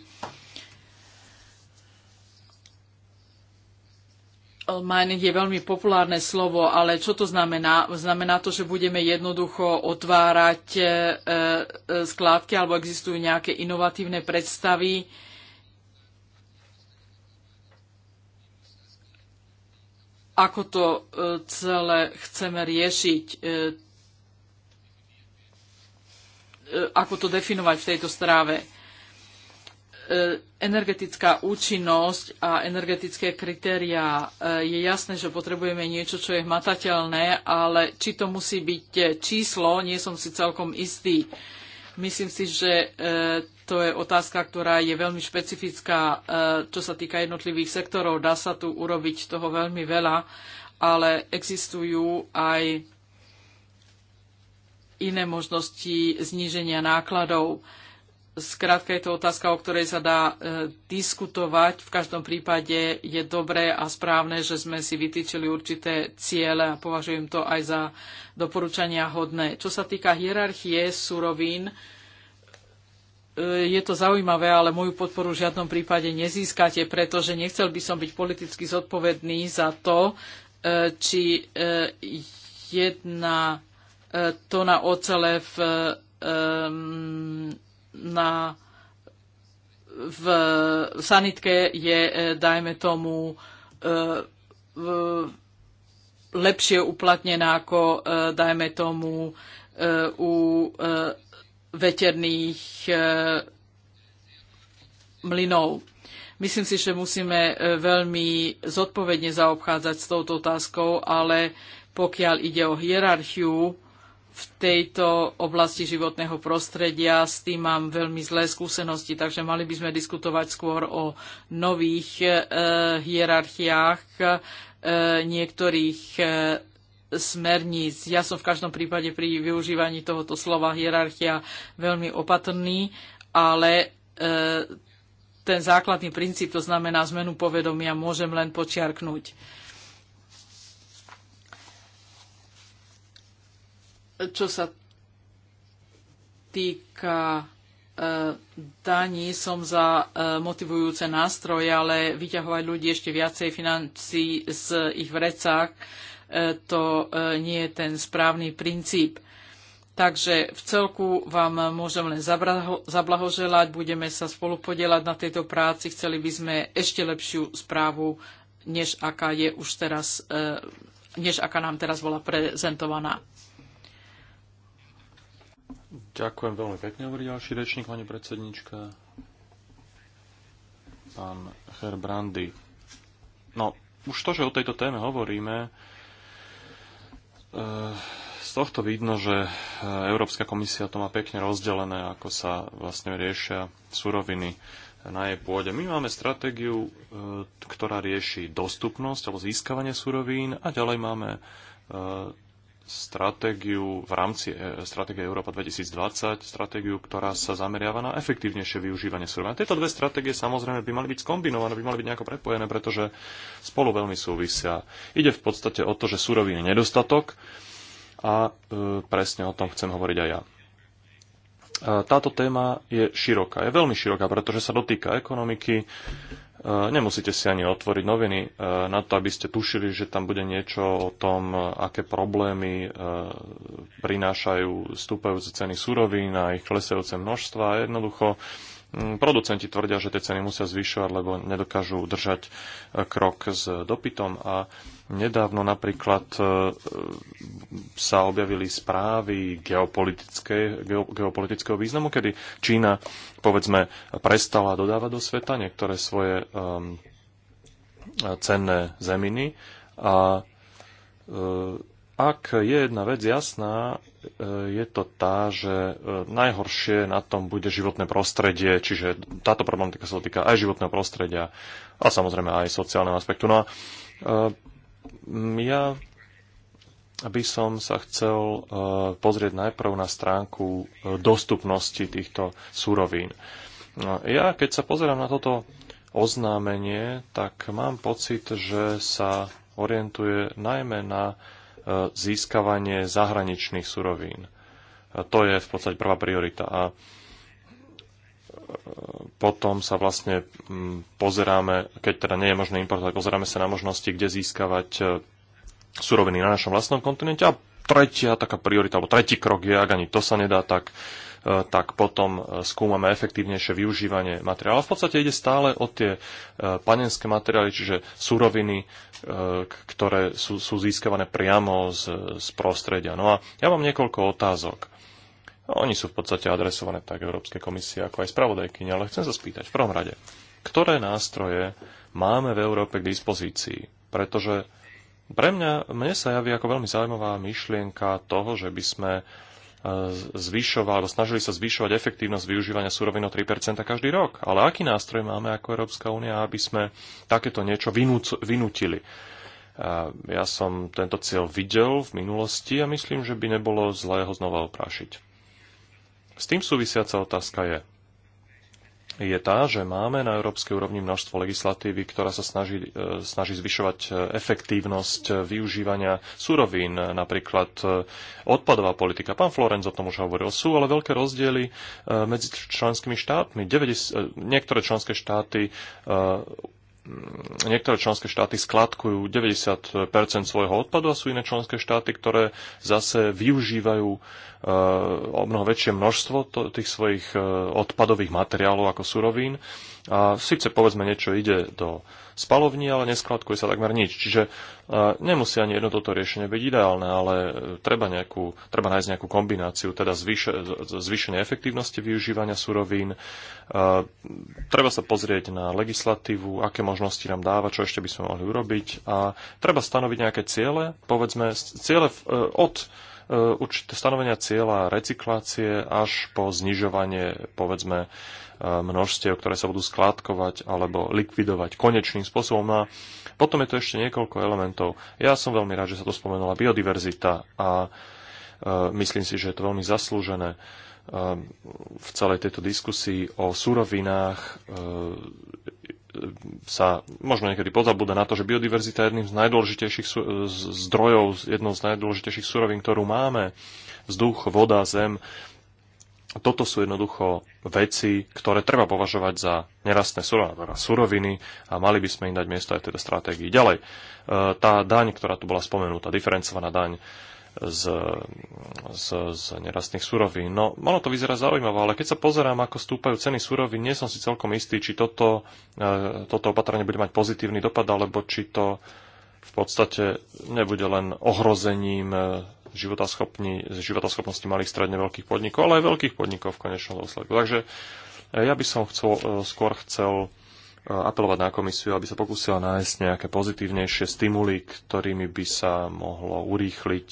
mining je veľmi populárne slovo, ale čo to znamená? Znamená to, že budeme jednoducho otvárať e, e, skládky alebo existujú nejaké inovatívne predstavy? Ako to e, celé chceme riešiť? Ako to definovať v tejto stráve? E, energetická účinnosť a energetické kritériá. E, je jasné, že potrebujeme niečo, čo je hmatateľné, ale či to musí byť e, číslo, nie som si celkom istý. Myslím si, že to je otázka, ktorá je veľmi špecifická, čo sa týka jednotlivých sektorov. Dá sa tu urobiť toho veľmi veľa, ale existujú aj iné možnosti zníženia nákladov. Uh, Zkrátka je to otázka, o ktorej sa dá e, diskutovať. V každom prípade je dobré a správne, že sme si vytýčili určité ciele a považujem to aj za doporučania hodné. Čo sa týka hierarchie surovín, e, je to zaujímavé, ale moju podporu v žiadnom prípade nezískate, pretože nechcel by som byť politicky zodpovedný za to, e, či e, jedna e, tona ocele v. E, na, v sanitke je, e, dajme tomu, e, lepšie uplatnená ako, e, dajme tomu, u veterných mlynov. Myslím si, že musíme veľmi zodpovedne zaobchádzať s touto otázkou, ale pokiaľ ide o hierarchiu, v tejto oblasti životného prostredia. S tým mám veľmi zlé skúsenosti, takže mali by sme diskutovať skôr o nových e, hierarchiách e, niektorých e, smerníc. Ja som v každom prípade pri využívaní tohoto slova hierarchia veľmi opatrný, ale e, ten základný princíp, to znamená zmenu povedomia, môžem len počiarknúť. čo sa týka e, daní, som za e, motivujúce nástroje, ale vyťahovať ľudí ešte viacej financí z ich vrecách, e, to nie je ten správny princíp. Takže v celku vám môžem len zablahoželať, budeme sa podielať na tejto práci, chceli by sme ešte lepšiu správu, než aká je už teraz, než aká nám teraz bola prezentovaná. Ďakujem veľmi pekne, hovorí ďalší rečník, pani predsednička. Pán Herbrandy. No, už to, že o tejto téme hovoríme, eh, z tohto vidno, že eh, Európska komisia to má pekne rozdelené, ako sa vlastne riešia suroviny na jej pôde. My máme stratégiu, eh, ktorá rieši dostupnosť alebo získavanie surovín a ďalej máme stratégiu v rámci e, stratégie Európa 2020, stratégiu, ktorá sa zameriava na efektívnejšie využívanie surovín. Tieto dve stratégie samozrejme by mali byť skombinované, by mali byť nejako prepojené, pretože spolu veľmi súvisia. Ide v podstate o to, že súrovín je nedostatok a e, presne o tom chcem hovoriť aj ja. E, táto téma je široká, je veľmi široká, pretože sa dotýka ekonomiky, Eh, nemusíte si ani otvoriť noviny eh, na to, aby ste tušili, že tam bude niečo o tom, eh, aké problémy prinášajú stúpajúce ceny súrovín a ich klesajúce množstva. Jednoducho hm, producenti tvrdia, že tie ceny musia zvyšovať, lebo nedokážu držať krok s dopytom a Nedávno napríklad e, e, sa objavili správy geopolitické, geopolitického významu, kedy Čína, povedzme, prestala dodávať do sveta niektoré svoje um, cenné zeminy. A um, ak je jedna vec jasná, je to tá, že najhoršie na tom bude životné prostredie, čiže táto problematika sa dotýka aj životného prostredia a samozrejme aj sociálneho aspektu. No a Mm, ja by som sa chcel e, pozrieť najprv na stránku e, dostupnosti týchto súrovín. No, ja, keď sa pozerám na toto oznámenie, tak mám pocit, že sa orientuje najmä na e, získavanie zahraničných surovín. To je v podstate prvá priorita. A potom sa vlastne mm, pozeráme, keď teda nie je možné importovať, pozeráme sa na možnosti, kde získavať e, suroviny na našom vlastnom kontinente. A tretia taká priorita, alebo tretí krok je, ak ani to sa nedá, tak, e, tak potom e, skúmame efektívnejšie využívanie materiálu. V podstate ide stále o tie panenské materiály, čiže suroviny, ktoré sú, sú získavané priamo z, z prostredia. No a ja mám niekoľko otázok oni sú v podstate adresované tak Európskej komisie ako aj spravodajkyne, ale chcem sa spýtať v prvom rade, ktoré nástroje máme v Európe k dispozícii? Pretože pre mňa, mne sa javí ako veľmi zaujímavá myšlienka toho, že by sme e, zvyšovali, alebo snažili sa zvyšovať efektívnosť využívania súrovín o 3% každý rok. Ale aký nástroj máme ako Európska únia, aby sme takéto niečo vynútili? E, ja som tento cieľ videl v minulosti a myslím, že by nebolo zlé ho znova oprášiť. S tým súvisiaca otázka je, je tá, že máme na európskej úrovni množstvo legislatívy, ktorá sa snaží, e, snaží zvyšovať e, efektívnosť e, využívania surovín, napríklad odpadová politika. Pán Florenc o tom už hovoril. Sú ale veľké rozdiely medzi členskými štátmi. 90, niektoré členské štáty niektoré členské štáty skladkujú 90 svojho odpadu a sú iné členské štáty, ktoré zase využívajú e, o mnoho väčšie množstvo tých svojich e, odpadových materiálov ako surovín. A síce povedzme niečo ide do spalovní, ale neskladkuje sa takmer nič. Čiže e, nemusí ani jedno toto riešenie byť ideálne, ale e, treba, nejakú, treba nájsť nejakú kombináciu, teda zvýš, zvýšenie efektívnosti využívania surovín. E, treba sa pozrieť na legislatívu, aké možnosti nám dáva, čo ešte by sme mohli urobiť a treba stanoviť nejaké ciele, povedzme ciele od určité stanovenia cieľa recyklácie až po znižovanie, povedzme, množstiev, ktoré sa budú skládkovať alebo likvidovať konečným spôsobom. No a potom je tu ešte niekoľko elementov. Ja som veľmi rád, že sa tu spomenula biodiverzita a e, myslím si, že je to veľmi zaslúžené e, v celej tejto diskusii o surovinách e, sa možno niekedy pozabúda na to, že biodiverzita je jedným z najdôležitejších zdrojov, jednou z najdôležitejších surovín, ktorú máme. Vzduch, voda, zem, toto sú jednoducho veci, ktoré treba považovať za nerastné teda suroviny a mali by sme im dať miesto aj v tejto teda stratégii. Ďalej, e, tá daň, ktorá tu bola spomenutá, diferencovaná daň z, z, z nerastných surovín. No, ono to vyzerá zaujímavé, ale keď sa pozerám, ako stúpajú ceny surovín, nie som si celkom istý, či toto, e, toto opatrenie bude mať pozitívny dopad, alebo či to v podstate nebude len ohrozením e, životaschopnosti malých stredne veľkých podnikov, ale aj veľkých podnikov v konečnom dôsledku. Takže eh, ja by som chcel, eh, skôr chcel eh, apelovať na komisiu, aby sa pokúsila nájsť nejaké pozitívnejšie stimuly, ktorými by sa mohlo urýchliť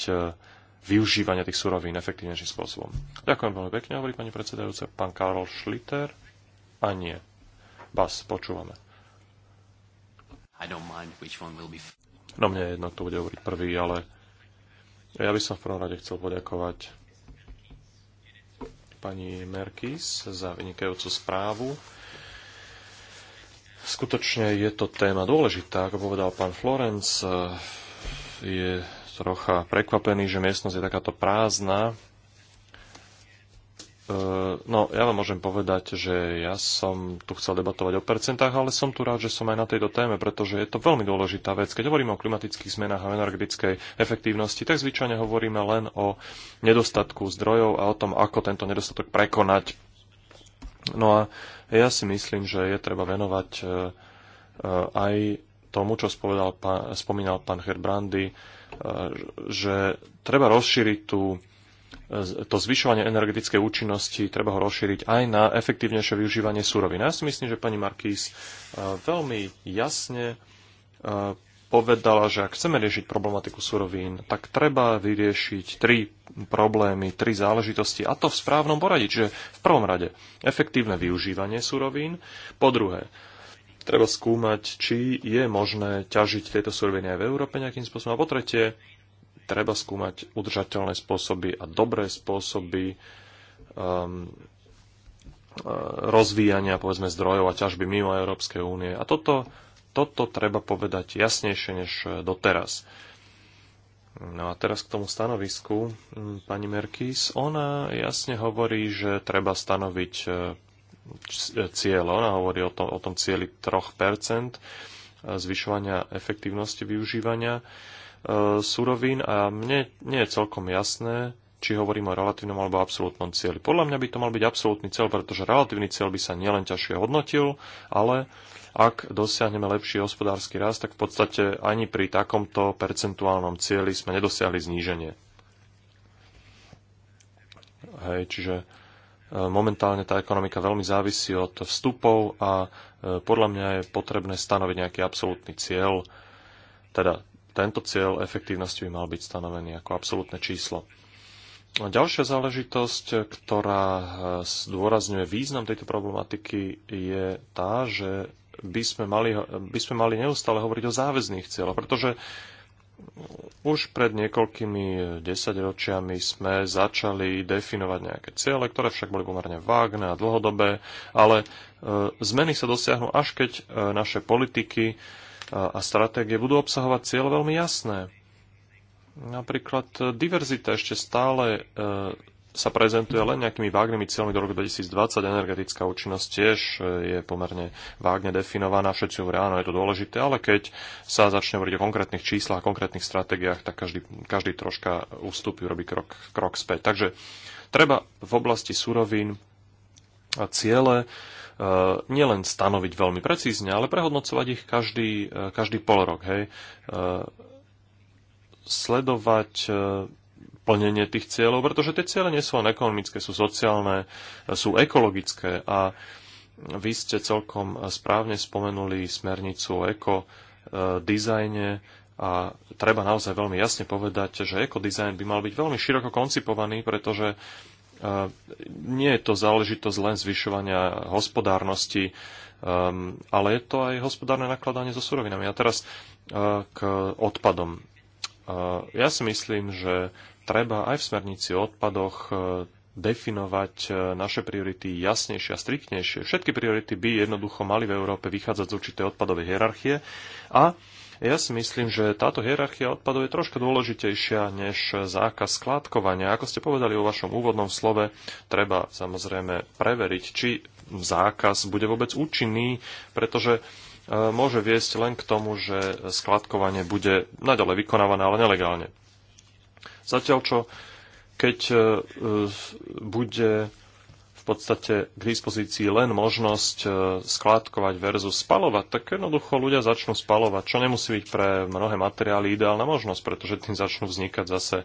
využívanie tých surovín efektívnejším spôsobom. Ďakujem veľmi pekne, hovorí pani predsedajúca. Pán Karol Schlitter? A nie. Bas, počúvame. No mne je jedno, kto bude hovoriť prvý, ale ja by som v prvom rade chcel poďakovať pani Merkis za vynikajúcu správu. Skutočne je to téma dôležitá, ako povedal pán Florenc. Je trocha prekvapený, že miestnosť je takáto prázdna E, no, ja vám môžem povedať, že ja som tu chcel debatovať o percentách, ale som tu rád, že som aj na tejto téme, pretože je to veľmi dôležitá vec. Keď hovoríme o klimatických zmenách a energetickej efektívnosti, tak zvyčajne hovoríme len o nedostatku zdrojov a o tom, ako tento nedostatok prekonať. No a ja si myslím, že je treba venovať e, e, aj tomu, čo spomínal pán Herbrandy, že treba rozšíriť tú to zvyšovanie energetickej účinnosti treba ho rozšíriť aj na efektívnejšie využívanie súrovín. Ja si myslím, že pani Markís e, veľmi jasne e, povedala, že ak chceme riešiť problematiku surovín, tak treba vyriešiť tri problémy, tri záležitosti a to v správnom poradí. Čiže v prvom rade efektívne využívanie surovín, po druhé treba skúmať, či je možné ťažiť tieto suroviny aj v Európe nejakým spôsobom a po tretie treba skúmať udržateľné spôsoby a dobré spôsoby um, rozvíjania povedzme zdrojov a ťažby mimo Európskej únie. A toto, toto treba povedať jasnejšie než doteraz. No a teraz k tomu stanovisku mm, pani Merkis. Ona jasne hovorí, že treba stanoviť e, e, cieľ. Ona hovorí o tom, o tom cieli 3% e, zvyšovania efektívnosti využívania. Eh, surovín a mne nie je celkom jasné, či hovorím o relatívnom alebo absolútnom cieli. Podľa mňa by to mal byť absolútny cieľ, pretože relatívny cieľ by sa nielen ťažšie hodnotil, ale ak dosiahneme lepší hospodársky rast, tak v podstate ani pri takomto percentuálnom cieli sme nedosiahli zníženie. Hej, čiže eh, momentálne tá ekonomika veľmi závisí od vstupov a eh, podľa mňa je potrebné stanoviť nejaký absolútny cieľ, teda tento cieľ efektívnosti by mal byť stanovený ako absolútne číslo. Ďalšia záležitosť, ktorá eh, zdôrazňuje význam tejto problematiky, je tá, že by sme mali, by sme mali neustále hovoriť o záväzných cieľoch, pretože eh, už pred niekoľkými eh, desaťročiami sme začali definovať nejaké ciele, ktoré však boli pomerne vágne a dlhodobé, ale zmeny sa dosiahnu až keď naše politiky a stratégie budú obsahovať cieľ veľmi jasné. Napríklad e, diverzita ešte stále e, sa prezentuje len nejakými vágnymi cieľmi do roku 2020. Energetická účinnosť tiež e, je pomerne vágne definovaná. Všetci hovoria, áno, je to dôležité, ale keď sa začne hovoriť o konkrétnych číslach, konkrétnych stratégiách, tak každý, každý troška ústupí, robí krok, krok späť. Takže treba v oblasti surovín a ciele Eh, nielen stanoviť veľmi precízne, ale prehodnocovať ich každý, eh, každý pol rok. Hej. Eh, sledovať plnenie tých cieľov, pretože tie ciele nie sú len ekonomické, sú sociálne, sú ekologické a vy ste celkom správne spomenuli smernicu o ekodizajne a treba naozaj veľmi jasne povedať, že ekodizajn by mal byť veľmi široko koncipovaný, pretože nie je to záležitosť len zvyšovania hospodárnosti, um, ale je to aj hospodárne nakladanie so surovinami. A teraz uh, k odpadom. Uh, ja si myslím, že treba aj v smernici o odpadoch uh, definovať naše priority jasnejšie a striktnejšie. Všetky priority by jednoducho mali v Európe vychádzať z určitej odpadovej hierarchie a ja si myslím, že táto hierarchia odpadov je trošku dôležitejšia než zákaz skládkovania. Ako ste povedali o vašom úvodnom slove, treba samozrejme preveriť, či zákaz bude vôbec účinný, pretože e, môže viesť len k tomu, že skladkovanie bude naďalej vykonávané, ale nelegálne. Zatiaľ čo, keď e, e, bude podstate k dispozícii len možnosť e, skládkovať versus spalovať, tak jednoducho ľudia začnú spalovať, čo nemusí byť pre mnohé materiály ideálna možnosť, pretože tým začnú vznikať zase e,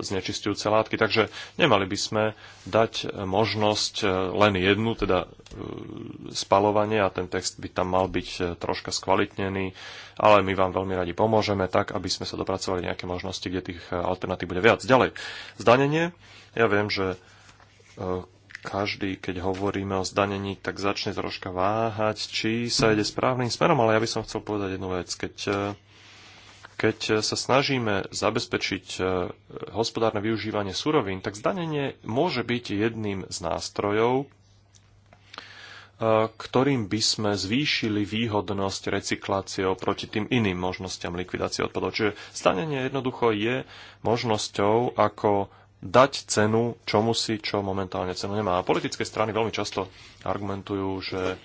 znečistujúce látky. Takže nemali by sme dať možnosť e, len jednu, teda spalovanie a ten text by tam mal byť troška skvalitnený, ale my vám veľmi radi pomôžeme tak, aby sme sa dopracovali nejaké možnosti, kde tých alternatív bude viac. Ďalej, zdanenie. Ja viem, že každý, keď hovoríme o zdanení, tak začne troška váhať, či sa ide správnym smerom, ale ja by som chcel povedať jednu vec. Keď, e, keď sa snažíme zabezpečiť e, hospodárne využívanie surovín, tak zdanenie môže byť jedným z nástrojov, e, ktorým by sme zvýšili výhodnosť recyklácie oproti tým iným možnosťam likvidácie odpadov. Čiže stanenie jednoducho je možnosťou, ako dať cenu čomu si, čo momentálne cenu nemá. A politické strany veľmi často argumentujú, že e,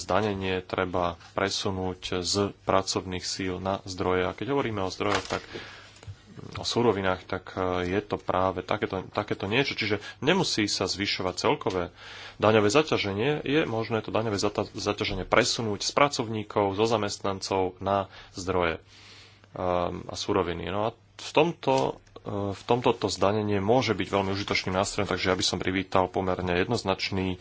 zdanenie treba presunúť z pracovných síl na zdroje. A keď hovoríme o zdrojoch, tak mm, o súrovinách, tak e, je to práve takéto, takéto niečo. Čiže nemusí sa zvyšovať celkové daňové zaťaženie. Je možné to daňové zaťaženie presunúť z pracovníkov, zo zamestnancov na zdroje e, a súroviny. No a v tomto v tomto to zdanenie môže byť veľmi užitočným nástrojom, takže ja by som privítal pomerne jednoznačný,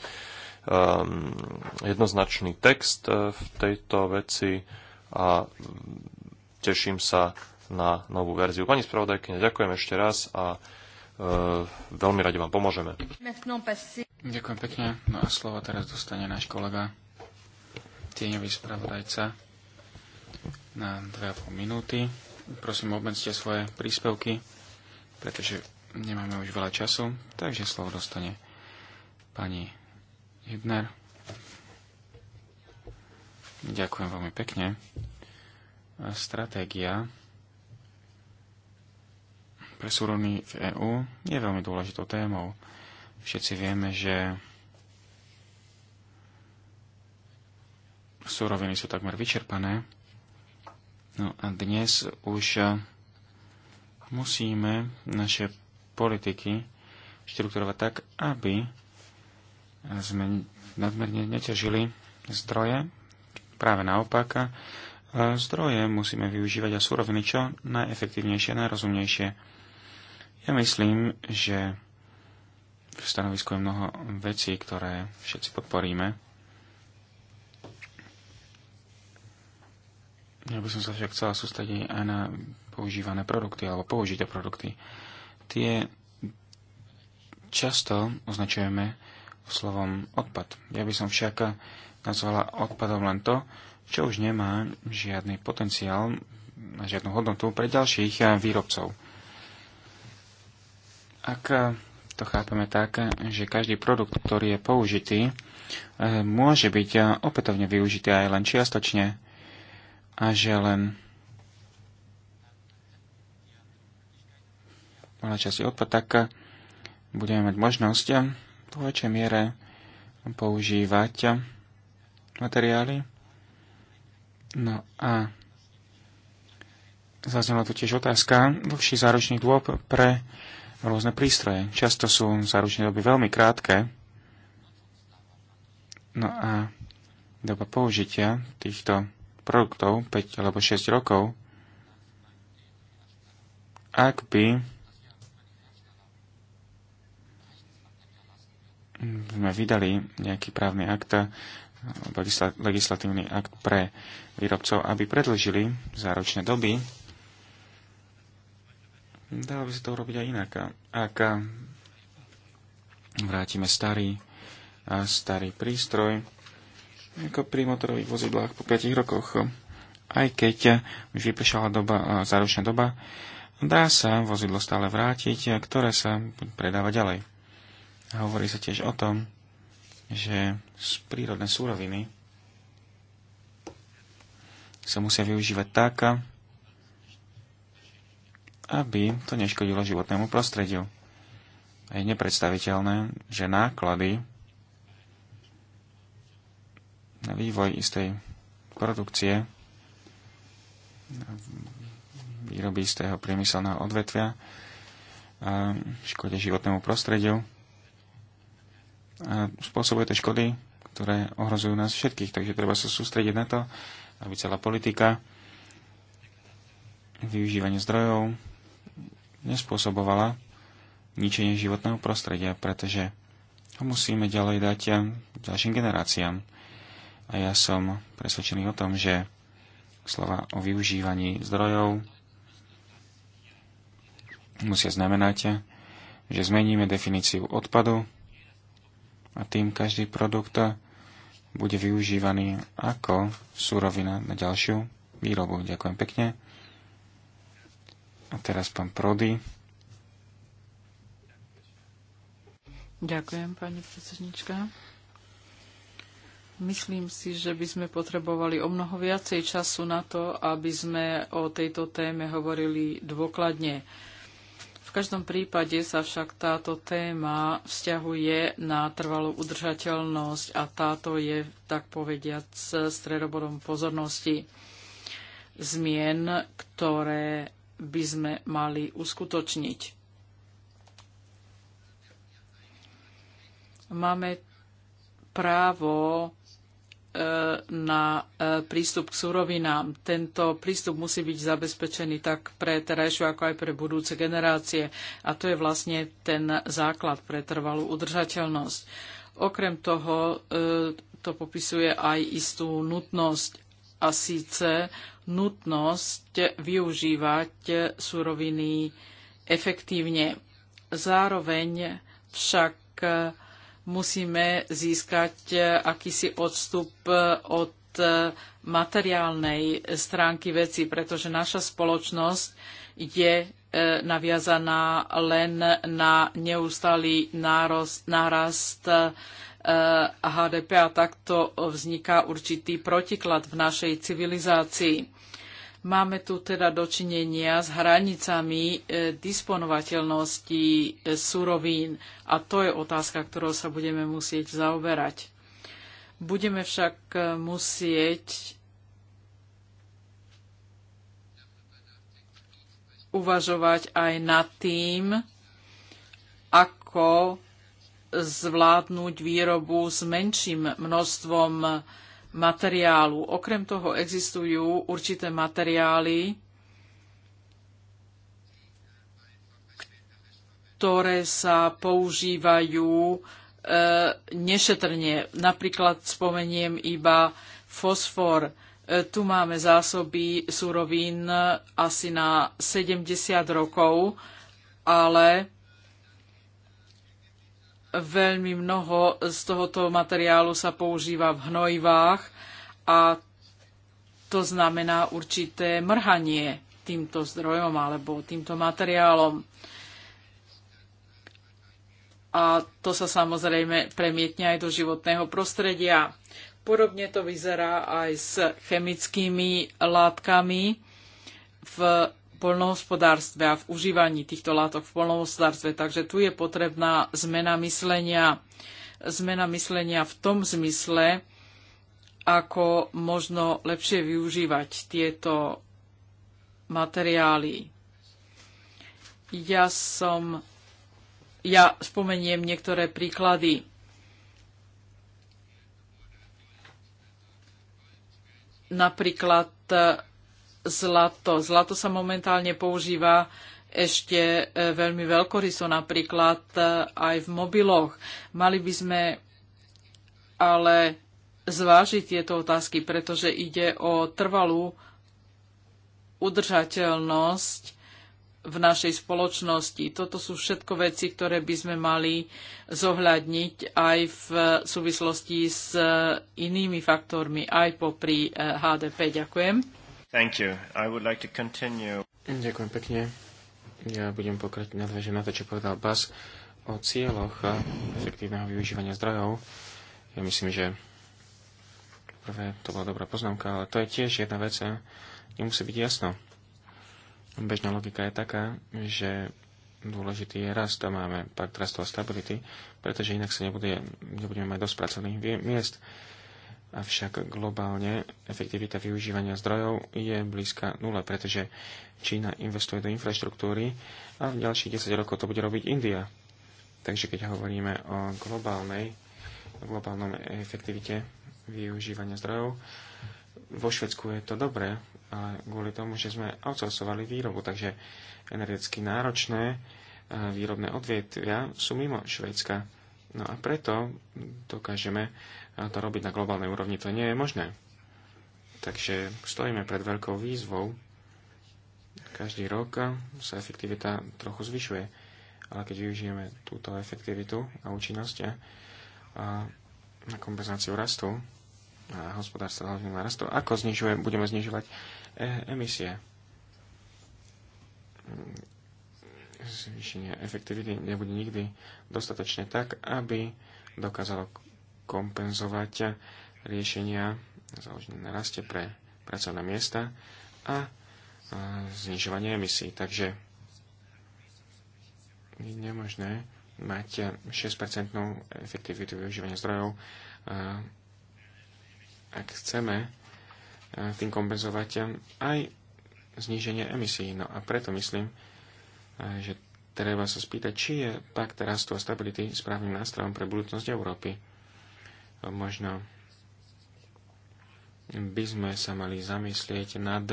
um, jednoznačný text uh, v tejto veci a mm, teším sa na novú verziu. Pani spravodajkyne, ďakujem ešte raz a uh, veľmi radi vám pomôžeme. Ďakujem pekne. No a slovo teraz dostane náš kolega, tieňový spravodajca na 2,5 minúty. Prosím, obmedzte svoje príspevky pretože nemáme už veľa času, takže slovo dostane pani Hübner. Ďakujem veľmi pekne. Stratégia pre súrovny v EÚ je veľmi dôležitou témou. Všetci vieme, že súroviny sú takmer vyčerpané. No a dnes už Musíme naše politiky štruktúrovať tak, aby sme nadmerne neťažili zdroje. Práve naopak, zdroje musíme využívať a súroviny čo najefektívnejšie a najrozumnejšie. Ja myslím, že v stanovisku je mnoho vecí, ktoré všetci podporíme. Ja by som sa však chcela sústrediť aj na používané produkty alebo použité produkty. Tie často označujeme slovom odpad. Ja by som však nazvala odpadom len to, čo už nemá žiadny potenciál na žiadnu hodnotu pre ďalších výrobcov. Ak to chápeme tak, že každý produkt, ktorý je použitý, môže byť opätovne využitý aj len čiastočne a že len na časti odpad, tak eh, budeme mať možnosť eh, v väčšej miere používať eh, materiály. No a zaznela tu tiež otázka dlhší záručných dôb pre rôzne prístroje. Často sú záručné doby veľmi krátke. No a doba použitia týchto produktov 5 alebo 6 rokov, ak by sme vydali nejaký právny akt, legislatívny akt pre výrobcov, aby predlžili záročné doby, dalo by sa to urobiť aj inak. Ak vrátime starý, starý prístroj, ako pri motorových vozidlách po 5 rokoch, aj keď už vypršala doba, záročná doba, dá sa vozidlo stále vrátiť, ktoré sa predáva ďalej. A hovorí sa tiež o tom, že prírodné súroviny sa musia využívať tak, aby to neškodilo životnému prostrediu. Je nepredstaviteľné, že náklady na vývoj istej produkcie, výroby istého priemyselného odvetvia, škode životnému prostrediu, a spôsobuje to škody, ktoré ohrozujú nás všetkých. Takže treba sa sústrediť na to, aby celá politika využívanie zdrojov nespôsobovala ničenie životného prostredia, pretože ho musíme ďalej dať ďalším generáciám. A ja som presvedčený o tom, že slova o využívaní zdrojov musia znamenať, že zmeníme definíciu odpadu a tým každý produkt bude využívaný ako surovina na ďalšiu výrobu. Ďakujem pekne. A teraz pán Prody. Ďakujem, pani predsednička. Myslím si, že by sme potrebovali o mnoho viacej času na to, aby sme o tejto téme hovorili dôkladne každom prípade sa však táto téma vzťahuje na trvalú udržateľnosť a táto je, tak povediať, stredobodom pozornosti zmien, ktoré by sme mali uskutočniť. Máme právo na e, prístup k surovinám. Tento prístup musí byť zabezpečený tak pre terajšiu, ako aj pre budúce generácie. A to je vlastne ten základ pre trvalú udržateľnosť. Okrem toho e, to popisuje aj istú nutnosť a síce nutnosť využívať suroviny efektívne. Zároveň však musíme získať e, akýsi odstup e, od e, materiálnej stránky veci, pretože naša spoločnosť je naviazaná len na neustály nárost, nárast HDP a takto vzniká určitý protiklad v našej civilizácii. Máme tu teda dočinenia s hranicami e, disponovateľnosti e, surovín a to je otázka, ktorou sa budeme musieť zaoberať. Budeme však e, musieť uvažovať aj nad tým, ako zvládnuť výrobu s menším množstvom materiálu. Okrem toho existujú určité materiály, ktoré sa používajú e, nešetrne. Napríklad spomeniem iba fosfor. E, tu máme zásoby surovín asi na 70 rokov, ale veľmi mnoho z tohoto materiálu sa používa v hnojivách a to znamená určité mrhanie týmto zdrojom alebo týmto materiálom. A to sa samozrejme premietne aj do životného prostredia. Podobne to vyzerá aj s chemickými látkami v polnohospodárstve a v užívaní týchto látok v polnohospodárstve. Takže tu je potrebná zmena myslenia, zmena myslenia v tom zmysle, ako možno lepšie využívať tieto materiály. Ja som, ja spomeniem niektoré príklady. Napríklad zlato. Zlato sa momentálne používa ešte e, veľmi veľkoryso, napríklad e, aj v mobiloch. Mali by sme ale zvážiť tieto otázky, pretože ide o trvalú udržateľnosť v našej spoločnosti. Toto sú všetko veci, ktoré by sme mali zohľadniť aj v súvislosti s inými faktormi, aj popri e, HDP. Ďakujem. Thank you. I would like to continue. Ďakujem pekne. Ja budem pokračovať dveže na to, čo povedal Bas o cieľoch efektívneho využívania zdrojov. Ja myslím, že prvé to bola dobrá poznámka, ale to je tiež jedna vec, nemusí byť jasno. Bežná logika je taká, že dôležitý je rast a máme pak rastu stability, pretože inak sa nebude, nebudeme mať dosť pracovných miest. Avšak globálne efektivita využívania zdrojov je blízka nule, pretože Čína investuje do infraštruktúry a v ďalších 10 rokov to bude robiť India. Takže keď hovoríme o globálnej, o globálnom efektivite využívania zdrojov, vo Švedsku je to dobré, ale kvôli tomu, že sme outsourcovali výrobu, takže energeticky náročné e, výrobné odvietvia sú mimo Švédska. No a preto dokážeme to robiť na globálnej úrovni, to nie je možné. Takže stojíme pred veľkou výzvou. Každý rok sa efektivita trochu zvyšuje, ale keď využijeme túto efektivitu a účinnosť a na kompenzáciu rastu a hospodárstva hlavným rastu, ako znižuje, budeme znižovať e, emisie zvýšenie efektivity nebude nikdy dostatočne tak, aby dokázalo kompenzovať riešenia založené na raste pre pracovné miesta a znižovanie emisí. Takže je nemožné mať 6% efektivitu využívania zdrojov, ak chceme tým kompenzovať aj zníženie emisí. No a preto myslím, že treba sa spýtať, či je pakt rastu a stability správnym nástrojom pre budúcnosť Európy možno by sme sa mali zamyslieť nad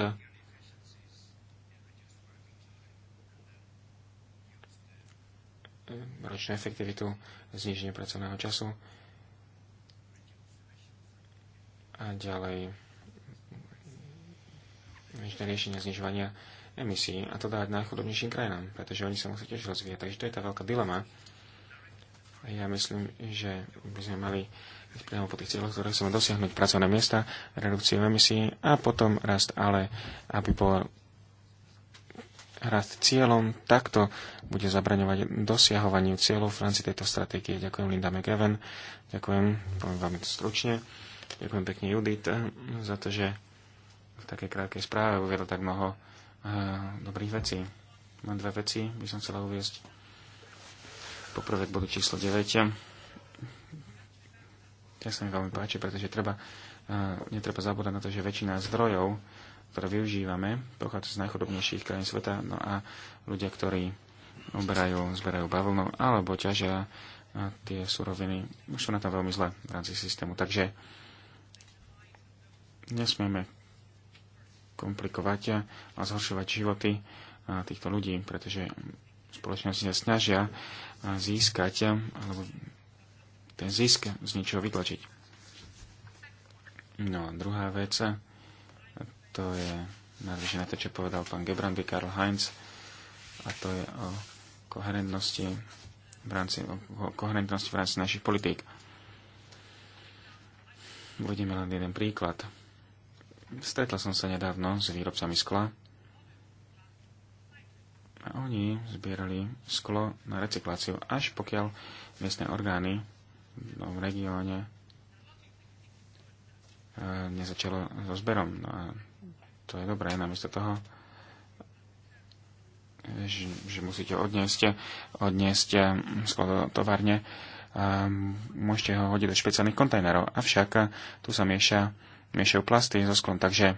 ročnú efektivitu, zniženie pracovného času a ďalej riešenie znižovania emisí a to dať najchudobnejším krajinám, pretože oni sa musia tiež rozvíjať. Takže to je tá veľká dilema. A Ja myslím, že by sme mali priamo po tých cieľoch, ktoré chceme dosiahnuť, pracovné miesta, redukciu emisí a potom rast, ale aby bol rast cieľom, takto bude zabraňovať dosiahovaniu cieľov v rámci tejto stratégie. Ďakujem Linda McEwen, ďakujem, poviem vám to stručne, ďakujem pekne Judith za to, že v takej krátkej správe uviedla tak mnoho uh, dobrých vecí. Mám dve veci, by som chcela uviezť. Poprvé k bodu číslo 9 tak sa mi veľmi páči, pretože treba, e, netreba zabúdať na to, že väčšina zdrojov, ktoré využívame, pochádza z najchudobnejších krajín sveta, no a ľudia, ktorí oberajú, zberajú bavlnu alebo ťažia e, tie suroviny, už sú na tom veľmi zle v rámci systému. Takže nesmieme komplikovať a zhoršovať životy e, týchto ľudí, pretože spoločnosti sa snažia získať alebo ten zisk z ničoho vytlačiť. No a druhá vec, to je nadviaže na to, čo povedal pán Gebrandy Karl Heinz, a to je o koherentnosti v rámci, o koherentnosti v rámci našich politík. Uvedieme len jeden príklad. Stretla som sa nedávno s výrobcami skla a oni zbierali sklo na recykláciu, až pokiaľ miestne orgány no, v regióne e, nezačalo so zberom. No a to je dobré, namiesto toho, že, že musíte odniesť, odniesť e, sklo do továrne, e, môžete ho hodiť do špeciálnych kontajnerov. Avšak tu sa mieša, miešajú plasty so sklom, takže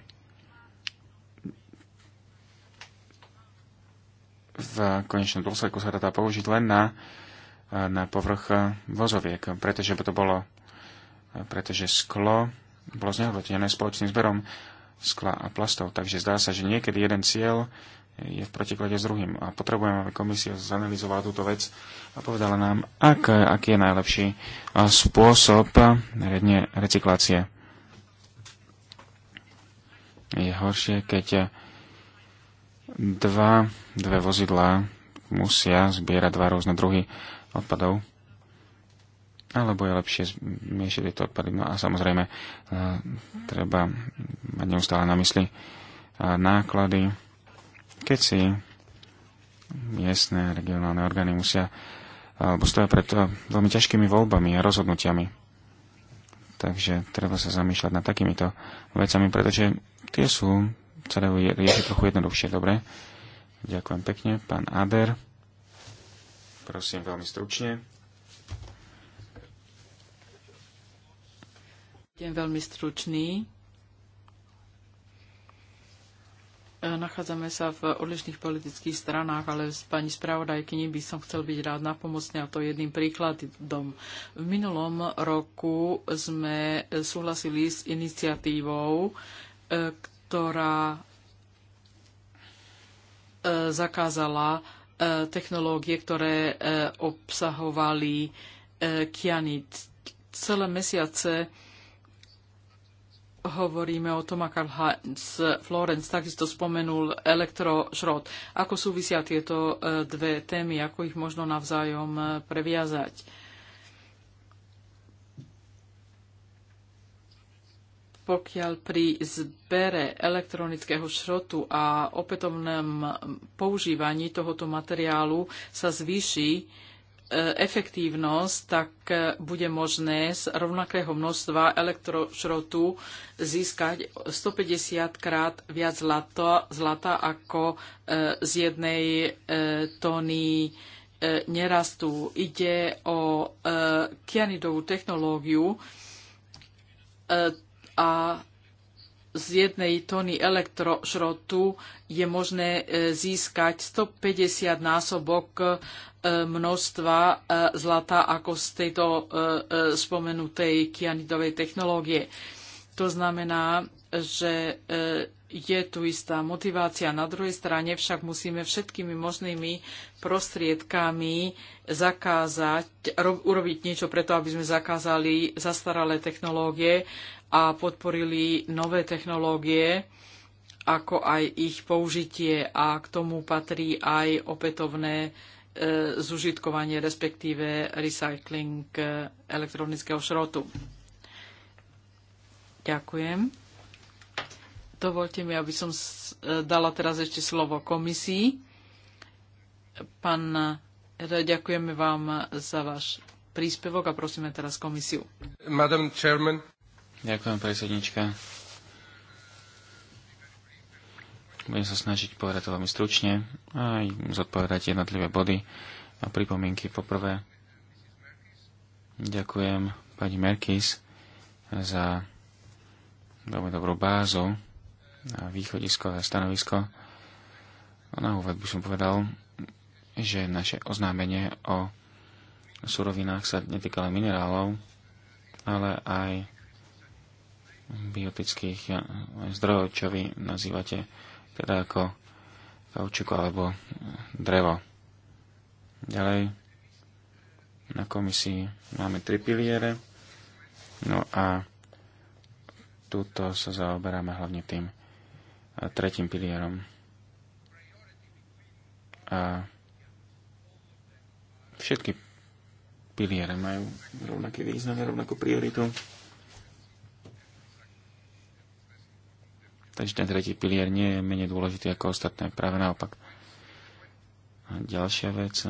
v konečnom dôsledku sa dá použiť len na na povrch vozoviek, pretože to bolo, pretože sklo bolo znehodnotené spoločným zberom skla a plastov. Takže zdá sa, že niekedy jeden cieľ je v protiklade s druhým. A potrebujeme, aby komisia zanalizovala túto vec a povedala nám, ak, aký je najlepší spôsob redne recyklácie. Je horšie, keď dva, dve vozidlá musia zbierať dva rôzne druhy odpadov, alebo je lepšie zmiešiť tieto odpady. No a samozrejme, e, treba mať neustále na mysli e, náklady, keď si miestne regionálne orgány musia alebo stoja pred e, veľmi ťažkými voľbami a rozhodnutiami. Takže treba sa zamýšľať nad takýmito vecami, pretože tie sú celé je je trochu jednoduchšie, dobre? Ďakujem pekne, pán Ader. Prosím veľmi stručne. Budem veľmi stručný. E, nachádzame sa v odlišných politických stranách, ale s pani spravodajkyni by som chcel byť rád napomocný a to jedným príkladom. V minulom roku sme súhlasili s iniciatívou, e, ktorá e, zakázala E, technológie, ktoré e, obsahovali e, kianit. Celé mesiace hovoríme o tom, a Karl Heinz Florence takisto spomenul elektrošrot. Ako súvisia tieto dve témy, ako ich možno navzájom previazať? pokiaľ pri zbere elektronického šrotu a opätovnom používaní tohoto materiálu sa zvýši e, efektívnosť, tak e, bude možné z rovnakého množstva elektrošrotu získať 150 krát viac zlata, zlata ako e, z jednej tóny nerastu. Ide o kianidovú technológiu, a z jednej tony elektrošrotu je možné e, získať 150 násobok e, množstva e, zlata ako z tejto spomenutej kianidovej technológie. To znamená, že je tu istá motivácia. Na druhej strane však musíme všetkými možnými prostriedkami zakázať, urobiť niečo preto, aby sme zakázali zastaralé technológie a podporili nové technológie, ako aj ich použitie a k tomu patrí aj opätovné e, zužitkovanie, respektíve recycling e, elektronického šrotu. Ďakujem. Dovolte mi, aby som e, dala teraz ešte slovo komisii. Pán, ďakujeme vám za váš príspevok a prosíme teraz komisiu. Madam Chairman. Ďakujem, predsednička. Budem sa snažiť povedať to veľmi stručne a aj zodpovedať jednotlivé body a pripomienky. Poprvé, ďakujem pani Merkis za veľmi dobrú bázu a východisko a stanovisko. Na úvod by som povedal, že naše oznámenie o surovinách sa netýka len minerálov, ale aj biotických eh, zdrojov, čo vy nazývate teda ako kaučuk alebo eh, drevo. Ďalej na komisii máme tri piliere. No a tuto sa zaoberáme hlavne tým eh, tretím pilierom. A všetky piliere majú rovnaký význam, rovnakú prioritu. Takže ten tretí pilier nie je menej dôležitý ako ostatné, práve naopak. A ďalšia vec,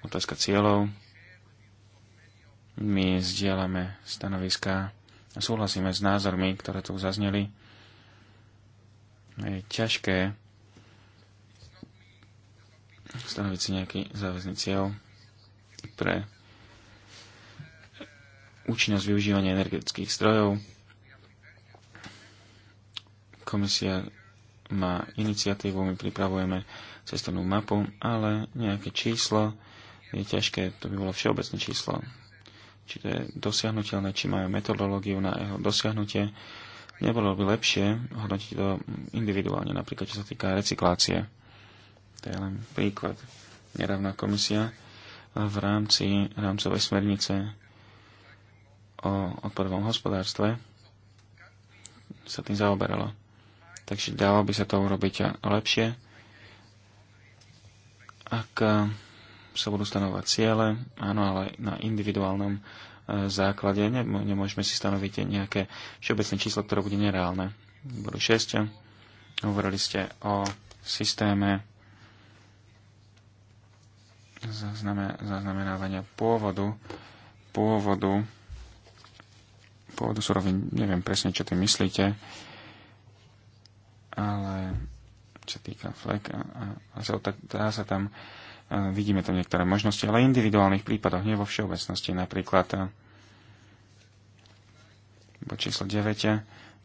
otázka cieľov. My zdieľame stanoviská a súhlasíme s názormi, ktoré tu zazneli. Je ťažké stanoviť si nejaký záväzný cieľ pre účinnosť využívania energetických strojov Komisia má iniciatívu, my pripravujeme cestovnú mapu, ale nejaké číslo je ťažké, to by bolo všeobecné číslo. Či to je dosiahnutelné, či majú metodológiu na jeho dosiahnutie. Nebolo by lepšie hodnotiť to individuálne, napríklad čo sa týka recyklácie. To je len príklad. Neravná komisia v rámci rámcovej smernice o odpadovom hospodárstve sa tým zaoberala takže dalo by sa to urobiť lepšie. Ak eh, sa budú stanovať ciele, áno, ale na individuálnom eh, základe nemôžeme si stanoviť nejaké všeobecné číslo, ktoré bude nereálne. Bodu 6. Hovorili ste o systéme zaznamenávania pôvodu pôvodu pôvodu surovín, neviem presne, čo tým myslíte. Uh, ale čo týka flek, a, a, a, tak dá sa tam, vidíme tam niektoré možnosti, ale v individuálnych prípadoch, nie vo všeobecnosti. Napríklad a, bo číslo 9,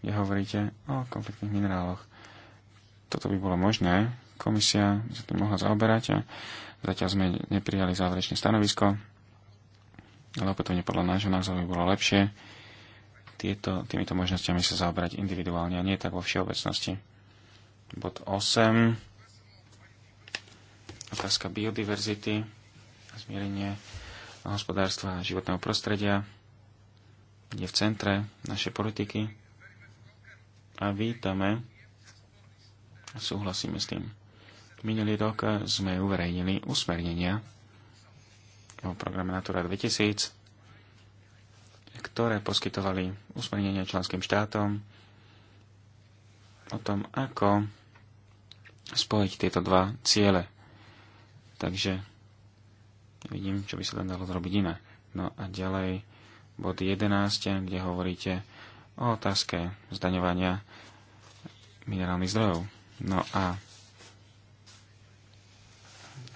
kde hovoríte o konfliktných mineráloch. Toto by bolo možné. Komisia sa tým mohla zaoberať a zatiaľ sme neprijali záverečné stanovisko, ale opätovne podľa nášho názoru by bolo lepšie tieto, týmito možnosťami sa zaoberať individuálne a nie tak vo všeobecnosti. Bod 8. Otázka biodiverzity a zmierenie hospodárstva a životného prostredia je v centre našej politiky a vítame a súhlasíme s tým. Minulý rok sme uverejnili usmernenia o programe Natura 2000, ktoré poskytovali usmernenia členským štátom o tom, ako spojiť tieto dva ciele. Takže vidím, čo by sa tam dalo zrobiť iné. No a ďalej bod 11, kde hovoríte o otázke zdaňovania minerálnych zdrojov. No a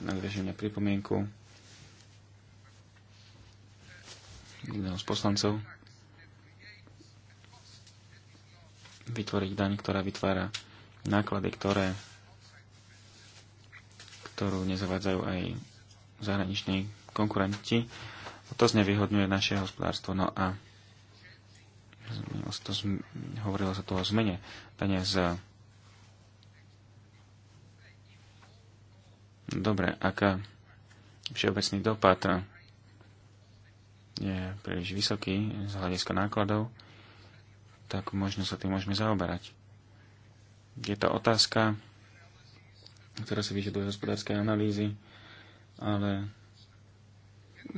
nadviežem na pripomienku jedného z poslancov vytvoriť daň, ktorá vytvára náklady, ktoré ktorú nezavádzajú aj zahraniční konkurenti. To znevýhodňuje naše hospodárstvo. No a to zm, hovorilo sa tu o zmene dania z... Dobre, aká všeobecný dopad je príliš vysoký z hľadiska nákladov, tak možno sa tým môžeme zaoberať. Je to otázka, ktorá si vyžaduje hospodárskej analýzy, ale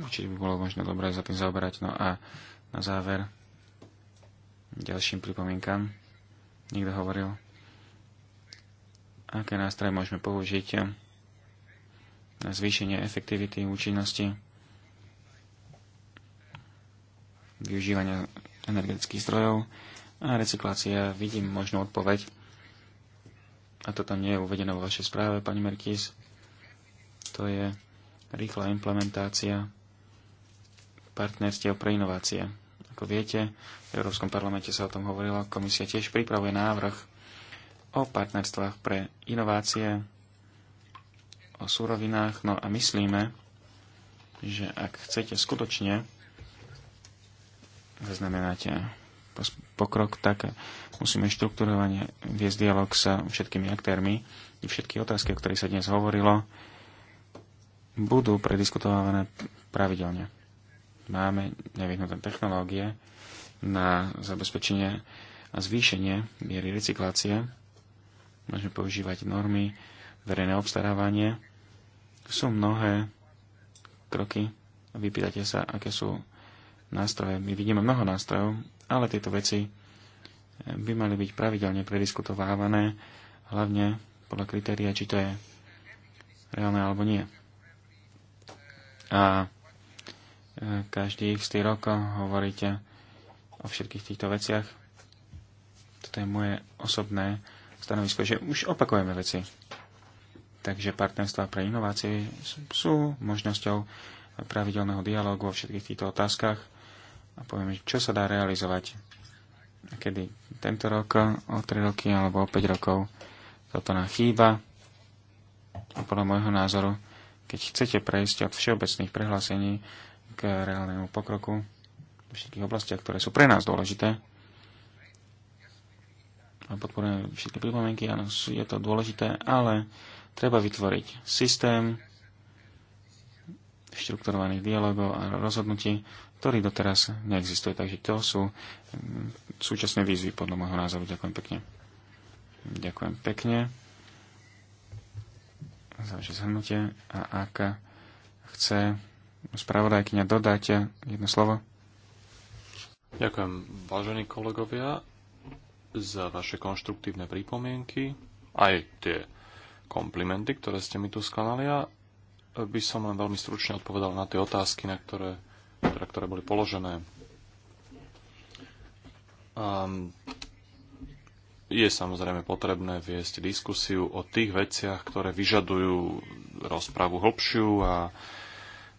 určite by bolo možno dobré za tým zaoberať. No a na záver ďalším pripomienkam. Niekto hovoril, aké nástroje môžeme použiť na zvýšenie efektivity účinnosti využívania energetických zdrojov a recyklácia. Vidím možnú odpoveď a toto nie je uvedené vo vašej správe, pani Merkis, to je rýchla implementácia partnerstiev pre inovácie. Ako viete, v Európskom parlamente sa o tom hovorilo, komisia tiež pripravuje návrh o partnerstvách pre inovácie, o súrovinách, no a myslíme, že ak chcete skutočne zaznamenáte pokrok, tak musíme štruktúrovanie viesť dialog s všetkými aktérmi. I všetky otázky, o ktorých sa dnes hovorilo, budú prediskutované pravidelne. Máme nevyhnuté technológie na zabezpečenie a zvýšenie miery recyklácie. Môžeme používať normy, verejné obstarávanie. Sú mnohé kroky. Vypýtate sa, aké sú nástroje. My vidíme mnoho nástrojov ale tieto veci by mali byť pravidelne prediskutovávané, hlavne podľa kritéria, či to je reálne alebo nie. A e, každý tých rokov hovoríte o všetkých týchto veciach. Toto je moje osobné stanovisko, že už opakujeme veci. Takže partnerstva pre inovácie sú možnosťou pravidelného dialógu o všetkých týchto otázkach a povieme, čo sa dá realizovať. Kedy tento rok, o 3 roky alebo o 5 rokov toto nám chýba. A podľa môjho názoru, keď chcete prejsť od všeobecných prehlásení k reálnemu pokroku v všetkých oblastiach, ktoré sú pre nás dôležité, a podporujeme všetky pripomienky, áno, je to dôležité, ale treba vytvoriť systém, štrukturovaných dialogov a rozhodnutí, ktorý doteraz neexistuje. Takže to sú mm, súčasné výzvy podľa môjho názoru. Ďakujem pekne. Ďakujem pekne za vaše zhrnutie a ak chce spravodajkyňa dodať jedno slovo. Ďakujem, vážení kolegovia, za vaše konštruktívne pripomienky, aj tie komplimenty, ktoré ste mi tu skanali. Ja by som len veľmi stručne odpovedal na tie otázky, na ktoré teda, ktoré boli položené. Um, je samozrejme potrebné viesť diskusiu o tých veciach, ktoré vyžadujú rozpravu hlbšiu a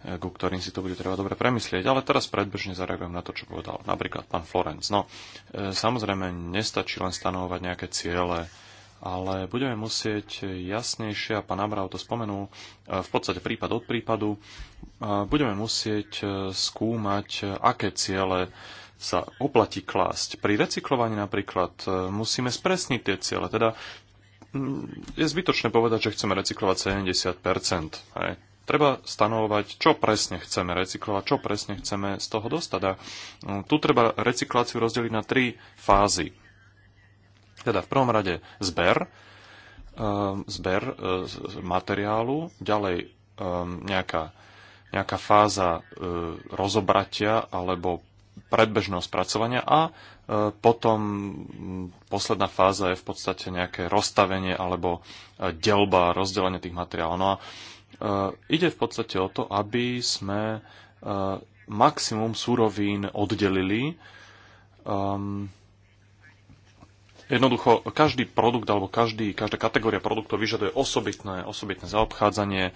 e, ku ktorým si to bude treba dobre premyslieť. Ale teraz predbežne zareagujem na to, čo povedal napríklad pán Florenc. No, e, samozrejme, nestačí len stanovovať nejaké ciele, ale budeme musieť jasnejšie, a pán Abrao to spomenul, e, v podstate prípad od prípadu, e, budeme musieť e, skúmať, aké ciele sa oplatí klásť. Pri recyklovaní napríklad musíme spresniť tie ciele, teda je zbytočné povedať, že chceme recyklovať 70%. Hej. Treba stanovovať, čo presne chceme recyklovať, čo presne chceme z toho dostať. A tu treba recykláciu rozdeliť na tri fázy teda v prvom rade zber, ehm, zber e, materiálu, ďalej ehm, nejaká, nejaká fáza e, rozobratia alebo predbežného spracovania a e, potom posledná fáza je v podstate nejaké rozstavenie alebo delba, rozdelenie tých materiálov. No a ide v podstate o to, aby sme maximum súrovín oddelili um, Jednoducho, každý produkt alebo každý, každá kategória produktov vyžaduje osobitné, osobitné zaobchádzanie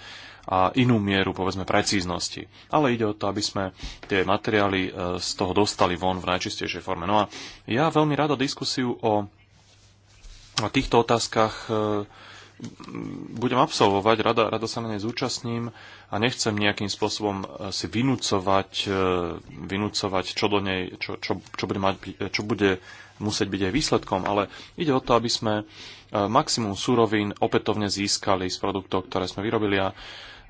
a inú mieru, povedzme, precíznosti. Ale ide o to, aby sme tie materiály e, z toho dostali von v najčistejšej forme. No a ja veľmi rada diskusiu o týchto otázkach e, budem absolvovať, rada, rada sa na nej zúčastním a nechcem nejakým spôsobom e, si vynúcovať, e, vynúcovať čo, do nej, čo, čo, čo, bude mať, čo bude musieť byť aj výsledkom, ale ide o to, aby sme e, maximum súrovín opätovne získali z produktov, ktoré sme vyrobili. A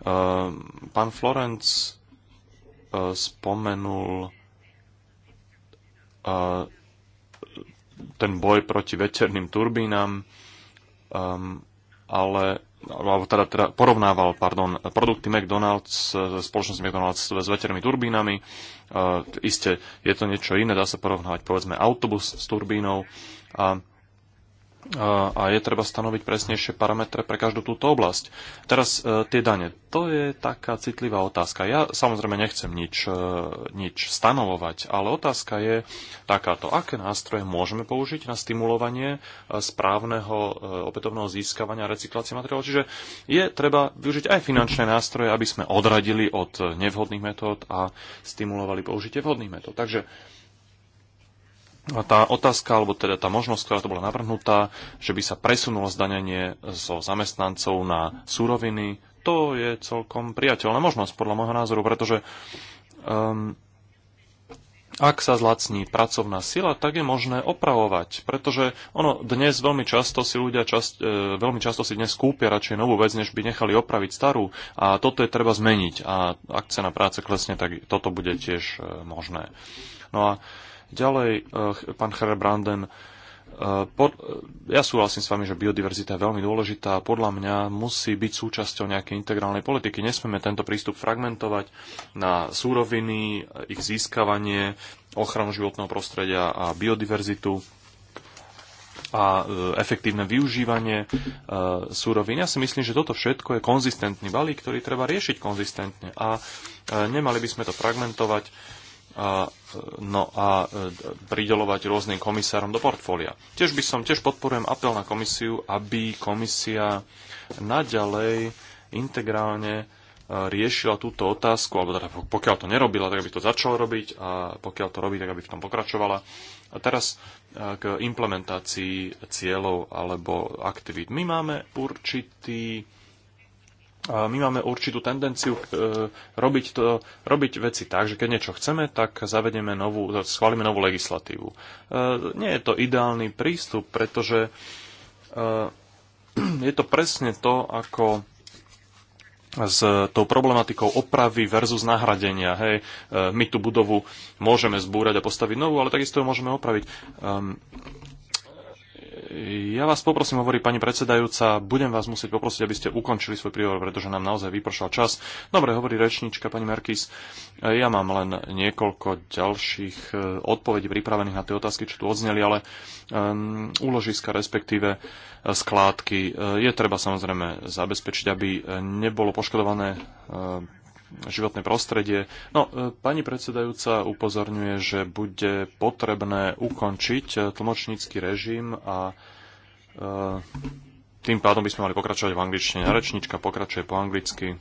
pán Florenc spomenul ten boj proti veterným turbínam. Ehm, ale alebo teda, teda porovnával pardon, produkty McDonald's s e, spoločnosťou McDonald's s veternými turbínami. E, iste je to niečo iné, dá sa porovnávať povedzme autobus s turbínou a a je treba stanoviť presnejšie parametre pre každú túto oblasť. Teraz e, tie dane, to je taká citlivá otázka. Ja samozrejme nechcem nič, e, nič stanovovať, ale otázka je takáto, aké nástroje môžeme použiť na stimulovanie e, správneho opätovného získavania a recyklácie materiálov. Čiže je treba využiť aj finančné nástroje, aby sme odradili od nevhodných metód a stimulovali použitie vhodných metód. Takže tá otázka, alebo teda tá možnosť, ktorá to bola navrhnutá, že by sa presunulo zdanenie so zamestnancov na súroviny, to je celkom priateľná možnosť podľa môjho názoru, pretože um, ak sa zlacní pracovná sila, tak je možné opravovať, pretože ono dnes veľmi často si ľudia čas, e, veľmi často si dnes kúpia radšej novú vec, než by nechali opraviť starú a toto je treba zmeniť a ak cena práce klesne, tak toto bude tiež e, možné. No a e, Ďalej, eh, pán Herbranden, eh, pod, eh, ja súhlasím s vami, že biodiverzita je veľmi dôležitá a podľa mňa musí byť súčasťou nejakej integrálnej politiky. Nesmieme tento prístup fragmentovať na súroviny, ich získavanie, ochranu životného prostredia a biodiverzitu a efektívne využívanie súrovín. Ja si myslím, že toto všetko je konzistentný balík, ktorý treba riešiť konzistentne a nemali by sme to fragmentovať no a e, pridelovať rôznym komisárom do portfólia. Tiež by som, tiež podporujem apel na komisiu, aby komisia naďalej integrálne e, riešila túto otázku, alebo teda pokiaľ to nerobila, tak aby to začalo robiť a pokiaľ to robí, tak aby v tom pokračovala. A teraz e, k implementácii cieľov alebo aktivít. My máme určitý my máme určitú tendenciu e, robiť, to, robiť veci tak, že keď niečo chceme, tak zavedieme novú, schválime novú legislatívu. E, nie je to ideálny prístup, pretože e, je to presne to, ako s tou problematikou opravy versus nahradenia. Hej, my tú budovu môžeme zbúrať a postaviť novú, ale takisto ju môžeme opraviť. Ehm, ja vás poprosím, hovorí pani predsedajúca, budem vás musieť poprosiť, aby ste ukončili svoj príhovor, pretože nám naozaj vypršal čas. Dobre, hovorí rečnička, pani Merkis. Ja mám len niekoľko ďalších e, odpovedí pripravených na tie otázky, čo tu odzneli, ale um, úložiska, respektíve e, skládky, e, je treba samozrejme zabezpečiť, aby nebolo poškodované um, životné prostredie. No, e, pani predsedajúca upozorňuje, že bude potrebné ukončiť e, tlmočnícky režim a e, tým pádom by sme mali pokračovať v angličtine. Rečnička pokračuje po anglicky.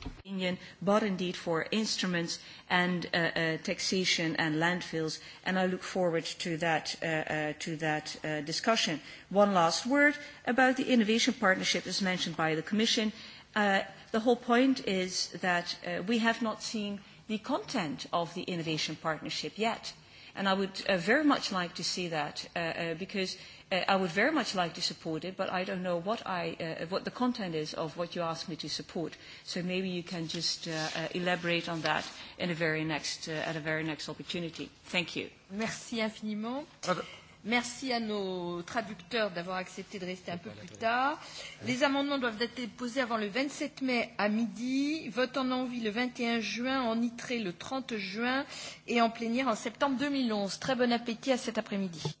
But indeed for instruments and uh, uh, taxation and landfills, and I look forward to that, uh, uh, to that uh, discussion. One last word about the innovation partnership as mentioned by the Commission. Uh, the whole point is that uh, we have not seen the content of the innovation partnership yet. And I would uh, very much like to see that uh, uh, because uh, I would very much like to support it, but I don't know what, I, uh, uh what the content is of what you asked me to support. So maybe you can just uh, uh, elaborate on that in a very next, uh, at a very next opportunity. Thank you. Merci infiniment. Merci à nos traducteurs d'avoir accepté de rester un peu plus tard. Les amendements doivent être déposés avant le 27 mai à midi, vote en envie le 21 juin, en nitré le 30 juin et en plénière en septembre 2011. Très bon appétit à cet après-midi.